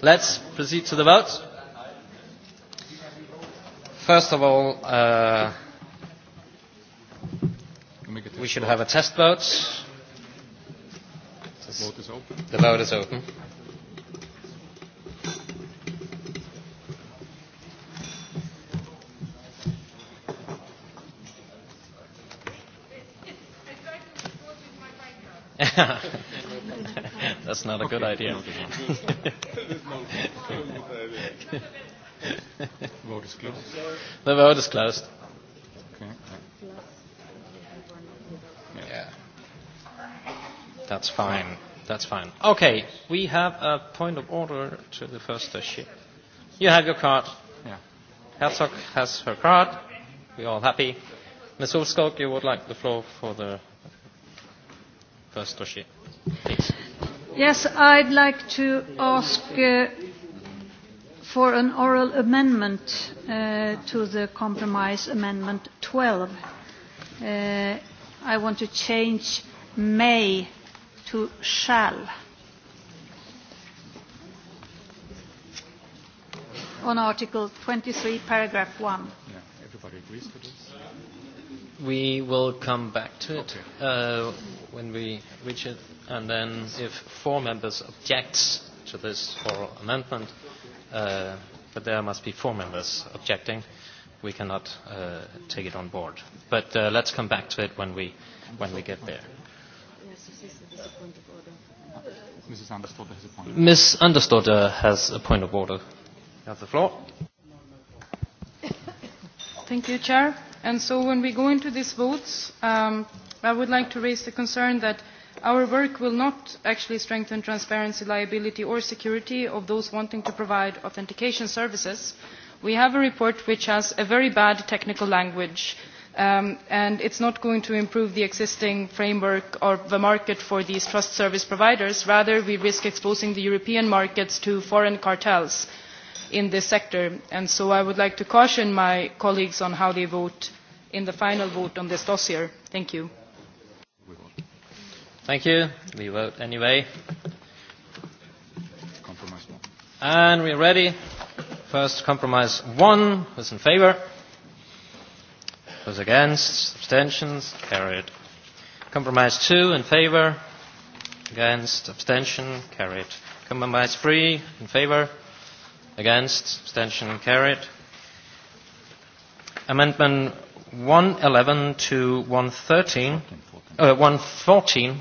let's proceed to the vote. First of all, uh, we should have a test vote. The vote is open. The vote is open. That's not a good idea. vote is closed. The vote is closed. Okay. Yeah. That's fine. That's fine. Okay, we have a point of order to the first issue. You have your card. Yeah. Herzog has her card. We're all happy. Ms. Ulskog, you would like the floor for the Tostoshi. Yes, I'd like to ask uh, for an oral amendment uh, to the compromise amendment 12. Uh, I want to change may to shall. On Article 23, paragraph 1. Yeah, everybody agrees to this? We will come back to it. Okay. Uh, when we reach it, and then if four members object to this oral amendment, uh, but there must be four members objecting, we cannot uh, take it on board. But uh, let's come back to it when we, when we get there. Mrs. Understotter has a point. Ms. has a point of order. You have the floor. Thank you, Chair. And so when we go into these votes, um, I would like to raise the concern that our work will not actually strengthen transparency, liability or security of those wanting to provide authentication services. We have a report which has a very bad technical language um, and it's not going to improve the existing framework or the market for these trust service providers. Rather, we risk exposing the European markets to foreign cartels in this sector. And so I would like to caution my colleagues on how they vote in the final vote on this dossier. Thank you. Thank you. We vote anyway. Compromise one. And we're ready. First compromise one. Who's in favor? Who's against? Abstentions? Carried. Compromise two in favor. Against? Abstention? Carried. Compromise three in favor. Against? Abstention? Carried. Amendment 111 to 113, uh, 114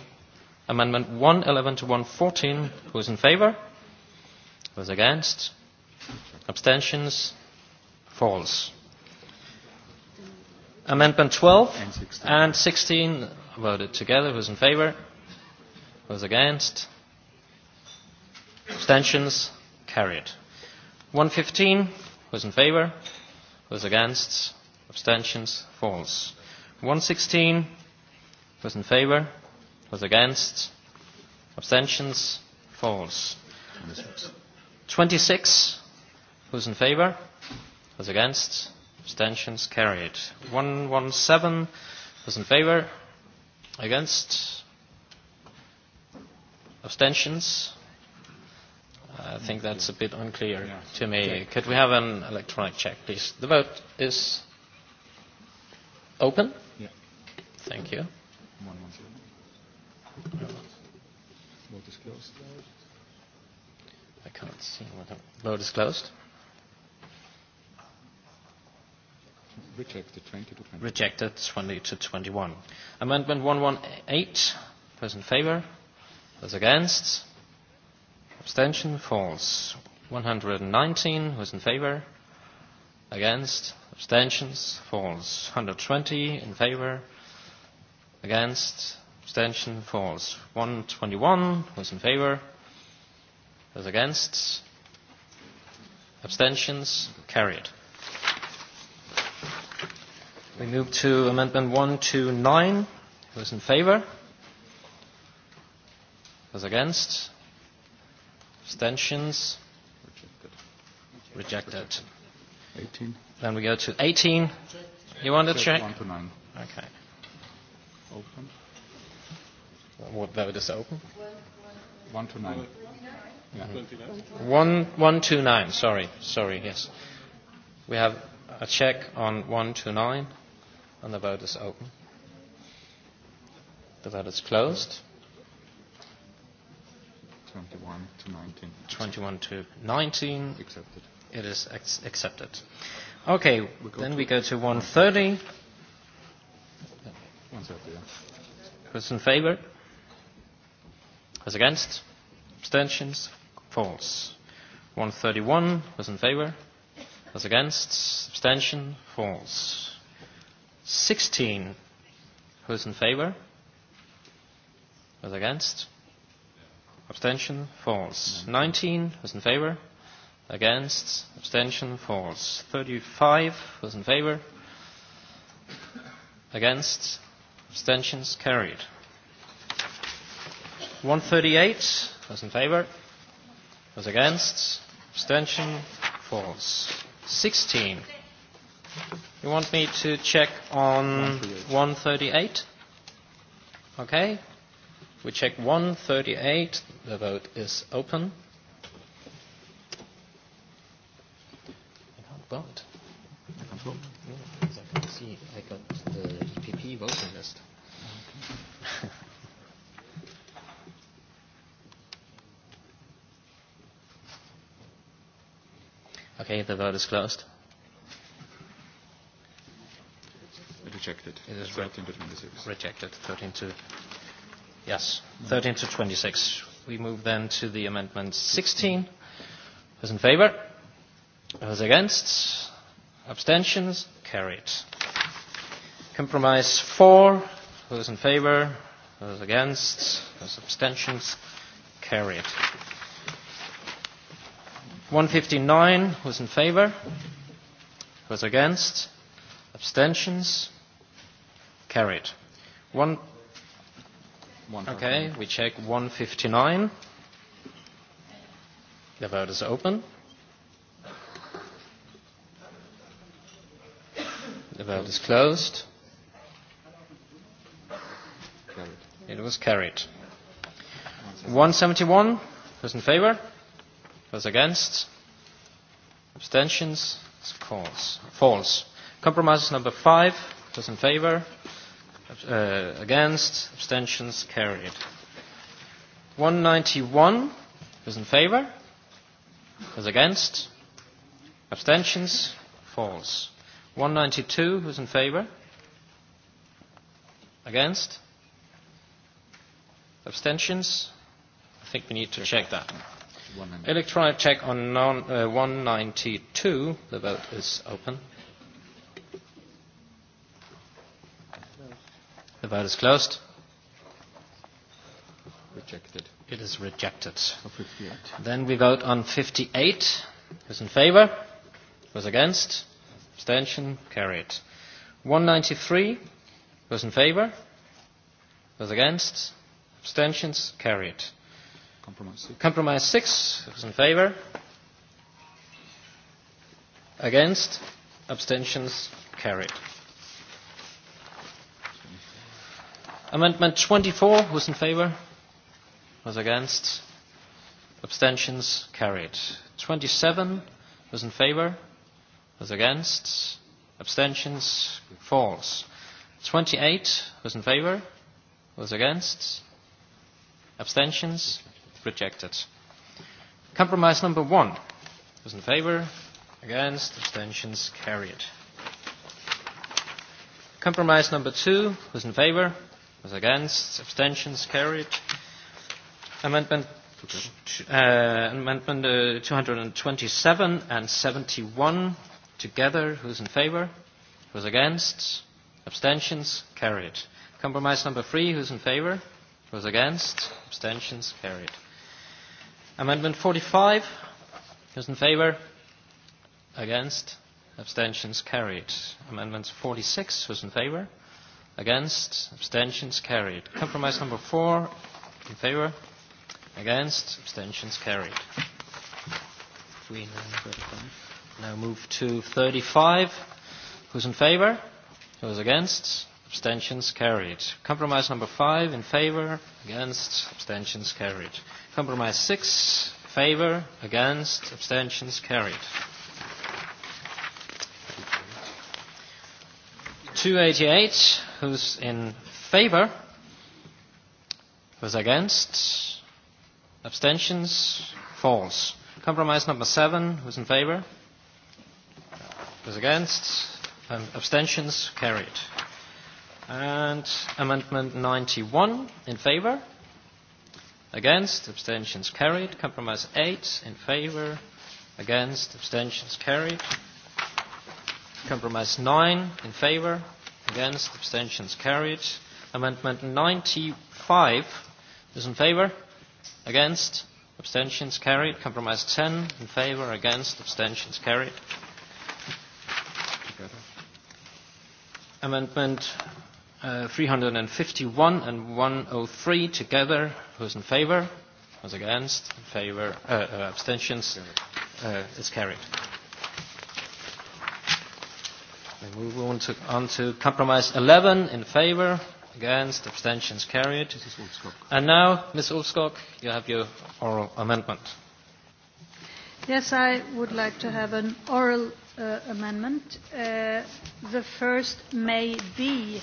Amendment 111 to 114. Who is in favour? Who is against? Abstentions? False. Amendment 12 and 16, and 16 voted together. Who is in favour? Who is against? Abstentions? Carried. 115. Who is in favour? Who is against? Abstentions? False. 116. Who is in favour? was against, abstentions, falls. 26, who's in favour, was against, abstentions, carried. 117, who's in favour, against, abstentions, I think that's a bit unclear yeah. to me. Could we have an electronic check, please? The vote is open. Yeah. Thank you. One, one, Vote is closed. I can't see. Vote is closed. Rejected 20 to 20. Rejected 20 to 21. Amendment 118. Those in favour? Those against? Abstention? False. 119. Those in favour? Against? Abstentions? False. 120 in favour? Against? abstention falls. 121, who's in favour? Who's against? Abstentions carried. We move to amendment 129. Who's in favour? Who's against? Abstentions? Rejected. Rejected. 18. Then we go to 18. You want to check? 1 to 9. Okay. Open. What vote is open? 129. Yeah. 1129, sorry, sorry, yes. We have a check on 129, and the vote is open. The vote is closed. 21 to 19. 21 to 19. Accepted. It is ex- accepted. Okay, we then we go to 130. 130, yeah. Who's in favor? Those against? Abstentions? False. 131. Those in favour? Those against? Abstention? False. 16. was in favour? Was against? Abstention? False. 19. was in favour? Against? Abstention? False. 35. was in favour? Against? Abstentions? Carried. 138, those in favour, those against, abstention, false. 16. You want me to check on 138? Okay. We check 138. The vote is open. You can't vote. Okay, the vote is closed. Rejected. It is 13 to 26. Rejected. 13 to. Yes, 13 to 26. We move then to the amendment 16. Those in favour? Those against? Abstentions? Carried. Compromise 4. Those in favour? Those against? Those abstentions? Carried. 159, who's in favour? Who's against? Abstentions? Carried. One, okay, we check 159. The vote is open. The vote is closed. It was carried. 171, who's in favour? Those against? Abstentions? It's false. False. Compromise number five. Those in favour? Uh, against? Abstentions? Carried. 191. Those in favour? Those against? Abstentions? False. 192. Who's in favour? Against? Abstentions? I think we need to check that. Electronic check on non, uh, 192. The vote is open. The vote is closed. Rejected. It is rejected. Oh, Then we vote on 58. Who's in favour? Who's against? Abstention? Carried. 193. Who's in favour? Who's against? Abstentions? Carried. Compromise. Compromise six. Who's in favour? Against? Abstentions? Carried. Amendment 24. Who's in favour? Who's against? Abstentions? Carried. 27. Who's in favour? Who's against? Abstentions? False. 28. Who's in favour? Who's against? Abstentions? rejected. Compromise number one. Those in favour? Against? Abstentions carried. Compromise number two. Those in favour? Those against? Abstentions carried. Amendment uh, amendment uh, 227 and 71 together. Who's in favour? Who's against? Abstentions? Carried. Compromise number three. Who's in favour? Who's against? Abstentions? Carried. Amendment 45. Those in favour? Against? Abstentions carried. Amendment 46. Those in favour? Against? Abstentions carried. Compromise number 4. In favour? Against? Abstentions carried. now move to 35. Who's in favour? Who's against? Abstentions carried. Compromise number five in favor, against, abstentions carried. Compromise six, favor, against, abstentions carried. 288, who's in favor, Who's against? Abstentions? False. Compromise number seven, who's in favor, Who's against? and abstentions carried. And amendment 91 in favour. Against, abstentions carried. Compromise 8 in favour. Against, abstentions carried. Compromise 9 in favour. Against, abstentions carried. Amendment 95 is in favour. Against, abstentions carried. Compromise 10 in favour. Against, abstentions carried. Amendment 351 uh, and 103 together. Who's in favour? Who's against? In favour? Uh, uh, abstentions? Uh, it's carried. We move on to, on to compromise 11 in favour. Against, abstentions carried. And now, Ms. Ulskog, you have your oral amendment. Yes, I would like to have an oral uh, amendment. Uh, the first may be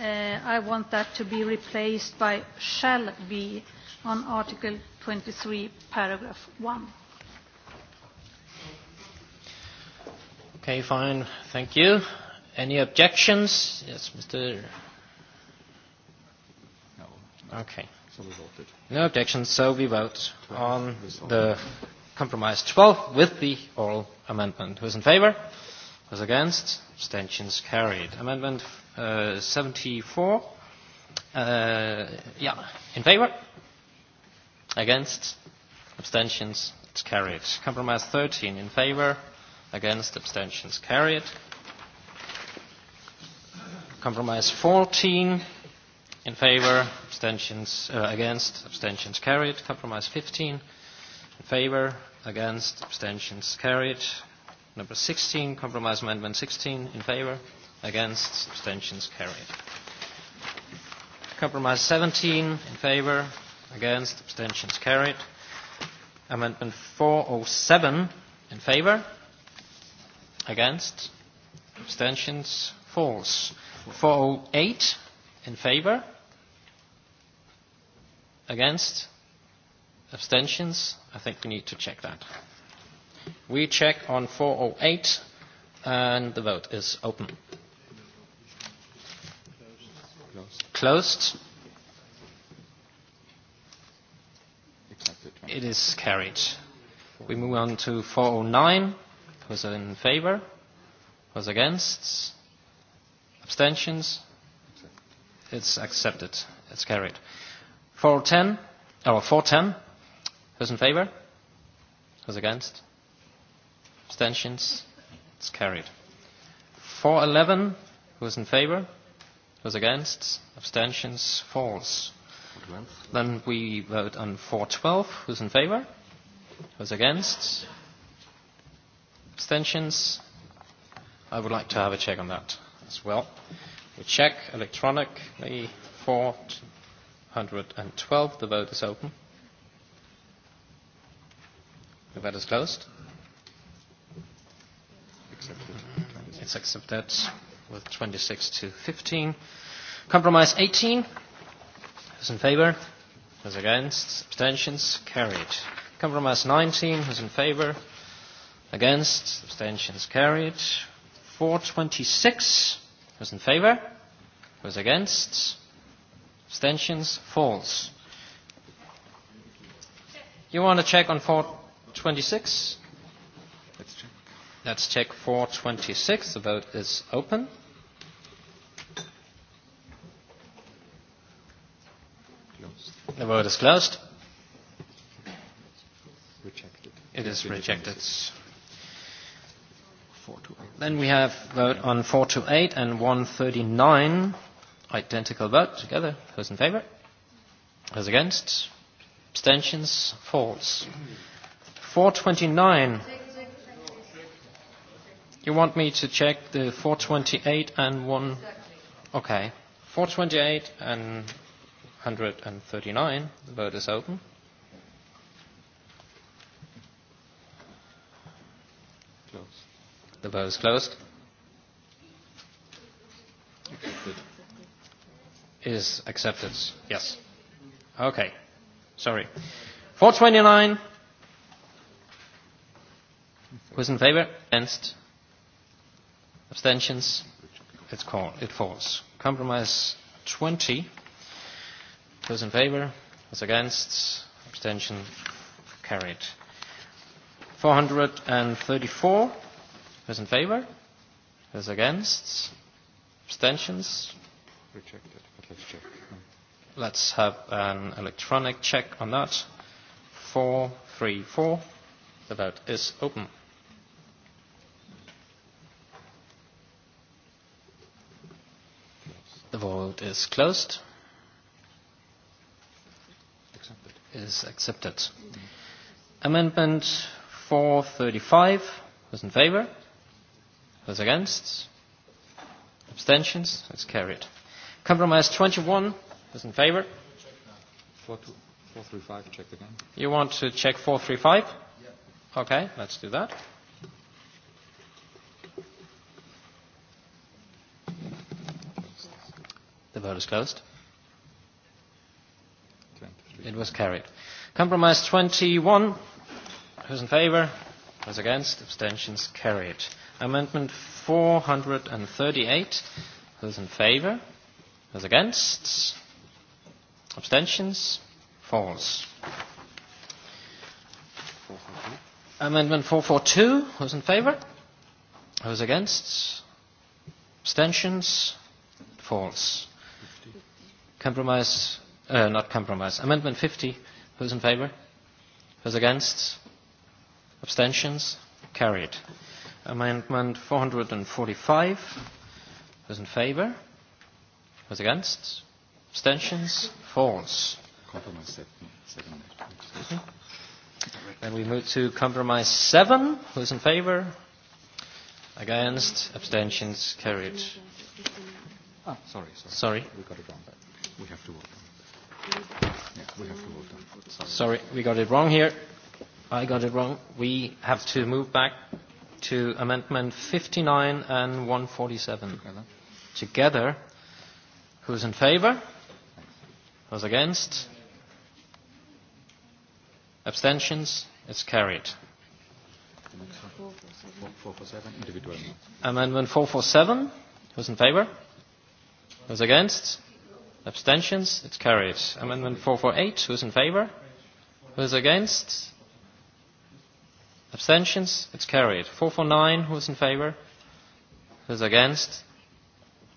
Uh, I want that to be replaced by shall be on Article 23, paragraph 1. Okay, fine. Thank you. Any objections? Yes, Mr. No. Okay. So No objections, so we vote on the compromise 12 with the oral amendment. Who is in favour? is against? Abstentions carried. Amendment 74. Uh, uh, yeah, in favor? Against? Abstentions? It's carried. Compromise 13 in favor? Against? Abstentions? Carried. Compromise 14 in favor? Abstentions? Uh, against? Abstentions? Carried. Compromise 15 in favor? Against? Abstentions? Carried. Number 16, compromise amendment 16 in favor? Against. Abstentions carried. Compromise 17 in favour. Against. Abstentions carried. Amendment 407 in favour. Against. Abstentions false. 408 in favour. Against. Abstentions? I think we need to check that. We check on 408 and the vote is open. Closed. It is carried. We move on to 409. Who's in favor? Who's against? Abstentions? It's accepted. It's carried. 410, or 410. Who's in favor? Who's against? Abstentions? It's carried. 411. Who's in favor? Those against? Abstentions? False. Then we vote on 412. Who's in favour? Who's against? Abstentions? I would like to have a check on that as well. We check electronically 412. The vote is open. The vote is closed. Accepted. It's accepted with 26 to 15. Compromise 18. Who's in favour? Who's against? Abstentions? Carried. Compromise 19. Who's in favour? Against? Abstentions? Carried. 426. Who's in favour? Who's against? Abstentions? False. You want to check on 426? Let's check. Let's check 426. The vote is open. The vote is closed. Rejected. It is rejected. Then we have vote on 428 and 139. Identical vote together. Who's in favor? Who's against? Abstentions? False. 429. You want me to check the 428 and 1? Okay. 428 and 139. The vote is open. Closed. The vote is closed. Accepted. Is accepted. Yes. Okay. Sorry. 429. Who's in favor? Against? Abstentions? It's called. It falls. Compromise 20. Those in favour? Those against? Abstention carried. 434. Those in favour? Those against? Abstentions? Rejected. let's check. Let's have an electronic check on that. 434. The vote is open. The vote is closed. is accepted. Amendment 435. those in favour? Those against? Abstentions? It's carried. Compromise 21. those in favour? 435, check again. You want to check 435? Yeah. Okay, let's do that. The vote is closed. It was carried. Compromise 21. Who's in favour? Who's against? Abstentions carried. Amendment 438. Who's in favour? Who's against? Abstentions? False. Amendment 442. Who's in favour? Who's against? Abstentions? False. Compromise uh, not compromise. Amendment 50, who's in favour? Who's against? Abstentions? Carried. Amendment 445, who's in favour? Who's against? Abstentions? False. Compromise 7. Then we move to compromise 7. Who's in favour? Against? Abstentions? Carried. Ah, sorry, sorry. Sorry. We got it wrong. But we have to vote on Sorry, we got it wrong here. I got it wrong. We have to move back to amendment 59 and 147 together. Who's in favour? Who's against? Abstentions? It's carried. Amendment 447. Who's in favour? Who's against? Abstentions? It carries. Amendment 448, who's in favour? Who's against? Abstentions? It's carried. 449, who's in favour? Who's against?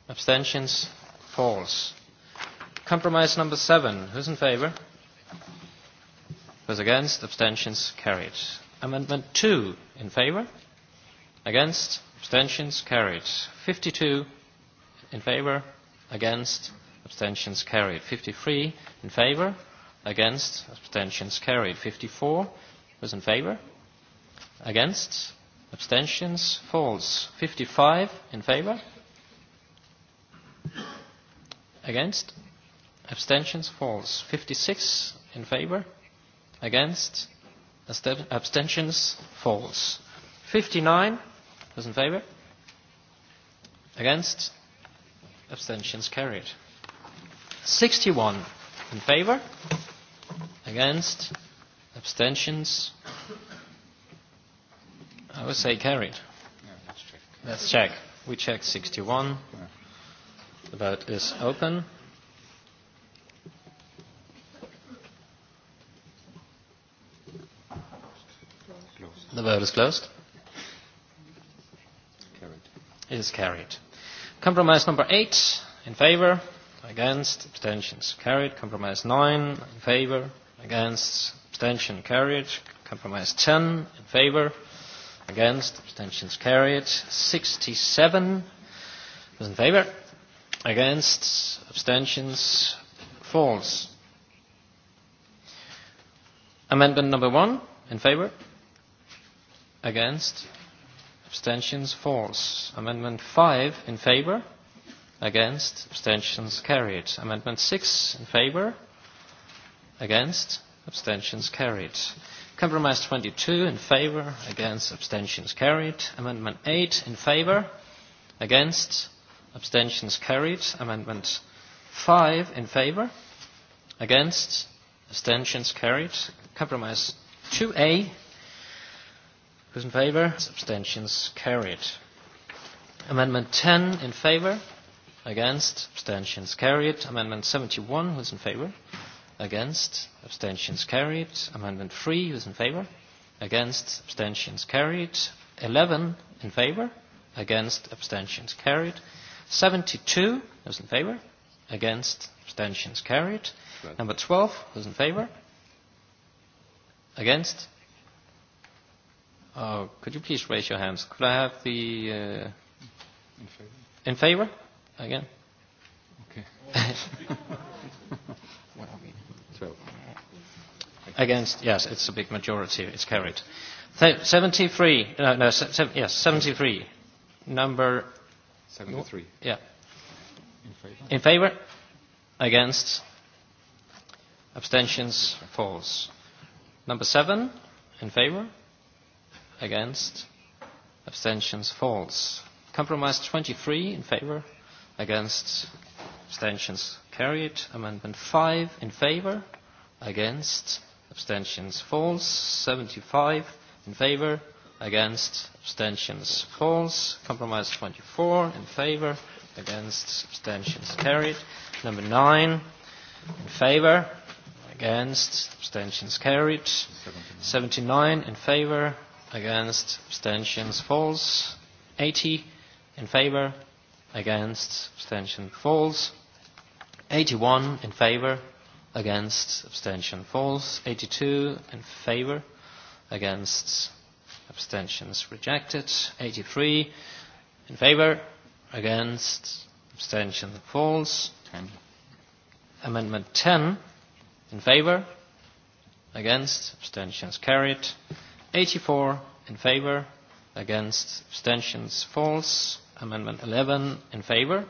Abstentions? False. Compromise number 7, who's in favour? Who's against? Abstentions? Carried. Amendment 2, in favour? Against? Abstentions? Carried. 52, in favour? Against? abstentions carried. 53 in favour, against, abstentions carried. 54 was in favour, against, abstentions false. 55 in favour, against, abstentions false. 56 in favour, against, abstentions false. 59 was in favour, against, abstentions carried. 61 in favor, against, abstentions. I would say carried. let's, check. let's check. We checked 61. The vote is open. The vote is closed. It is carried. Compromise number eight in favor, against, abstentions carried. Compromise 9, in favor, against, abstention carried. Compromise 10, in favor, against, abstentions carried. 67 was in favor, against, abstentions false. Amendment number 1, in favor, against, abstentions false. Amendment 5, in favor, Against? Abstentions carried. Amendment 6 in favor. Against? Abstentions carried. Compromise 22 in favor. Against? Abstentions carried. Amendment 8 in favor. Against? Abstentions carried. Amendment 5 in favor. Against? Abstentions carried. Compromise 2A. Who's in favor? Abstentions carried. Amendment 10 in favor. Against? Abstentions carried. Amendment 71, Who is in favour? Against? Abstentions carried. Amendment 3, Who is in favour? Against? Abstentions carried. 11, in favour? Against? Abstentions carried. 72, Who is in favour? Against? Abstentions carried. Right. Number 12, Who is in favour? Against? Oh, could you please raise your hands? Could I have the... Uh, in favour? In favour? Again? Okay. what are we? 12. Against, yes, it's a big majority. It's carried. Th 73, no, uh, no, se se yes, 73. Number... 73. Yeah. In favor? In favor? Against? Abstentions? False. Number seven, in favor? Against? Abstentions? False. Compromise 23, in favor? against abstentions carried amendment 5 in favor against abstentions false 75 in favor against abstentions false compromise 24 in favor against abstentions carried number 9 in favor against abstentions carried 79 in favor against abstentions false 80 in favor against, abstention falls. 81 in favour, against, abstention falls. 82 in favour, against, abstentions rejected. 83 in favour, against, abstention falls. 10. Amendment 10 in favour, against, abstentions carried. 84 in favour, against, abstentions false. Amendment 11 in favour.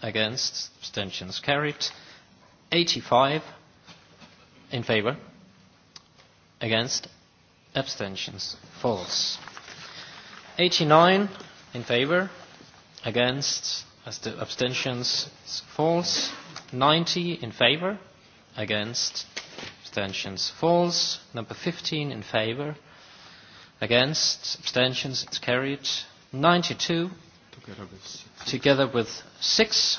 Against. Abstentions carried. 85 in favour. Against. Abstentions false. 89 in favour. Against. Abstentions false. 90 in favour. Against. Abstentions false. Number 15 in favour. Against. Abstentions it's carried. 92 together with 6.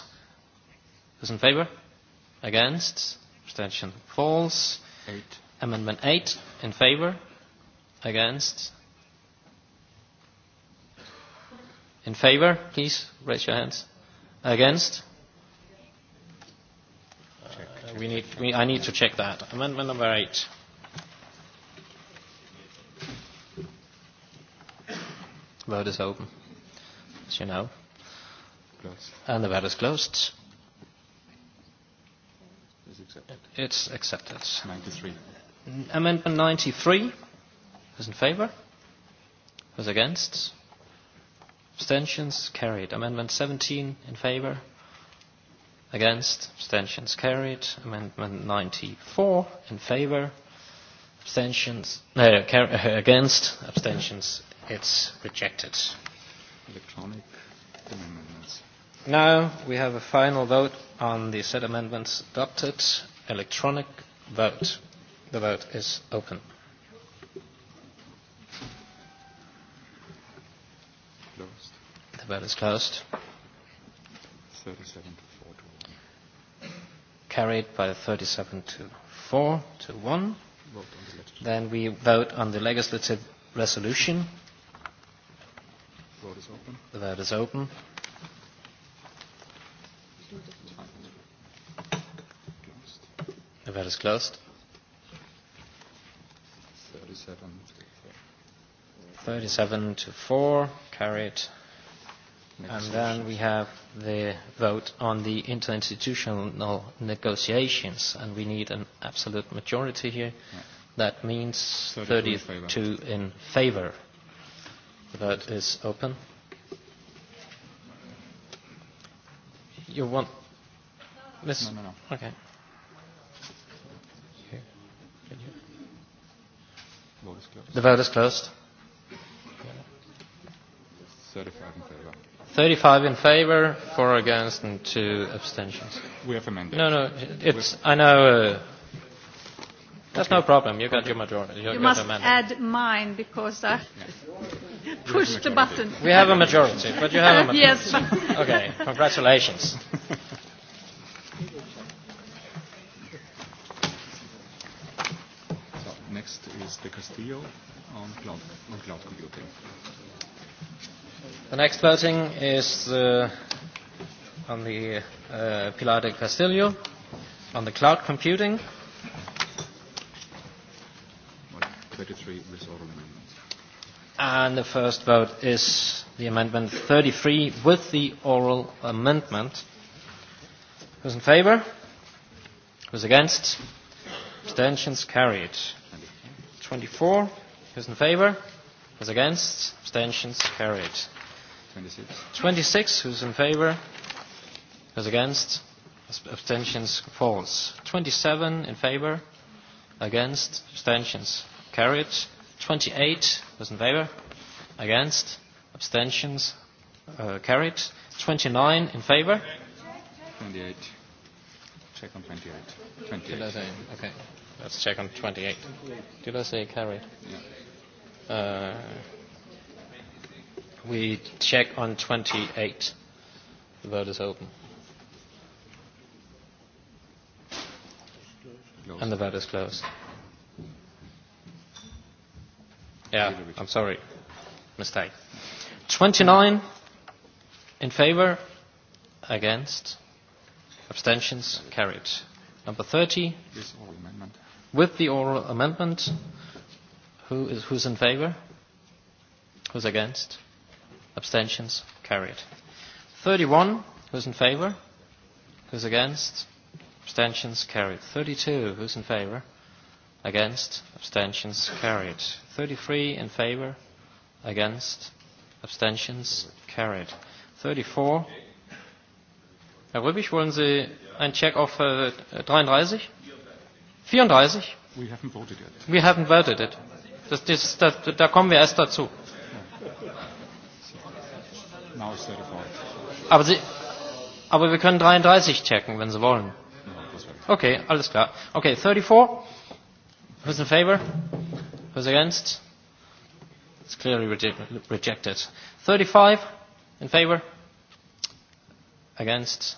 Those in favour? Against? Abstention falls. Eight. Amendment 8 in favour? Against? In favour, please raise your hands. Against? Check, check, uh, we need, we, I need to check that. Amendment number 8. Vote is open, as you know. Closed. And the vote is closed. It's accepted. It's accepted. 93. Amendment 93. Who's in favour? Who's against? Abstentions carried. Amendment 17 in favour. Against. Abstentions carried. Amendment 94 in favour. Abstentions. No, against. Abstentions It's rejected. Electronic amendments. Now we have a final vote on the said amendments adopted. Electronic vote. The vote is open. Closed. The vote is closed. 37 to 4 to 1. Carried by 37 to 4 to 1. Vote on the Then we vote on the legislative resolution vote is open. The vote is open. The vote is closed. 37 to 4. 37 4, carried. and then we have the vote on the interinstitutional negotiations, and we need an absolute majority here. Yeah. That means 32 in favor. 32 in favor. That is open. You want... this? No, no, no. Okay. Can you? The vote is closed. 35 in favor. 35 in favor, 4 against and 2 abstentions. We have amended. No, no, it's, I know, uh, that's okay. no problem. You got okay. your majority. You, you must amended. add mine because I... Yeah push the button. We have a majority, but you have a majority. yes. okay, congratulations. so, next is the Castillo on cloud, on cloud computing. The next voting is uh, on the uh, Pilar de Castillo on the cloud computing. 33 with amendment. And the first vote is the amendment 33 with the oral amendment. Who's in favour? Who's against? Abstentions carried. 24. Who's in favour? Who's against? Abstentions carried. 26. 26. Who's in favour? Who's against? Abstentions false. 27 in favour. Against? Abstentions carried. 28, those in favour. Against. Abstentions. Uh, carried. 29 in favour. 28. Check on 28. 28. Did I say? Okay. Let's check on 28. Did I say carried? Yeah. Uh, we check on 28. The vote is open. Close. And the vote is closed. Yeah, I'm sorry. Mistake. 29 in favour, against, abstentions, carried. Number 30 with, oral amendment. with the oral amendment. Who is, who's in favour? Who's against? Abstentions, carried. 31, who's in favour? Who's against? Abstentions, carried. 32, who's in favour? Against? Abstentions carried. 33 in favour? Against? Abstentions carried. 34. Herr Rübig, wollen Sie einen Check auf uh, 33? 34? We haven't voted yet. We haven't voted it. Das, das, das, da kommen wir erst dazu. Now it's 34. Aber, Sie, aber wir können 33 checken, wenn Sie wollen. Okay, alles klar. Okay, 34. Who's in favor? Who's against? It's clearly reject rejected. 35 in favor? Against?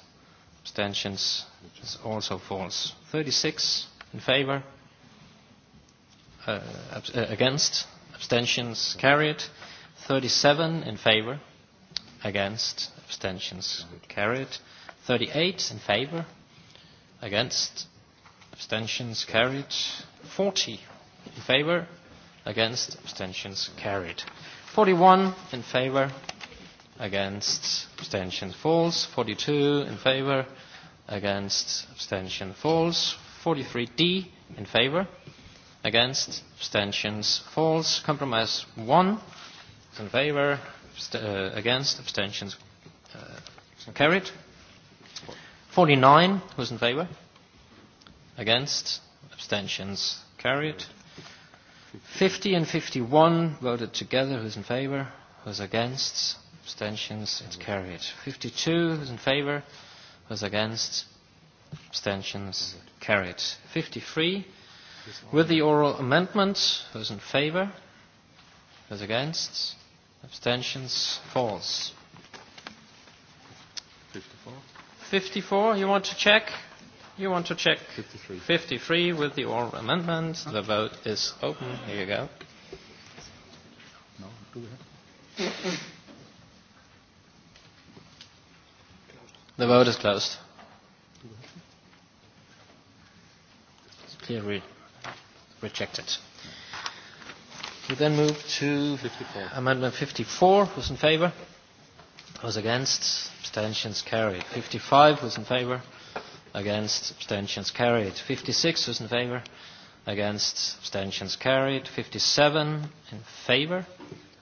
Abstentions? It's also false. 36 in favor? Uh, ab uh, against? Abstentions carried. 37 in favor? Against? Abstentions carried. 38 in favor? Against? Abstentions carried. 40 in favor, against, abstentions carried. 41 in favor, against, abstention falls. 42 in favor, against, abstention falls. 43D in favor, against, abstentions falls. Compromise 1 in favor, uh, against, abstentions uh, carried. 49, who's in favor? Against, abstentions carried. 50 and 51 voted together. Who's in favour? Who's against? Abstentions. It's carried. 52. Who's in favour? Who's against? Abstentions. Carried. 53. With the oral amendment. Who's in favour? Who's against? Abstentions. False. 54. 54. You want to check? You want to check 53, 53 with the oral amendment. The vote is open. Here you go. No, do we have? The vote is closed. It's clearly rejected. We then move to 54. Amendment 54. Who's in favour? Who's against? Abstentions carried. 55. Who's in favour? against abstentions carried 56 was in favor against abstentions carried 57 in favor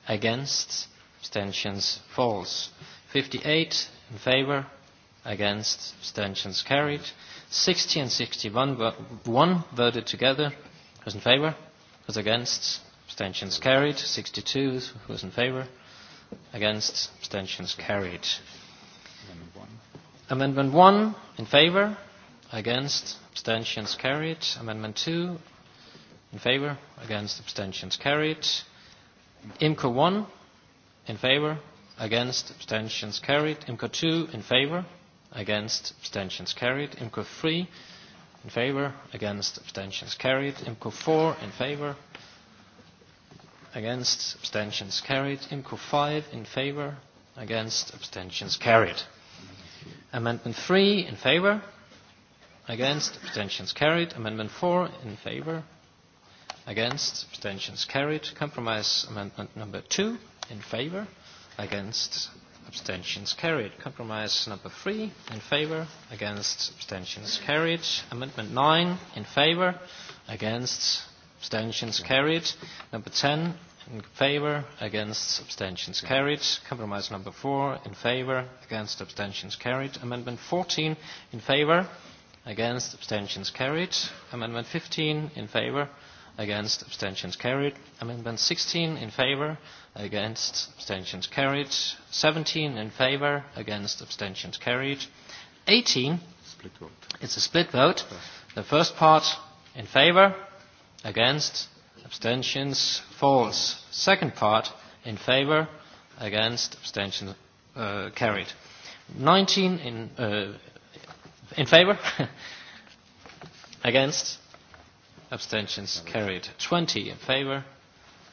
against abstentions false 58 in favor against abstentions carried 60 and 61 one voted together was in favor was against abstentions carried 62 was in favor against abstentions carried Amendment 1 in favor, against, abstentions carried. Amendment 2 in favor, against, abstentions carried. IMCO 1 in favor, against, abstentions carried. IMCO 2 in favor, against, abstentions carried. IMCO 3 in favor, against, abstentions carried. IMCO 4 in favor, against, abstentions carried. IMCO 5 in favor, against, abstentions carried. Amendment 3 in favor. Against. Abstentions carried. Amendment 4 in favor. Against. Abstentions carried. Compromise amendment number 2 in favor. Against. Abstentions carried. Compromise number 3 in favor. Against. Abstentions carried. Amendment 9 in favor. Against. Abstentions carried. Number 10 in favor, against, abstentions carried. Compromise number 4, in favor, against, abstentions carried. Amendment 14, in favor, against, abstentions carried. Amendment 15, in favor, against, abstentions carried. Amendment 16, in favor against, abstentions carried. 17, in favor, against, abstentions carried. 18, split vote. it's a split vote. The first part, in favor, against, abstentions falls. Second part in favor, against, abstention uh, carried. 19 in, uh, in favor, against, abstentions carried. 20 in favor,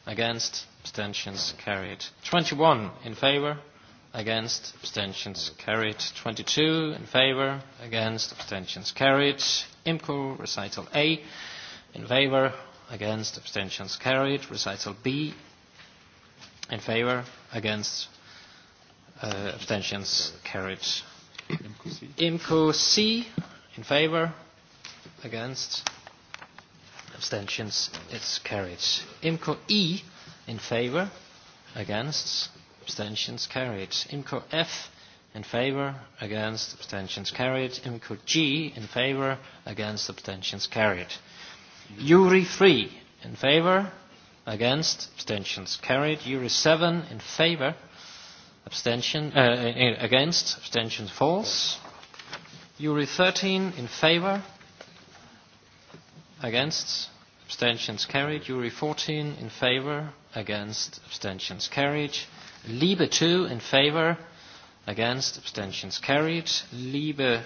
against, abstentions carried. 21 in favor, against, abstentions carried. 22 in favor, against, abstentions carried. IMCO recital A in favor, against, abstentions carried. Recital B, in favour, against, uh, abstentions carried. IMCO C, in favour, against, abstentions, it's carried. IMCO E, in favour, against, abstentions carried. IMCO F, in favour, against, abstentions carried. IMCO G, in favour, against, abstentions carried. URI 3 in favor, against, abstentions carried. URI 7 in favor, abstention, uh, uh against, abstentions false. URI 13 in favor, against, abstentions carried. URI 14 in favor, against, abstentions carried. Liebe 2 in favor, against, abstentions carried. Liebe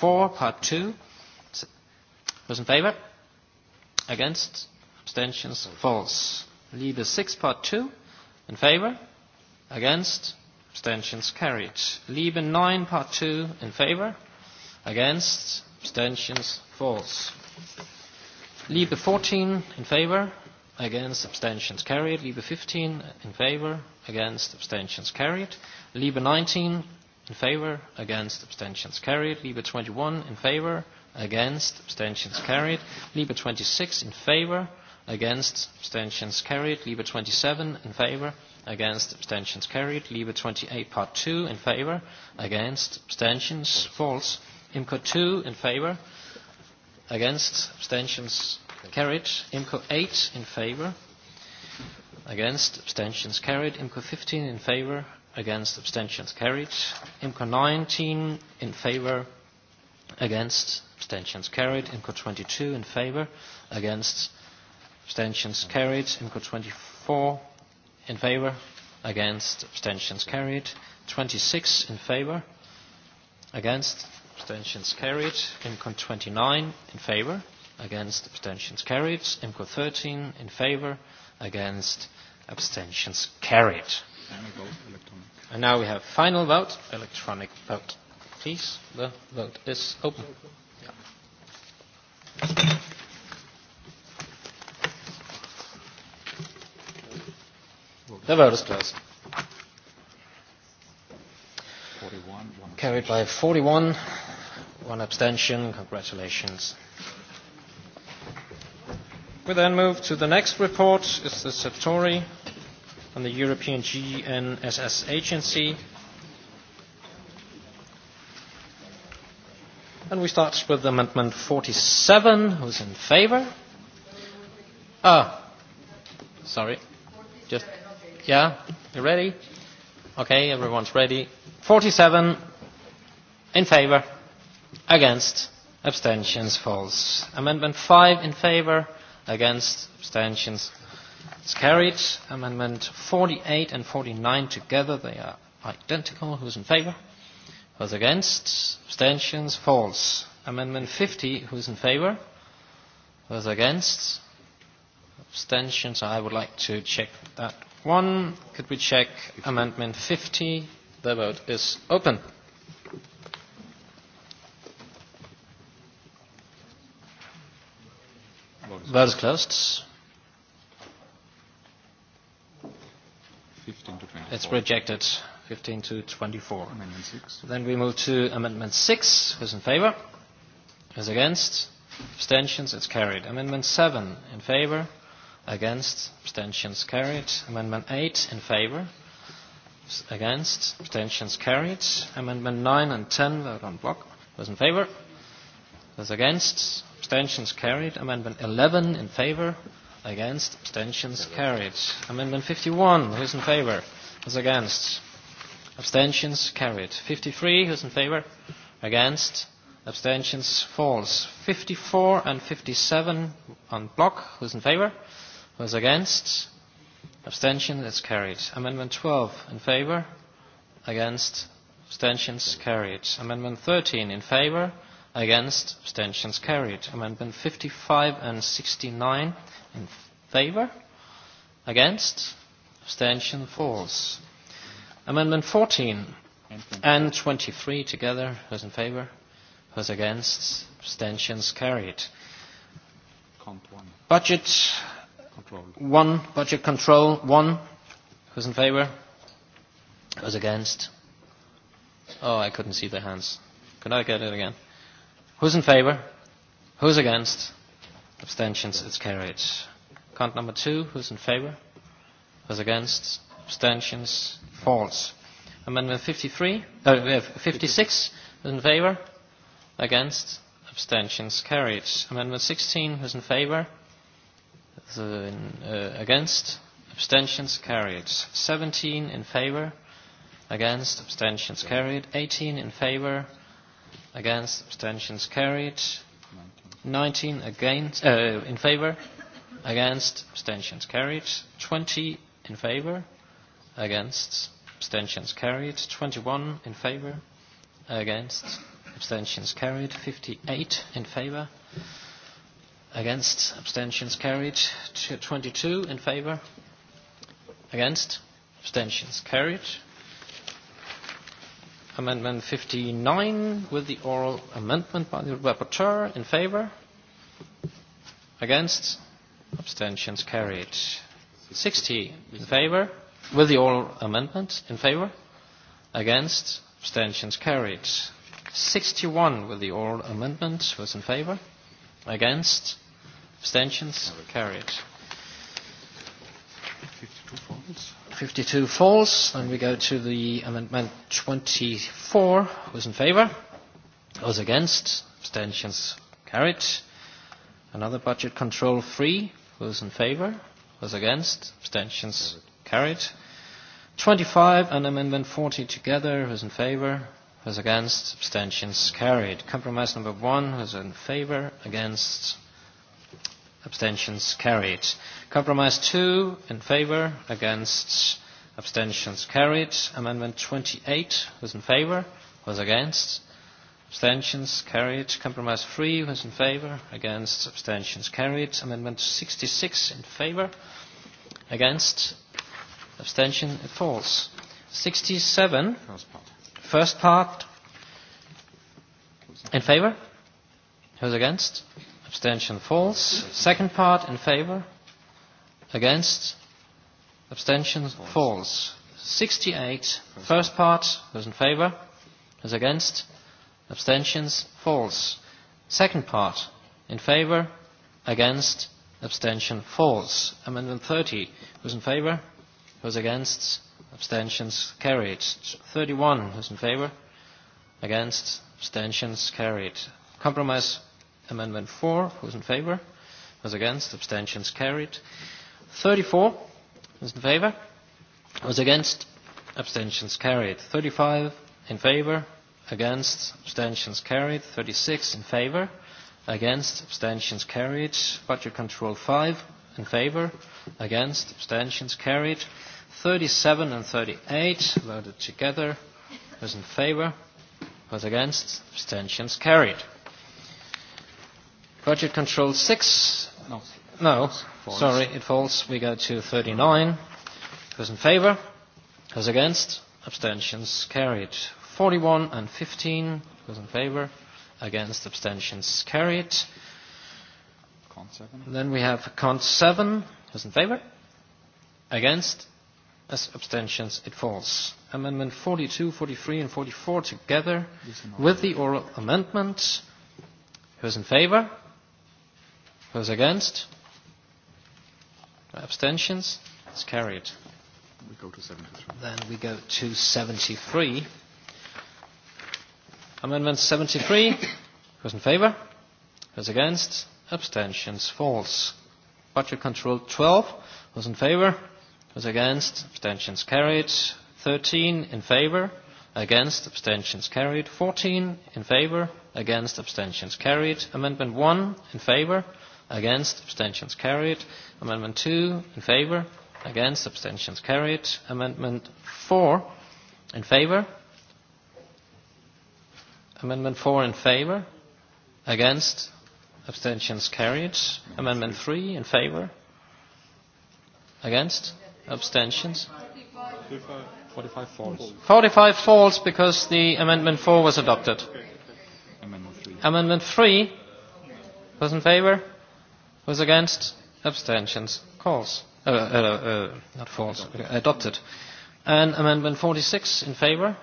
4, part 2, was in favor. Against? Abstentions? False. Leader 6, part 2. In favour? Against? Abstentions carried. Leader 9, part 2. In favour? Against? Abstentions? False. Leader 14, in favour? Against? Abstentions carried. Leader 15, in favour? Against? Abstentions carried. Leader 19, in favour? Against? Abstentions carried. Leader 21, in favour? against, abstentions carried. Libre 26 in favour, against, abstentions carried. Libre 27 in favour, against, abstentions carried. Libre 28 part 2 in favour, against, abstentions false. IMCO 2 in favour, against, abstentions carried. IMCO 8 in favour, against, abstentions carried. IMCO 15 in favour, against, abstentions carried. IMCO 19 in favour, against, abstentions carried. IMCO 22 in favour, against abstentions carried. IMCO 24 in favour, against abstentions carried. 26 in favour, against abstentions carried. IMCO 29 in favour, against abstentions carried. IMCO 13 in favour, against abstentions carried. And now we have final vote, electronic vote. Please, the vote is open. open. Da, vote is Carried by 41, one abstention. Congratulations. We then move to the next report. It's the Satori on the European GNSS Agency. And we start with Amendment 47. Who's in favor? Ah, oh, sorry. Just, yeah, you ready? Okay, everyone's ready. 47 in favor, against, abstentions false. Amendment 5 in favor, against, abstentions it's carried. Amendment 48 and 49 together, they are identical. Who's in favor? Those against? Abstentions? False. Amendment 50, who's in favour? Those against? Abstentions? I would like to check that one. Could we check Amendment 50? The vote is open. Vote is closed. 15 to It's rejected. 15 to 24. Amendment six. Then we move to Amendment 6. Who's in favour? Who's against? Abstentions? It's carried. Amendment 7 in favour. Against? Abstentions carried. Amendment 8 in favour. Against? Abstentions carried. Amendment 9 and 10 vote on block. Who's in favour? Who's against? Abstentions carried. Amendment 11 in favour. Against? Abstentions carried. Amendment 51. Who's in favour? Who's against? Abstentions carried. 53, who's in favour? Against? Abstentions falls. 54 and 57 on block. Who's in favour? Who's against? Abstention is carried. Amendment 12 in favour? Against? Abstentions carried. Amendment 13 in favour? Against? Abstentions carried. Amendment 55 and 69 in favour? Against? Abstention falls. Amendment 14 and 23 together. Who's in favour? Who's against? Abstentions carried. Budget One. Budget control. One. Who's in favour? Who's against? Oh, I couldn't see the hands. Could I get it again? Who's in favour? Who's against? Abstentions. It's carried. Count number two. Who's in favour? Who's against? abstentions false. Amendment 53, uh, 56 in favour, against, abstentions carried. Amendment 16 is in favour, uh, against, abstentions carried. 17 in favour, against, abstentions carried. 18 in favour, against, abstentions carried. 19 against, uh, in favour, against, abstentions carried. 20 in favour, against, abstentions carried. 21 in favor against, abstentions carried. 58 in favor against, abstentions carried. 22 in favor against, abstentions carried. Amendment 59 with the oral amendment by the rapporteur in favor Against? Abstentions carried. 60 in favor With the oral amendment, in favour? Against? Abstentions carried. 61 with the oral amendment was in favour. Against? Abstentions carried. 52 false. Then we go to the amendment 24. Who's in favour? was against? Abstentions carried. Another budget control free. Who's in favour? Who's against? Abstentions carried Carried. 25 and Amendment 40 together. Who's in favour? Who's against? Abstentions carried. Compromise number one. Who's in favour? Against? Abstentions carried. Compromise two. In favour? Against? Abstentions carried. Amendment 28. Who's in favour? Who's against? Abstentions carried. Compromise three. Who's in favour? Against? Abstentions carried. Amendment 66. In favour? Against? abstention, it falls. 67, first part, in favor? Who's against? Abstention falls. Second part in favor? Against? Abstention falls. 68, first part, who's in favor? Who's against? Abstentions falls. Second part, in favor? Against? Abstention falls. Amendment 30, who's in favor? Who's against? Abstentions carried. 31. Who's in favour? Against? Abstentions carried. Compromise Amendment 4. Who's in favour? Who's against? Abstentions carried. 34. Who's in favour? Who's against? Abstentions carried. 35. In favour? Against? Abstentions carried. 36. In favour? Against? Abstentions carried. Budget Control 5 in favour, against, abstentions carried. 37 and 38 voted together. Those in favour, those against, abstentions carried. Budget control 6. No, no sorry, it falls. We go to 39. Those in favour, those against, abstentions carried. 41 and 15. Those in favour, against, abstentions carried. Then we have Cont 7. Who's in favor? Against? As abstentions, it falls. Amendment 42, 43, and 44 together with the oral amendment. Who's in favor? Who's against? Abstentions? It's carried. We go to 73. Then we go to 73. Amendment 73. Who's in favour? Who's against? abstentions false. Budget control 12, was in favour? was against? Abstentions carried. 13 in favour, against, abstentions carried. 14 in favour, against, abstentions carried. Amendment 1 in favour, against, abstentions carried. Amendment 2 in favour, against, abstentions carried. Amendment 4 in favour. Amendment 4 in favour, against, Abstentions carried. Amendment 3 in favor. Against? Abstentions? 45, falls. 45 falls because the Amendment 4 was adopted. Amendment 3. was in favor. Was against? Abstentions. Calls. Uh, uh, uh, not falls. Adopted. And Amendment 46 in favor.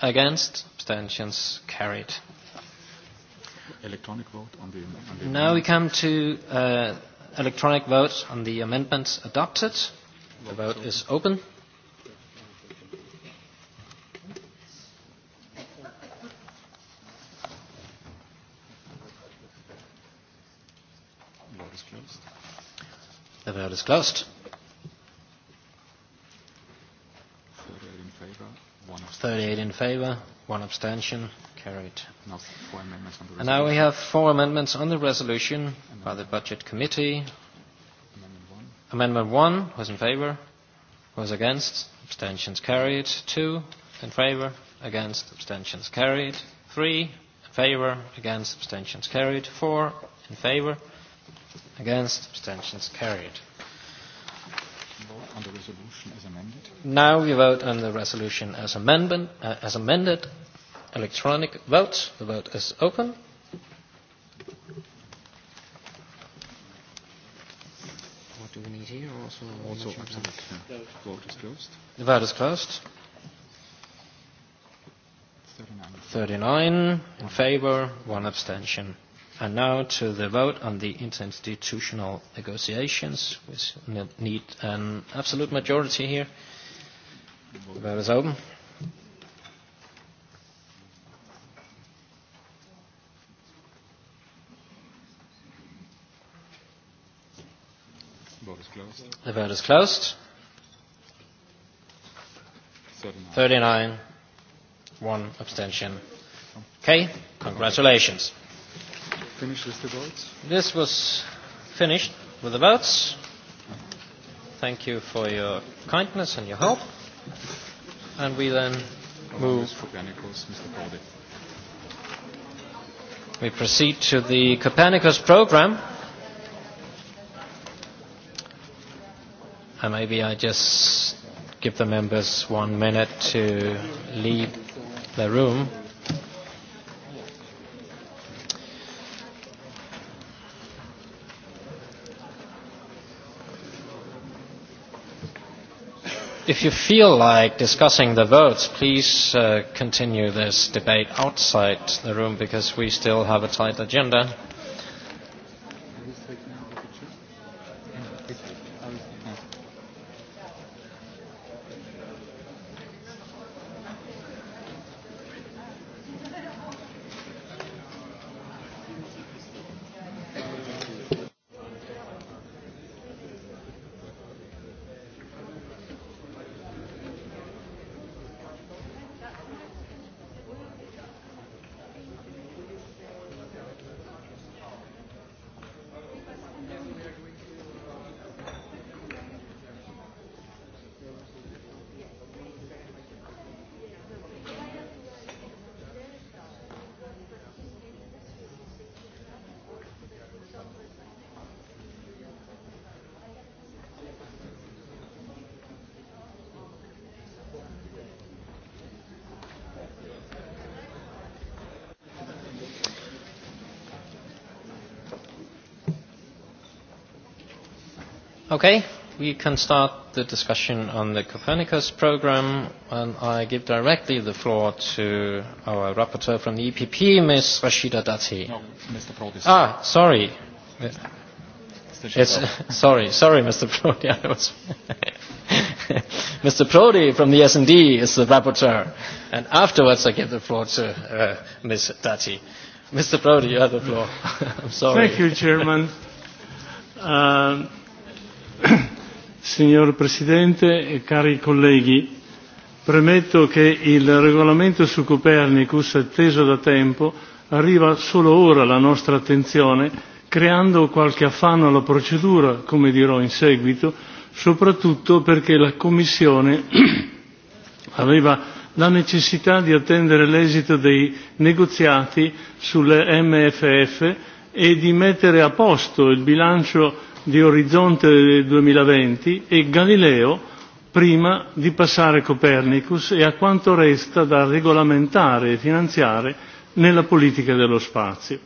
Against? Abstentions carried electronic vote on the, on the Now we come to uh, electronic vote on the amendments adopted. The vote is open. The vote is closed. thirty 38 in favor, one abstention carried. Now, four amendments on the resolution. And now we have four amendments on the resolution amendment by the Budget Committee. Amendment one. Amendment was in favour. Was against. Abstentions carried. Two in favour. Against. Abstentions carried. Three in favour. Against. Abstentions carried. Four in favour. Against. Abstentions carried. on the resolution as amended. Now we vote on the resolution as amendment uh, as amended electronic vote. The vote is open. What do we need here? Also, also absent. Yeah. Vote is closed. The vote is closed. 39. 39 in favour, one abstention. And now to the vote on the interinstitutional negotiations. We need an absolute majority here. The vote is open. closed. The vote is closed. 39. one abstention. Okay, congratulations. Finished with the votes? This was finished with the votes. Thank you for your kindness and your help. And we then move. We proceed to the Copernicus program. And maybe I just give the members one minute to leave the room. If you feel like discussing the votes, please uh, continue this debate outside the room because we still have a tight agenda. Okay, we can start the discussion on the Copernicus program, and I give directly the floor to our rapporteur from the EPP, Ms. Rashida Dati. No, Mr. Prodi. Ah, sorry. It's, sorry, sorry, Mr. Prodi. I was Mr. Prodi from the S&D is the rapporteur, and afterwards I give the floor to uh, Ms. Dati. Mr. Prodi, you have the floor. I'm sorry. Thank you, Chairman. Um, signor presidente cari colleghi premetto che il regolamento su copernicus atteso da tempo arriva solo ora alla nostra attenzione creando qualche affanno alla procedura come dirò in seguito soprattutto perché la commissione aveva la necessità di attendere l'esito dei negoziati sul mff e di mettere a posto il bilancio di Orizzonte 2020 e Galileo prima di passare Copernicus e a quanto resta da regolamentare e finanziare nella politica dello spazio.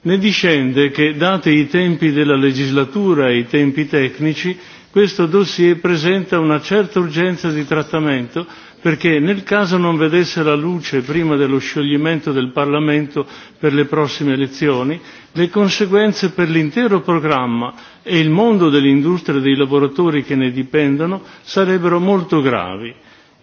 Ne discende che, dati i tempi della legislatura e i tempi tecnici, questo dossier presenta una certa urgenza di trattamento perché nel caso non vedesse la luce prima dello scioglimento del Parlamento per le prossime elezioni le conseguenze per l'intero programma e il mondo dell'industria e dei lavoratori che ne dipendono sarebbero molto gravi.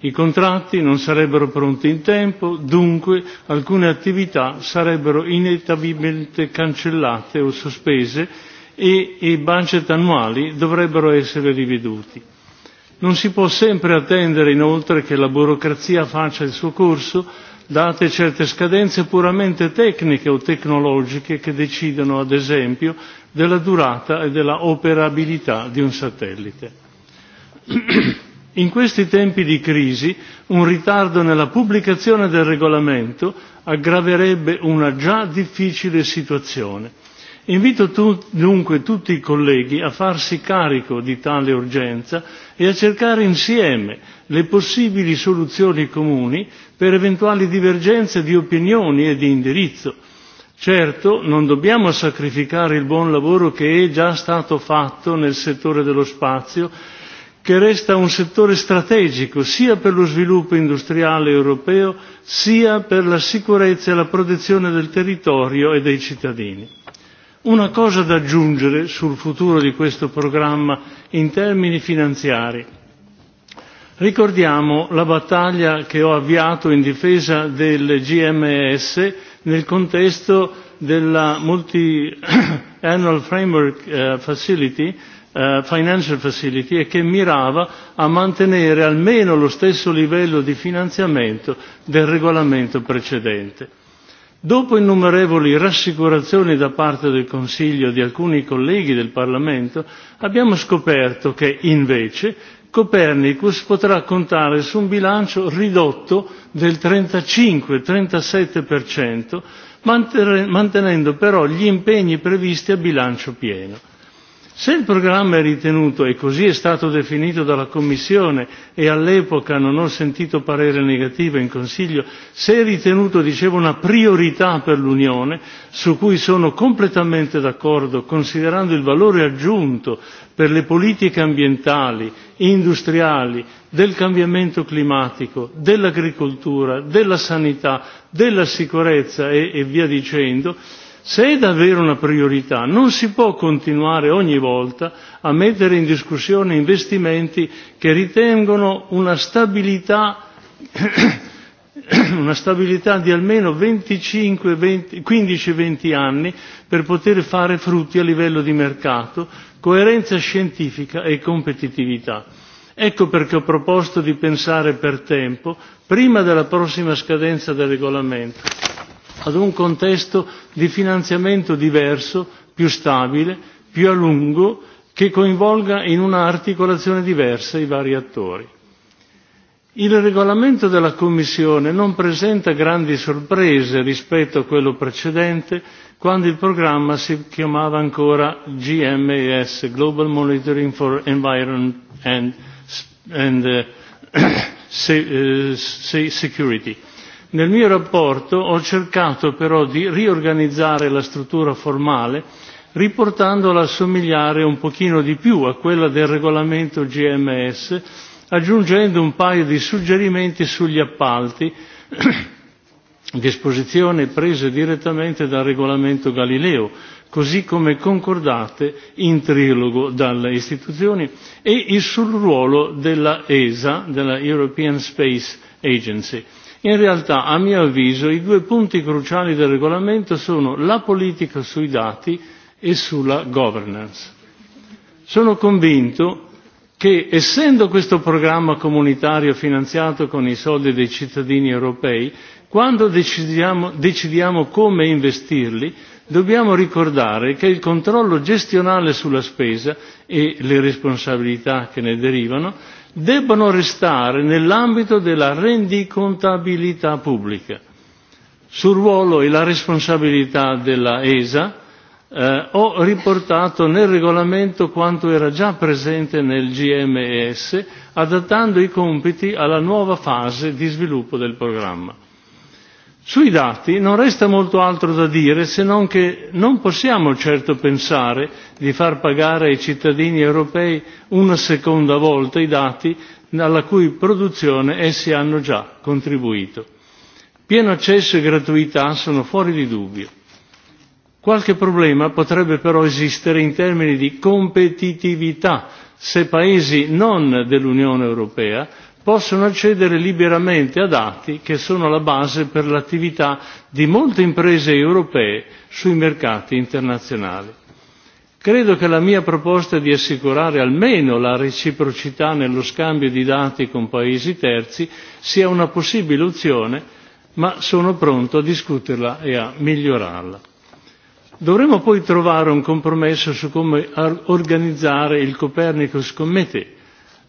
I contratti non sarebbero pronti in tempo, dunque alcune attività sarebbero inevitabilmente cancellate o sospese e i budget annuali dovrebbero essere riveduti. Non si può sempre attendere inoltre che la burocrazia faccia il suo corso date certe scadenze puramente tecniche o tecnologiche che decidono ad esempio della durata e della operabilità di un satellite. in questi tempi di crisi un ritardo nella pubblicazione del regolamento aggraverebbe una già difficile situazione. invito tu, dunque tutti i colleghi a farsi carico di tale urgenza e a cercare insieme le possibili soluzioni comuni per eventuali divergenze di opinioni e di indirizzo. Certo, non dobbiamo sacrificare il buon lavoro che è già stato fatto nel settore dello spazio, che resta un settore strategico sia per lo sviluppo industriale europeo, sia per la sicurezza e la protezione del territorio e dei cittadini. Una cosa da aggiungere sul futuro di questo programma in termini finanziari ricordiamo la battaglia che ho avviato in difesa del gms nel contesto della multiannual framework eh, facility eh, financial facility e che mirava a mantenere almeno lo stesso livello di finanziamento del regolamento precedente. dopo innumerevoli rassicurazioni da parte del consiglio di alcuni colleghi del parlamento abbiamo scoperto che invece Copernicus potrà contare su un bilancio ridotto del 35-37%, mantenendo però gli impegni previsti a bilancio pieno. Se il programma è ritenuto, e così è stato definito dalla Commissione e all'epoca non ho sentito parere negativo in Consiglio, se è ritenuto, dicevo, una priorità per l'Unione, su cui sono completamente d'accordo, considerando il valore aggiunto per le politiche ambientali industriali del cambiamento climatico dell'agricoltura della sanità della sicurezza e, e via dicendo se è davvero una priorità non si può continuare ogni volta a mettere in discussione investimenti che ritengono una stabilità una stabilità di almeno 20, 15-20 anni per poter fare frutti a livello di mercato coerenza scientifica e competitività. Ecco perché ho proposto di pensare per tempo, prima della prossima scadenza del regolamento, ad un contesto di finanziamento diverso, più stabile, più a lungo, che coinvolga in una articolazione diversa i vari attori. Il regolamento della Commissione non presenta grandi sorprese rispetto a quello precedente, quando il programma si chiamava ancora GMES, Global Monitoring for Environment and, and uh, se, uh, Security. Nel mio rapporto ho cercato però di riorganizzare la struttura formale riportandola a somigliare un pochino di più a quella del regolamento GMS aggiungendo un paio di suggerimenti sugli appalti disposizioni prese direttamente dal regolamento Galileo così come concordate in trilogo dalle istituzioni e sul ruolo dell'esa ESA della European Space Agency in realtà a mio avviso i due punti cruciali del regolamento sono la politica sui dati e sulla governance sono convinto che essendo questo programma comunitario finanziato con i soldi dei cittadini europei quando decidiamo, decidiamo come investirli dobbiamo ricordare che il controllo gestionale sulla spesa e le responsabilità che ne derivano debbono restare nell'ambito della rendicontabilità pubblica. sul ruolo e la responsabilità della esa eh, ho riportato nel regolamento quanto era già presente nel GMS, adattando i compiti alla nuova fase di sviluppo del programma. Sui dati non resta molto altro da dire se non che non possiamo certo pensare di far pagare ai cittadini europei una seconda volta i dati alla cui produzione essi hanno già contribuito. Pieno accesso e gratuità sono fuori di dubbio Qualche problema potrebbe però esistere in termini di competitività se paesi non dell'Unione Europea possono accedere liberamente a dati che sono la base per l'attività di molte imprese europee sui mercati internazionali. Credo che la mia proposta di assicurare almeno la reciprocità nello scambio di dati con paesi terzi sia una possibile opzione, ma sono pronto a discuterla e a migliorarla. Dovremmo poi trovare un compromesso su come organizzare il Copernicus Committee.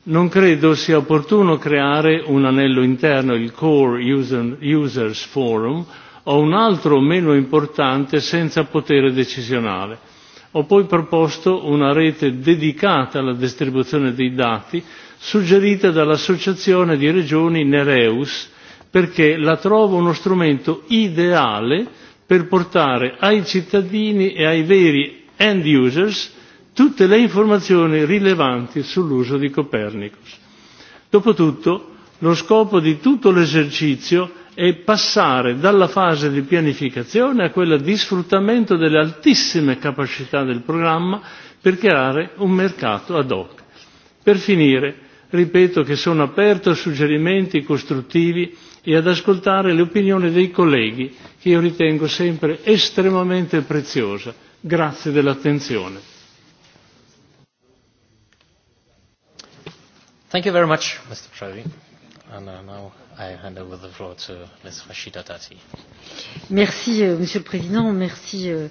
Non credo sia opportuno creare un anello interno, il Core Users Forum, o un altro meno importante senza potere decisionale. Ho poi proposto una rete dedicata alla distribuzione dei dati, suggerita dall'Associazione di Regioni Nereus, perché la trovo uno strumento ideale per portare ai cittadini e ai veri end users tutte le informazioni rilevanti sull'uso di Copernicus. Dopotutto, lo scopo di tutto l'esercizio è passare dalla fase di pianificazione a quella di sfruttamento delle altissime capacità del programma per creare un mercato ad hoc. Per finire, ripeto che sono aperto a suggerimenti costruttivi e ad ascoltare le opinioni dei colleghi che io ritengo sempre estremamente preziosa. Grazie dell'attenzione. Thank you very much, Mr. Prodi. And uh, now I hand over the floor to Ms. Rashida Merci, euh, Monsieur le Président. Merci, euh,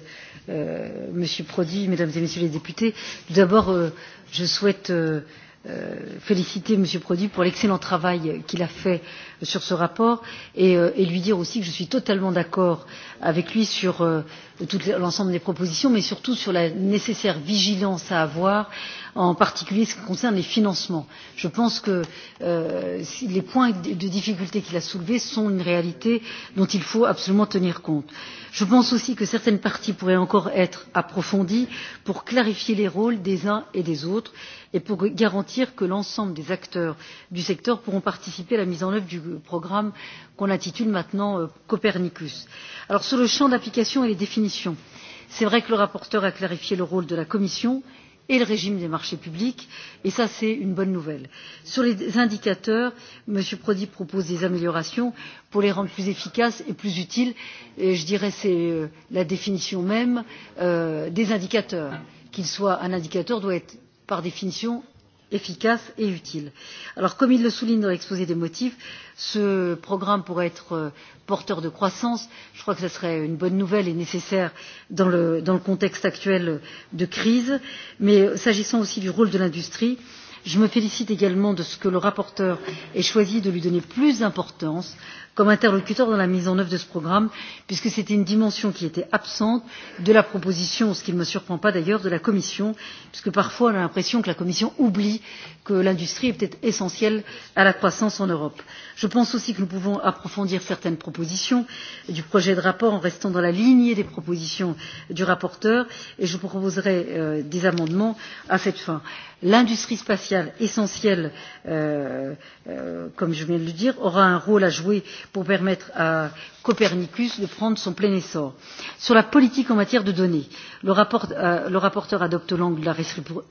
euh, Monsieur Prodi, Mesdames et Messieurs les députés. d'abord, euh, je souhaite euh, euh, féliciter Monsieur Prodi pour l'excellent travail qu'il a fait euh, sur ce rapport et, euh, et lui dire aussi que je suis totalement d'accord avec lui sur euh, l'ensemble des propositions, mais surtout sur la nécessaire vigilance à avoir, en particulier ce qui concerne les financements. Je pense que euh, les points de difficulté qu'il a soulevés sont une réalité dont il faut absolument tenir compte. Je pense aussi que certaines parties pourraient encore être approfondies pour clarifier les rôles des uns et des autres et pour garantir que l'ensemble des acteurs du secteur pourront participer à la mise en œuvre du, programme qu'on intitule maintenant euh, Copernicus. Alors sur le champ d'application et les définitions, c'est vrai que le rapporteur a clarifié le rôle de la Commission et le régime des marchés publics et ça c'est une bonne nouvelle. Sur les indicateurs, M. Prodi propose des améliorations pour les rendre plus efficaces et plus utiles et je dirais c'est euh, la définition même euh, des indicateurs. Qu'il soit un indicateur doit être par définition efficace et utile. Alors, comme il le souligne dans l'exposé des motifs, ce programme pourrait être euh, porteur de croissance. Je crois que ce serait une bonne nouvelle et nécessaire dans le, dans le contexte actuel de crise. Mais euh, s'agissant aussi du rôle de l'industrie, je me félicite également de ce que le rapporteur ait choisi de lui donner plus d'importance comme interlocuteur dans la mise en œuvre de ce programme puisque c'était une dimension qui était absente de la proposition ce qui ne me surprend pas d'ailleurs de la commission puisque parfois on a l'impression que la commission oublie que l'industrie est peut être essentielle à la croissance en europe. je pense aussi que nous pouvons approfondir certaines propositions du projet de rapport en restant dans la lignée des propositions du rapporteur et je proposerai euh, des amendements à cette fin. l'industrie spatiale essentielle euh, euh, comme je viens de le dire aura un rôle à jouer pour permettre à copernicus de prendre son plein essor. sur la politique en matière de données le, rapport, euh, le rapporteur adopte l'angle de la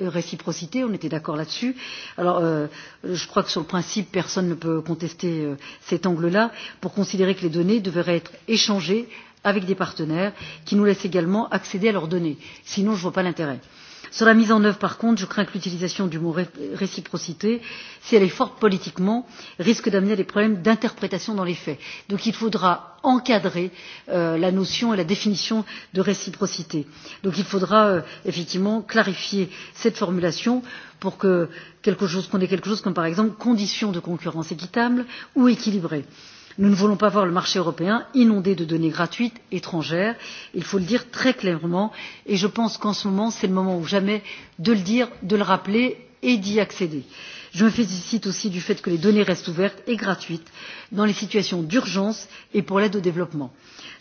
réciprocité on était d'accord là dessus. alors euh, je crois que sur le principe personne ne peut contester euh, cet angle là pour considérer que les données devraient être échangées avec des partenaires qui nous laissent également accéder à leurs données sinon je ne vois pas l'intérêt. Sur la mise en œuvre, par contre, je crains que l'utilisation du mot ré réciprocité, si elle est forte politiquement, risque d'amener des problèmes d'interprétation dans les faits. Donc il faudra encadrer euh, la notion et la définition de réciprocité. Donc il faudra euh, effectivement clarifier cette formulation pour que quelque chose qu'on ait quelque chose comme par exemple conditions de concurrence équitable ou équilibrée. Euh, nous ne voulons pas voir le marché européen inondé de données gratuites étrangères il faut le dire très clairement et je pense qu'en ce moment c'est le moment ou jamais de le dire de le rappeler et d'y accéder. je me félicite aussi du fait que les données restent ouvertes et gratuites dans les situations d'urgence et pour l'aide au développement.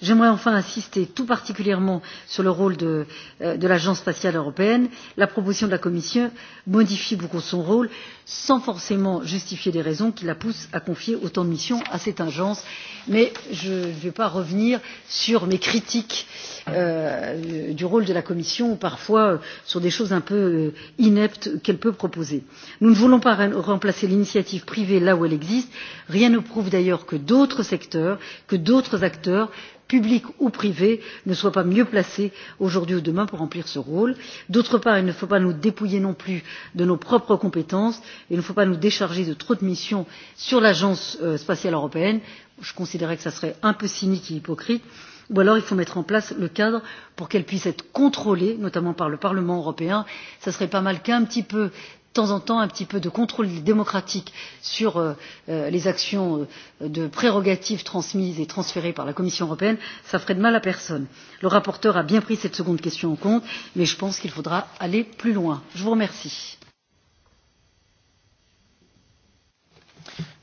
J'aimerais enfin insister tout particulièrement sur le rôle de, euh, de l'Agence spatiale européenne. La proposition de la Commission modifie beaucoup son rôle sans forcément justifier les raisons qui la poussent à confier autant de missions à cette agence. Mais je ne vais pas revenir sur mes critiques euh, du rôle de la Commission ou parfois euh, sur des choses un peu euh, ineptes qu'elle peut proposer. Nous ne voulons pas remplacer l'initiative privée là où elle existe. Rien ne prouve d'ailleurs que d'autres secteurs, que d'autres acteurs publics ou privés ne soit pas mieux placés aujourd'hui ou demain pour remplir ce rôle. d'autre part il ne faut pas nous dépouiller non plus de nos propres compétences et il ne faut pas nous décharger de trop de missions sur l'agence euh, spatiale européenne je considérerais que ce serait un peu cynique et hypocrite ou alors il faut mettre en place le cadre pour qu'elle puisse être contrôlée notamment par le parlement européen. ce serait pas mal qu'un petit peu temps en temps un petit peu de contrôle démocratique sur euh, euh les actions euh, de prérogatives transmises et transférées par la Commission européenne, ça ferait de mal à personne. Le rapporteur a bien pris cette seconde question en compte, mais je pense qu'il faudra aller plus loin. Je vous remercie.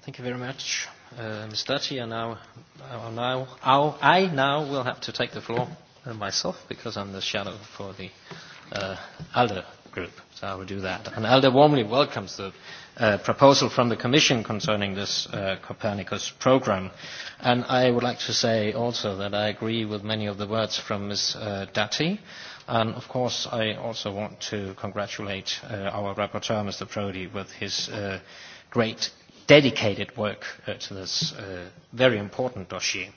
Thank you very much, uh, Ms. Dutty. And now, uh, now, now, I now will have to take the floor uh, myself because I'm the shadow for the uh, ALDE group. So I will do that. And ALDE warmly welcomes the uh, proposal from the Commission concerning this uh, Copernicus program. And I would like to say also that I agree with many of the words from Ms. Uh, Dati. And of course, I also want to congratulate uh, our rapporteur, Mr. Prodi, with his uh, great dedicated work uh, to this uh, very important dossier.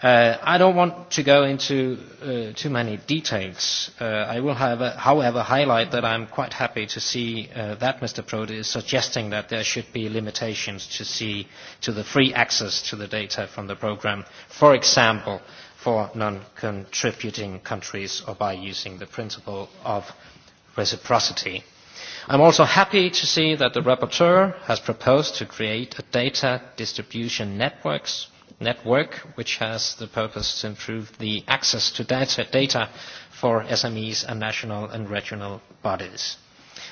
Uh, I don't want to go into uh, too many details. Uh, I will, have, however, highlight that I'm quite happy to see uh, that Mr. Prodi is suggesting that there should be limitations to, see, to the free access to the data from the programme, for example, for non-contributing countries or by using the principle of reciprocity. I'm also happy to see that the rapporteur has proposed to create a data distribution networks network, which has the purpose to improve the access to data, data for SMEs and national and regional bodies.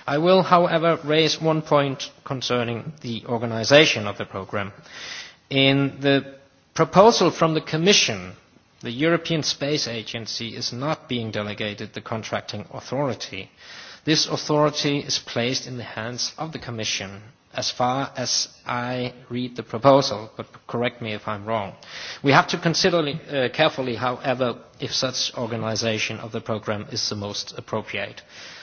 I will, however, raise one point concerning the organisation of the programme. In the proposal from the Commission, the European Space Agency is not being delegated the contracting authority. This authority is placed in the hands of the Commission as far as I read the proposal, but correct me if I'm wrong. We have to consider uh, carefully, however, if such organization of the program is the most appropriate.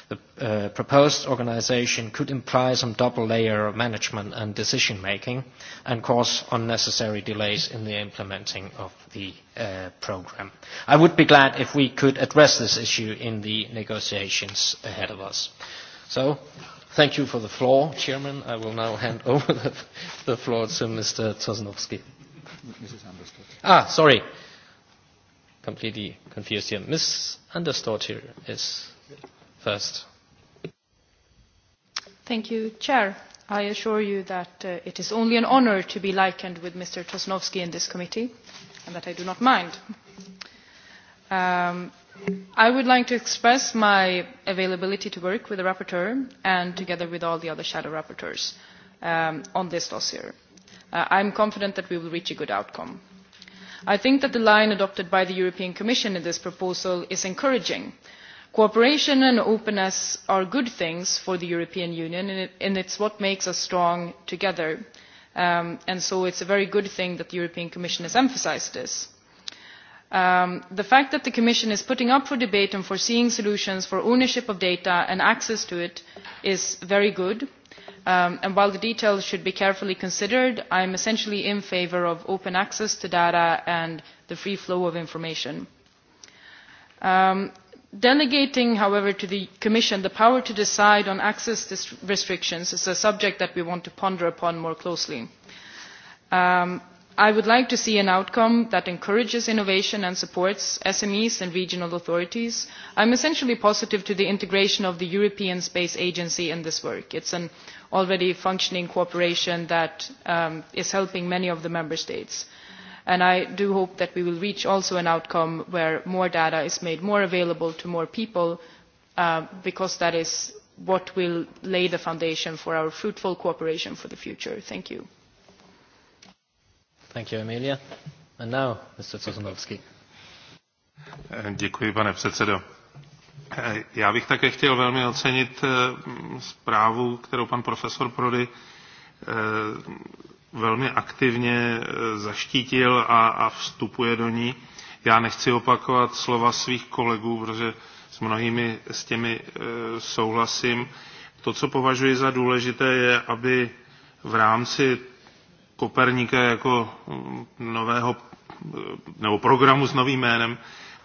The uh, proposed organization could imply some double layer of management and decision making and cause unnecessary delays in the implementing of the uh, program. I would be glad if we could address this issue in the negotiations ahead of us. So, Thank you for the floor, Chairman. I will now hand over the, the floor to Mr. Tosnowski. Mrs. Ah, sorry. Completely confused here. Ms. Understood here is first. Thank you, Chair. I assure you that uh, it is only an honour to be likened with Mr. Tosnowski in this committee, and that I do not mind. Um, I would like to express my availability to work with the rapporteur and together with all the other shadow rapporteurs um, on this dossier. Uh, I am confident that we will reach a good outcome. I think that the line adopted by the European Commission in this proposal is encouraging. Cooperation and openness are good things for the European Union and, it, and it's what makes us strong together. Um, and so it's a very good thing that the European Commission has emphasised this Um, the fact that the commission is putting up for debate and foreseeing solutions for ownership of data and access to it is very good um, and while the details should be carefully considered i am essentially in favour of open access to data and the free flow of information. Um, delegating however to the commission the power to decide on access restrictions is a subject that we want to ponder upon more closely i would like to see an outcome that encourages innovation and supports smes and regional authorities. i am essentially positive to the integration of the european space agency in this work. it is an already functioning cooperation that um, is helping many of the member states and i do hope that we will reach also an outcome where more data is made more available to more people uh, because that is what will lay the foundation for our fruitful cooperation for the future. thank you. Thank you, Emilia. And now, Mr. Tsuzunovsky. Děkuji, pane předsedo. Já bych také chtěl velmi ocenit eh, zprávu, kterou pan profesor Prody eh, velmi aktivně eh, zaštítil a, a vstupuje do ní. Já nechci opakovat slova svých kolegů, protože s mnohými s těmi souhlasím. To, co považuji za důležité, je, aby v rámci Koperníka jako mm, nového eh, nebo programu s novým jménem,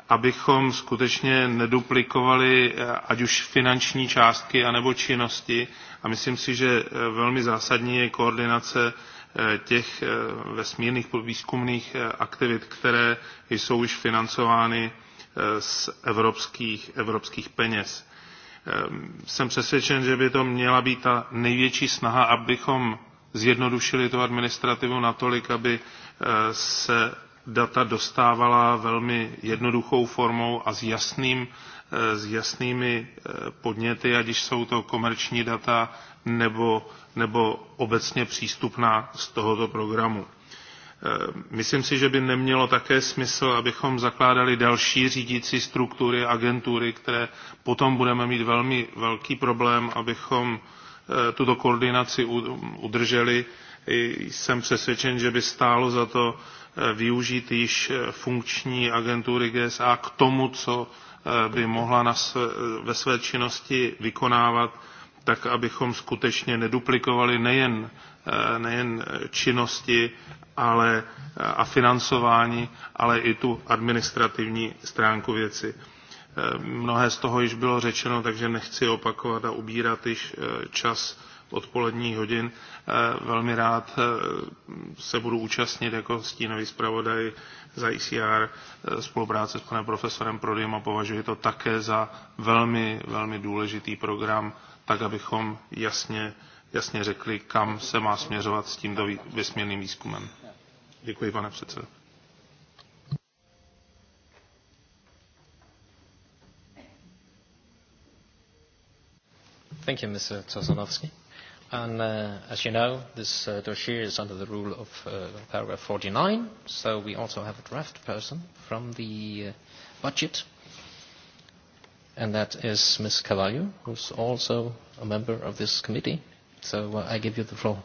abychom skutečně neduplikovali eh, ať už finanční částky anebo činnosti. A myslím si, že eh, velmi zásadní je koordinace těch vesmírných výzkumných aktivit, které jsou už financovány z evropských, evropských peněz. Jsem přesvědčen, že by to měla být ta největší snaha, abychom zjednodušili tu administrativu natolik, aby eh, se data dostávala velmi jednoduchou formou a s, jasným, eh, s jasnými eh, podněty, ať jsou to komerční data nebo, nebo obecně přístupná z tohoto programu. Myslím si, že by nemělo také smysl, abychom zakládali další řídící struktury, agentury, které potom budeme mít velmi velký problém, abychom Eh, tuto koordinaci udrželi. Jsem přesvědčen, že by stálo za to eh, využít již eh, funkční agentury GSA k tomu, co by mohla nas, ve své činnosti vykonávat, tak abychom skutečně neduplikovali nejen, nejen činnosti ale, a financování, ale i tu administrativní stránku věci Eh, mnohé z toho již bylo řečeno, takže nechci opakovat a ubírat již eh, čas odpoledních hodin. Eh, velmi rád se budu účastnit jako stínový zpravodaj za ICR spolupráce s panem profesorem Prodym a považuji to také za velmi, velmi důležitý program, tak abychom jasně, jasně řekli, kam se má směřovat s tímto vysměrným výzkumem. Děkuji, pane předsedo. Thank you, Mr. Tosanovsky. And uh, as you know, this uh, dossier is under the rule of uh, paragraph 49, so we also have a draft person from the uh, budget, and that is Ms. Cavallo, who's also a member of this committee. So uh, I give you the floor.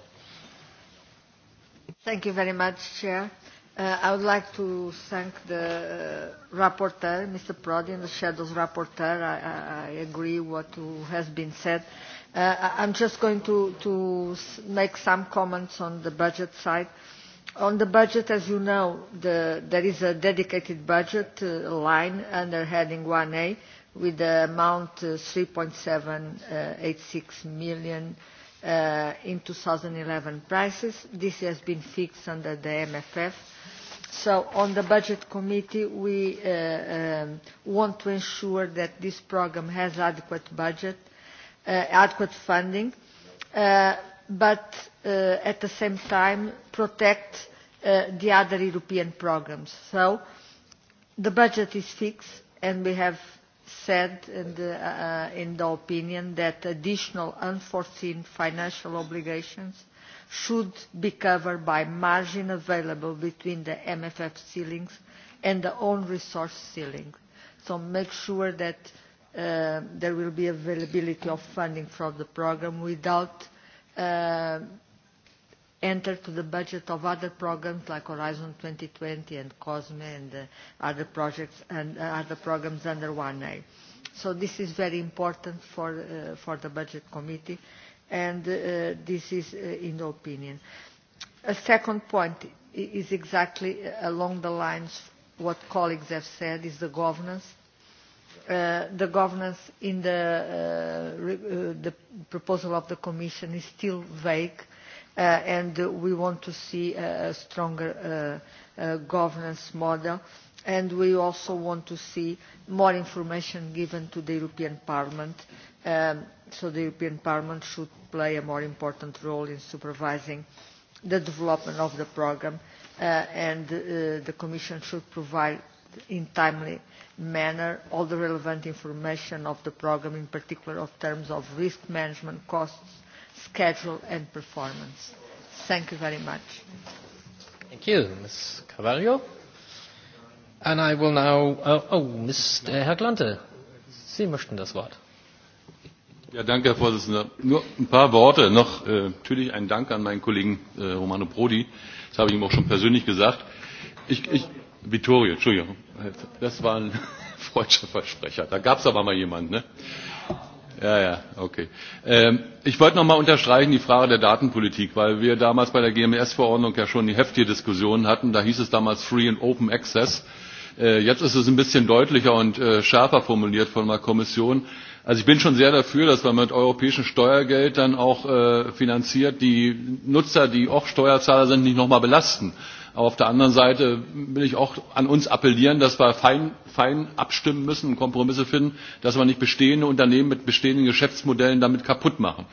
Thank you very much, Chair. Uh, I would like to thank the uh, rapporteur, Mr. Prodi, and the shadows rapporteur. I, I, I agree what has been said. Uh, I'm just going to, to make some comments on the budget side. On the budget, as you know, the, there is a dedicated budget uh, line under heading 1A with the amount uh, 3.786 million uh, in 2011 prices. This has been fixed under the MFF So on the budget committee, we uh, um, want to ensure that this program has adequate budget, uh, adequate funding, uh, but uh, at the same time protect uh, the other European programs. So the budget is fixed and we have said in the, uh, uh in the opinion that additional unforeseen financial obligations should be covered by margin available between the MFF ceilings and the own resource ceiling. So make sure that uh, there will be availability of funding from the programme without uh, enter to the budget of other programs like Horizon 2020 and COSME and uh, other projects and uh, other programs under 1A. So this is very important for, uh, for the budget committee and uh, this is uh, in the opinion. A second point is exactly uh, along the lines what colleagues have said is the governance. Uh, the governance in the, uh, re, uh, the proposal of the Commission is still vague uh, and uh, we want to see a, a stronger uh, uh, governance model and we also want to see more information given to the European Parliament Um, so the European Parliament should play a more important role in supervising the development of the programme uh, and uh, the Commission should provide in timely manner all the relevant information of the programme, in particular of terms of risk management, costs, schedule and performance. Thank you very much. Thank you, Ms. Carvalho. And I will now... Oh, oh, uh, oh, Mr. Herr Glante, Sie möchten das Wort. Ja, danke, Herr Vorsitzender. Nur ein paar Worte noch. Äh, natürlich ein Dank an meinen Kollegen äh, Romano Prodi. Das habe ich ihm auch schon persönlich gesagt. Ich, ich, Vittorio, Entschuldigung. Das war ein freudscher Versprecher. Da gab es aber mal jemanden, ne? Ja, ja, okay. Ähm, ich wollte noch mal unterstreichen die Frage der Datenpolitik, weil wir damals bei der GMS-Verordnung ja schon die heftige Diskussion hatten. Da hieß es damals Free and Open Access. Äh, jetzt ist es ein bisschen deutlicher und äh, schärfer formuliert von der Kommission Also ich bin schon sehr dafür, dass man mit europäischem Steuergeld dann auch äh, finanziert die Nutzer, die auch Steuerzahler sind, nicht nochmal belasten. Aber auf der anderen Seite will ich auch an uns appellieren, dass wir fein, fein abstimmen müssen und Kompromisse finden, dass wir nicht bestehende Unternehmen mit bestehenden Geschäftsmodellen damit kaputt machen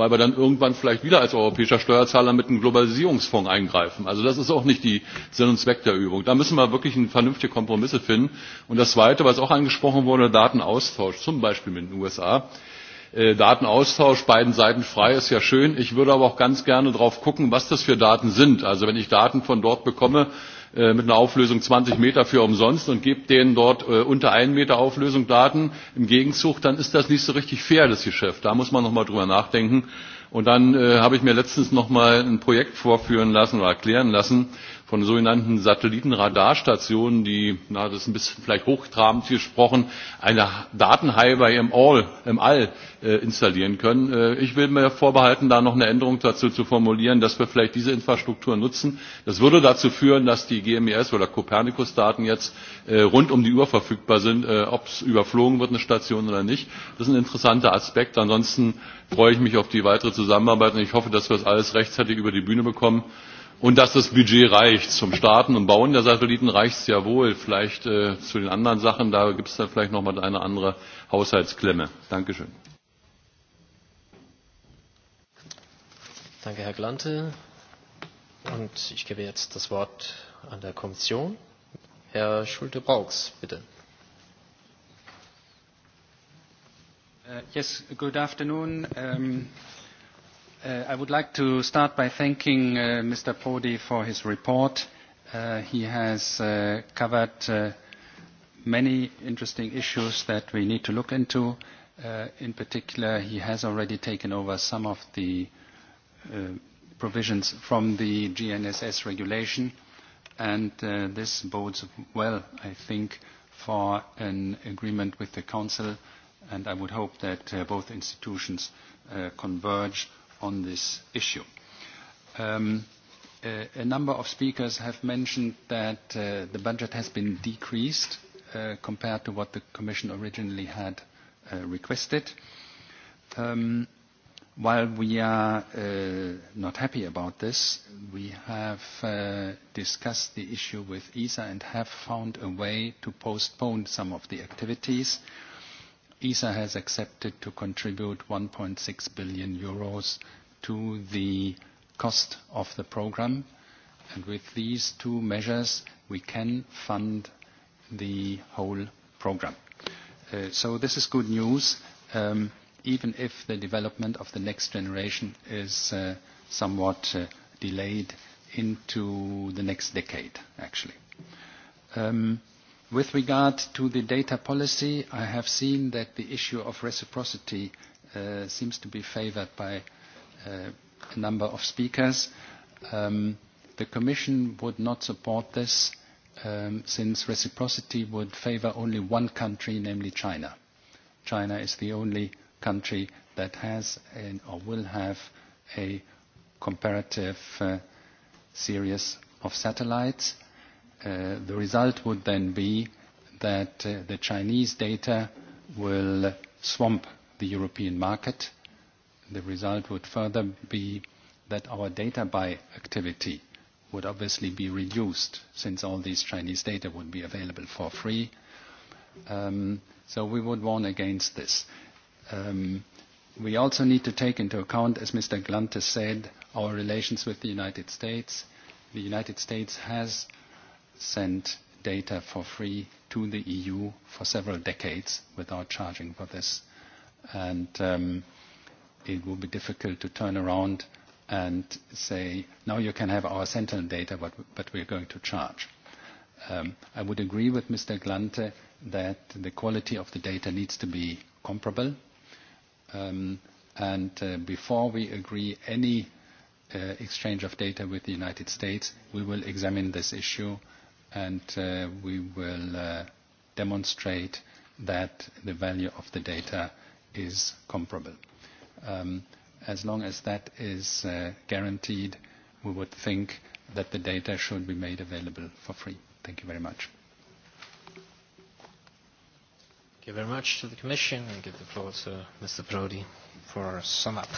weil wir dann irgendwann vielleicht wieder als europäischer Steuerzahler mit einem Globalisierungsfonds eingreifen. Also das ist auch nicht die Sinn und Zweck der Übung. Da müssen wir wirklich vernünftige Kompromisse finden. Und das Zweite, was auch angesprochen wurde, Datenaustausch, zum Beispiel mit den USA. Äh, Datenaustausch beiden Seiten frei ist ja schön. Ich würde aber auch ganz gerne darauf gucken, was das für Daten sind. Also wenn ich Daten von dort bekomme, Äh, mit einer Auflösung 20 Meter für umsonst und gebt denen dort äh, unter 1 Meter Auflösung Daten im Gegenzug, dann ist das nicht so richtig fair, das Geschäft. Da muss man nochmal drüber nachdenken. Und dann äh, habe ich mir letztens noch mal ein Projekt vorführen lassen oder erklären lassen, von sogenannten Satellitenradarstationen, die, na, das ist ein bisschen vielleicht hochtrabend gesprochen, eine Datenhighway im All, im All äh, installieren können. Äh, ich will mir vorbehalten, da noch eine Änderung dazu zu formulieren, dass wir vielleicht diese Infrastruktur nutzen. Das würde dazu führen, dass die GMES oder Copernicus-Daten jetzt äh, rund um die Uhr verfügbar sind, äh, ob es überflogen wird, eine Station oder nicht. Das ist ein interessanter Aspekt. Ansonsten freue ich mich auf die weitere Zusammenarbeit und ich hoffe, dass wir das alles rechtzeitig über die Bühne bekommen und dass das Budget reicht. Zum Starten und Bauen der Satelliten reicht es ja wohl. Vielleicht äh, zu den anderen Sachen, da gibt es dann vielleicht noch mal eine andere Haushaltsklemme. Dankeschön. Danke, Herr Glante. Und ich gebe jetzt das Wort an der Kommission. Herr schulte brauchs bitte. Uh, yes, good afternoon. Um, Uh, I would like to start by thanking uh, Mr. Prodi for his report. Uh, he has uh, covered uh, many interesting issues that we need to look into. Uh, in particular, he has already taken over some of the uh, provisions from the GNSS regulation, and uh, this bodes well, I think, for an agreement with the Council, and I would hope that uh, both institutions uh, converge on this issue. Um, uh, a number of speakers have mentioned that uh, the budget has been decreased uh, compared to what the Commission originally had uh, requested. Um, while we are uh, not happy about this, we have uh, discussed the issue with ESA and have found a way to postpone some of the activities uh, ESA has accepted to contribute 1.6 billion euros to the cost of the program. And with these two measures, we can fund the whole program. Uh, so this is good news, um, even if the development of the next generation is uh, somewhat uh, delayed into the next decade, actually. Um, With regard to the data policy, I have seen that the issue of reciprocity uh, seems to be favored by uh, a number of speakers. Um, the Commission would not support this um, since reciprocity would favor only one country, namely China. China is the only country that has an, or will have a comparative uh, series of satellites. Uh, the result would then be that uh, the Chinese data will swamp the European market. The result would further be that our data buy activity would obviously be reduced since all these Chinese data would be available for free. Um, so we would warn against this. Um, we also need to take into account, as Mr. has said, our relations with the United States. The United States has uh, send data for free to the EU for several decades without charging for this. And um, it will be difficult to turn around and say, now you can have our Sentinel data, but, but we're going to charge. Um, I would agree with Mr. Glante that the quality of the data needs to be comparable. Um, and uh, before we agree any uh, exchange of data with the United States, we will examine this issue and uh, we will uh, demonstrate that the value of the data is comparable. Um, as long as that is uh, guaranteed, we would think that the data should be made available for free. Thank you very much. Thank you very much to the Commission and give the floor to Mr. Prodi for sum up.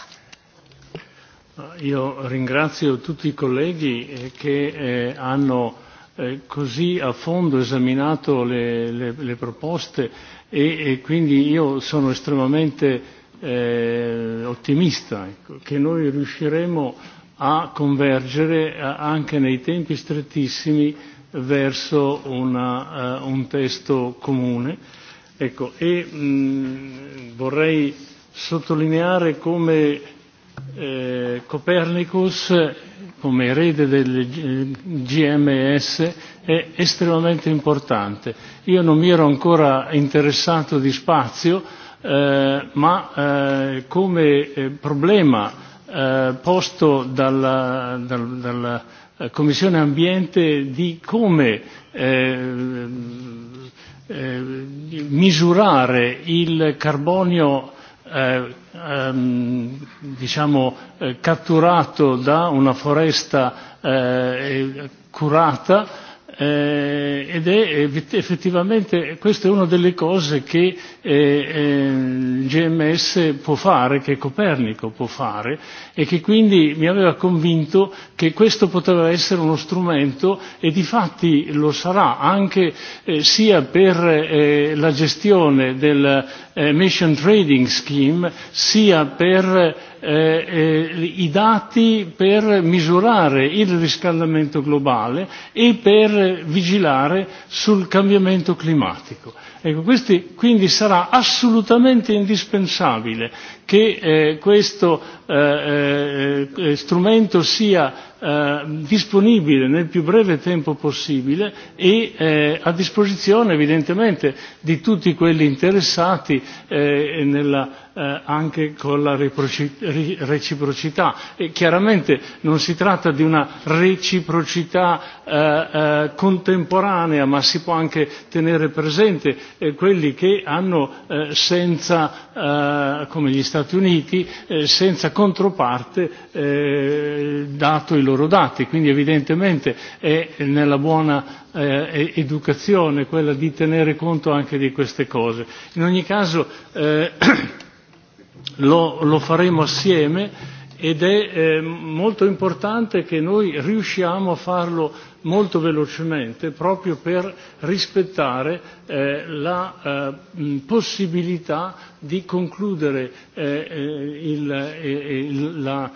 Uh, io ringrazio tutti i colleghi eh, che eh, hanno Eh, così a fondo esaminato le, le, le proposte e, e quindi io sono estremamente eh, ottimista ecco, che noi riusciremo a convergere eh, anche nei tempi strettissimi verso una, uh, un testo comune. Ecco, e mh, mm, vorrei sottolineare come Eh, Copernicus come erede del GMS è estremamente importante. Io non mi ero ancora interessato di spazio, eh, ma eh, come eh, problema eh, posto dalla, dal, dalla eh, Commissione Ambiente di come eh, eh, misurare il carbonio Eh, ehm, diciamo, eh, catturato da una foresta eh, curata Eh, ed è effettivamente questa è una delle cose che eh, eh, GMS può fare, che Copernico può fare e che quindi mi aveva convinto che questo poteva essere uno strumento e di fatti lo sarà anche eh, sia per eh, la gestione del eh, Mission Trading Scheme sia per eh, eh, i dati per misurare il riscaldamento globale e per vigilare sul cambiamento climatico. Ecco, questi, quindi sarà assolutamente indispensabile che eh, questo eh, eh, eh strumento sia eh, disponibile nel più breve tempo possibile e eh, a disposizione evidentemente di tutti quelli interessati eh, nella eh, eh, anche con la reciprocità e chiaramente non si tratta di una reciprocità eh, eh, contemporanea ma si può anche tenere presente eh, quelli che hanno eh, senza eh, come gli Stati Uniti eh, senza controparte eh, dato i loro dati quindi evidentemente è nella buona eh, educazione quella di tenere conto anche di queste cose. In ogni caso eh, lo, lo faremo assieme ed è eh, molto importante che noi riusciamo a farlo molto velocemente proprio per rispettare eh, la eh, possibilità di concludere eh, eh, il, eh, il, la,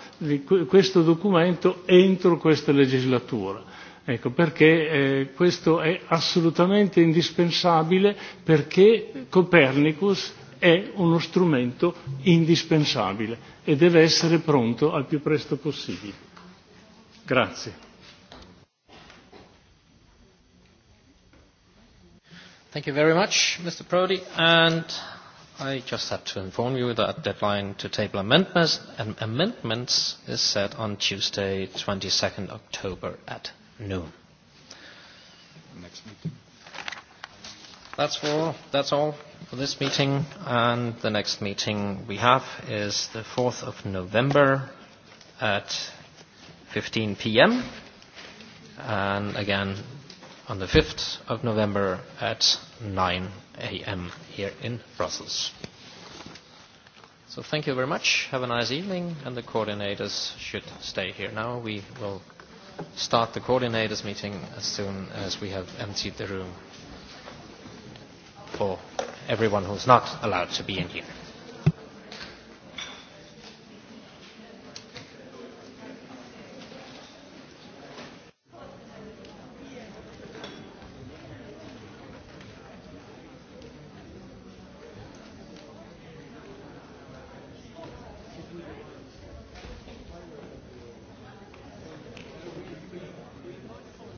questo documento entro questa legislatura. Ecco, perché eh, questo è assolutamente indispensabile perché Copernicus è uno strumento indispensabile e deve essere pronto al più presto possibile. Grazie. Thank you very much, Mr. Prodi. And I just have to inform you that deadline to table amendments, um, amendments is set on Tuesday, 22nd October at noon. Next meeting. That's That's all for this meeting, and the next meeting we have is the 4th of November at 15 p.m. and again on the 5th of November at 9 a.m. here in Brussels. So thank you very much. Have a nice evening, and the coordinators should stay here now. We will start the coordinators meeting as soon as we have emptied the room for everyone who is not allowed to be in here.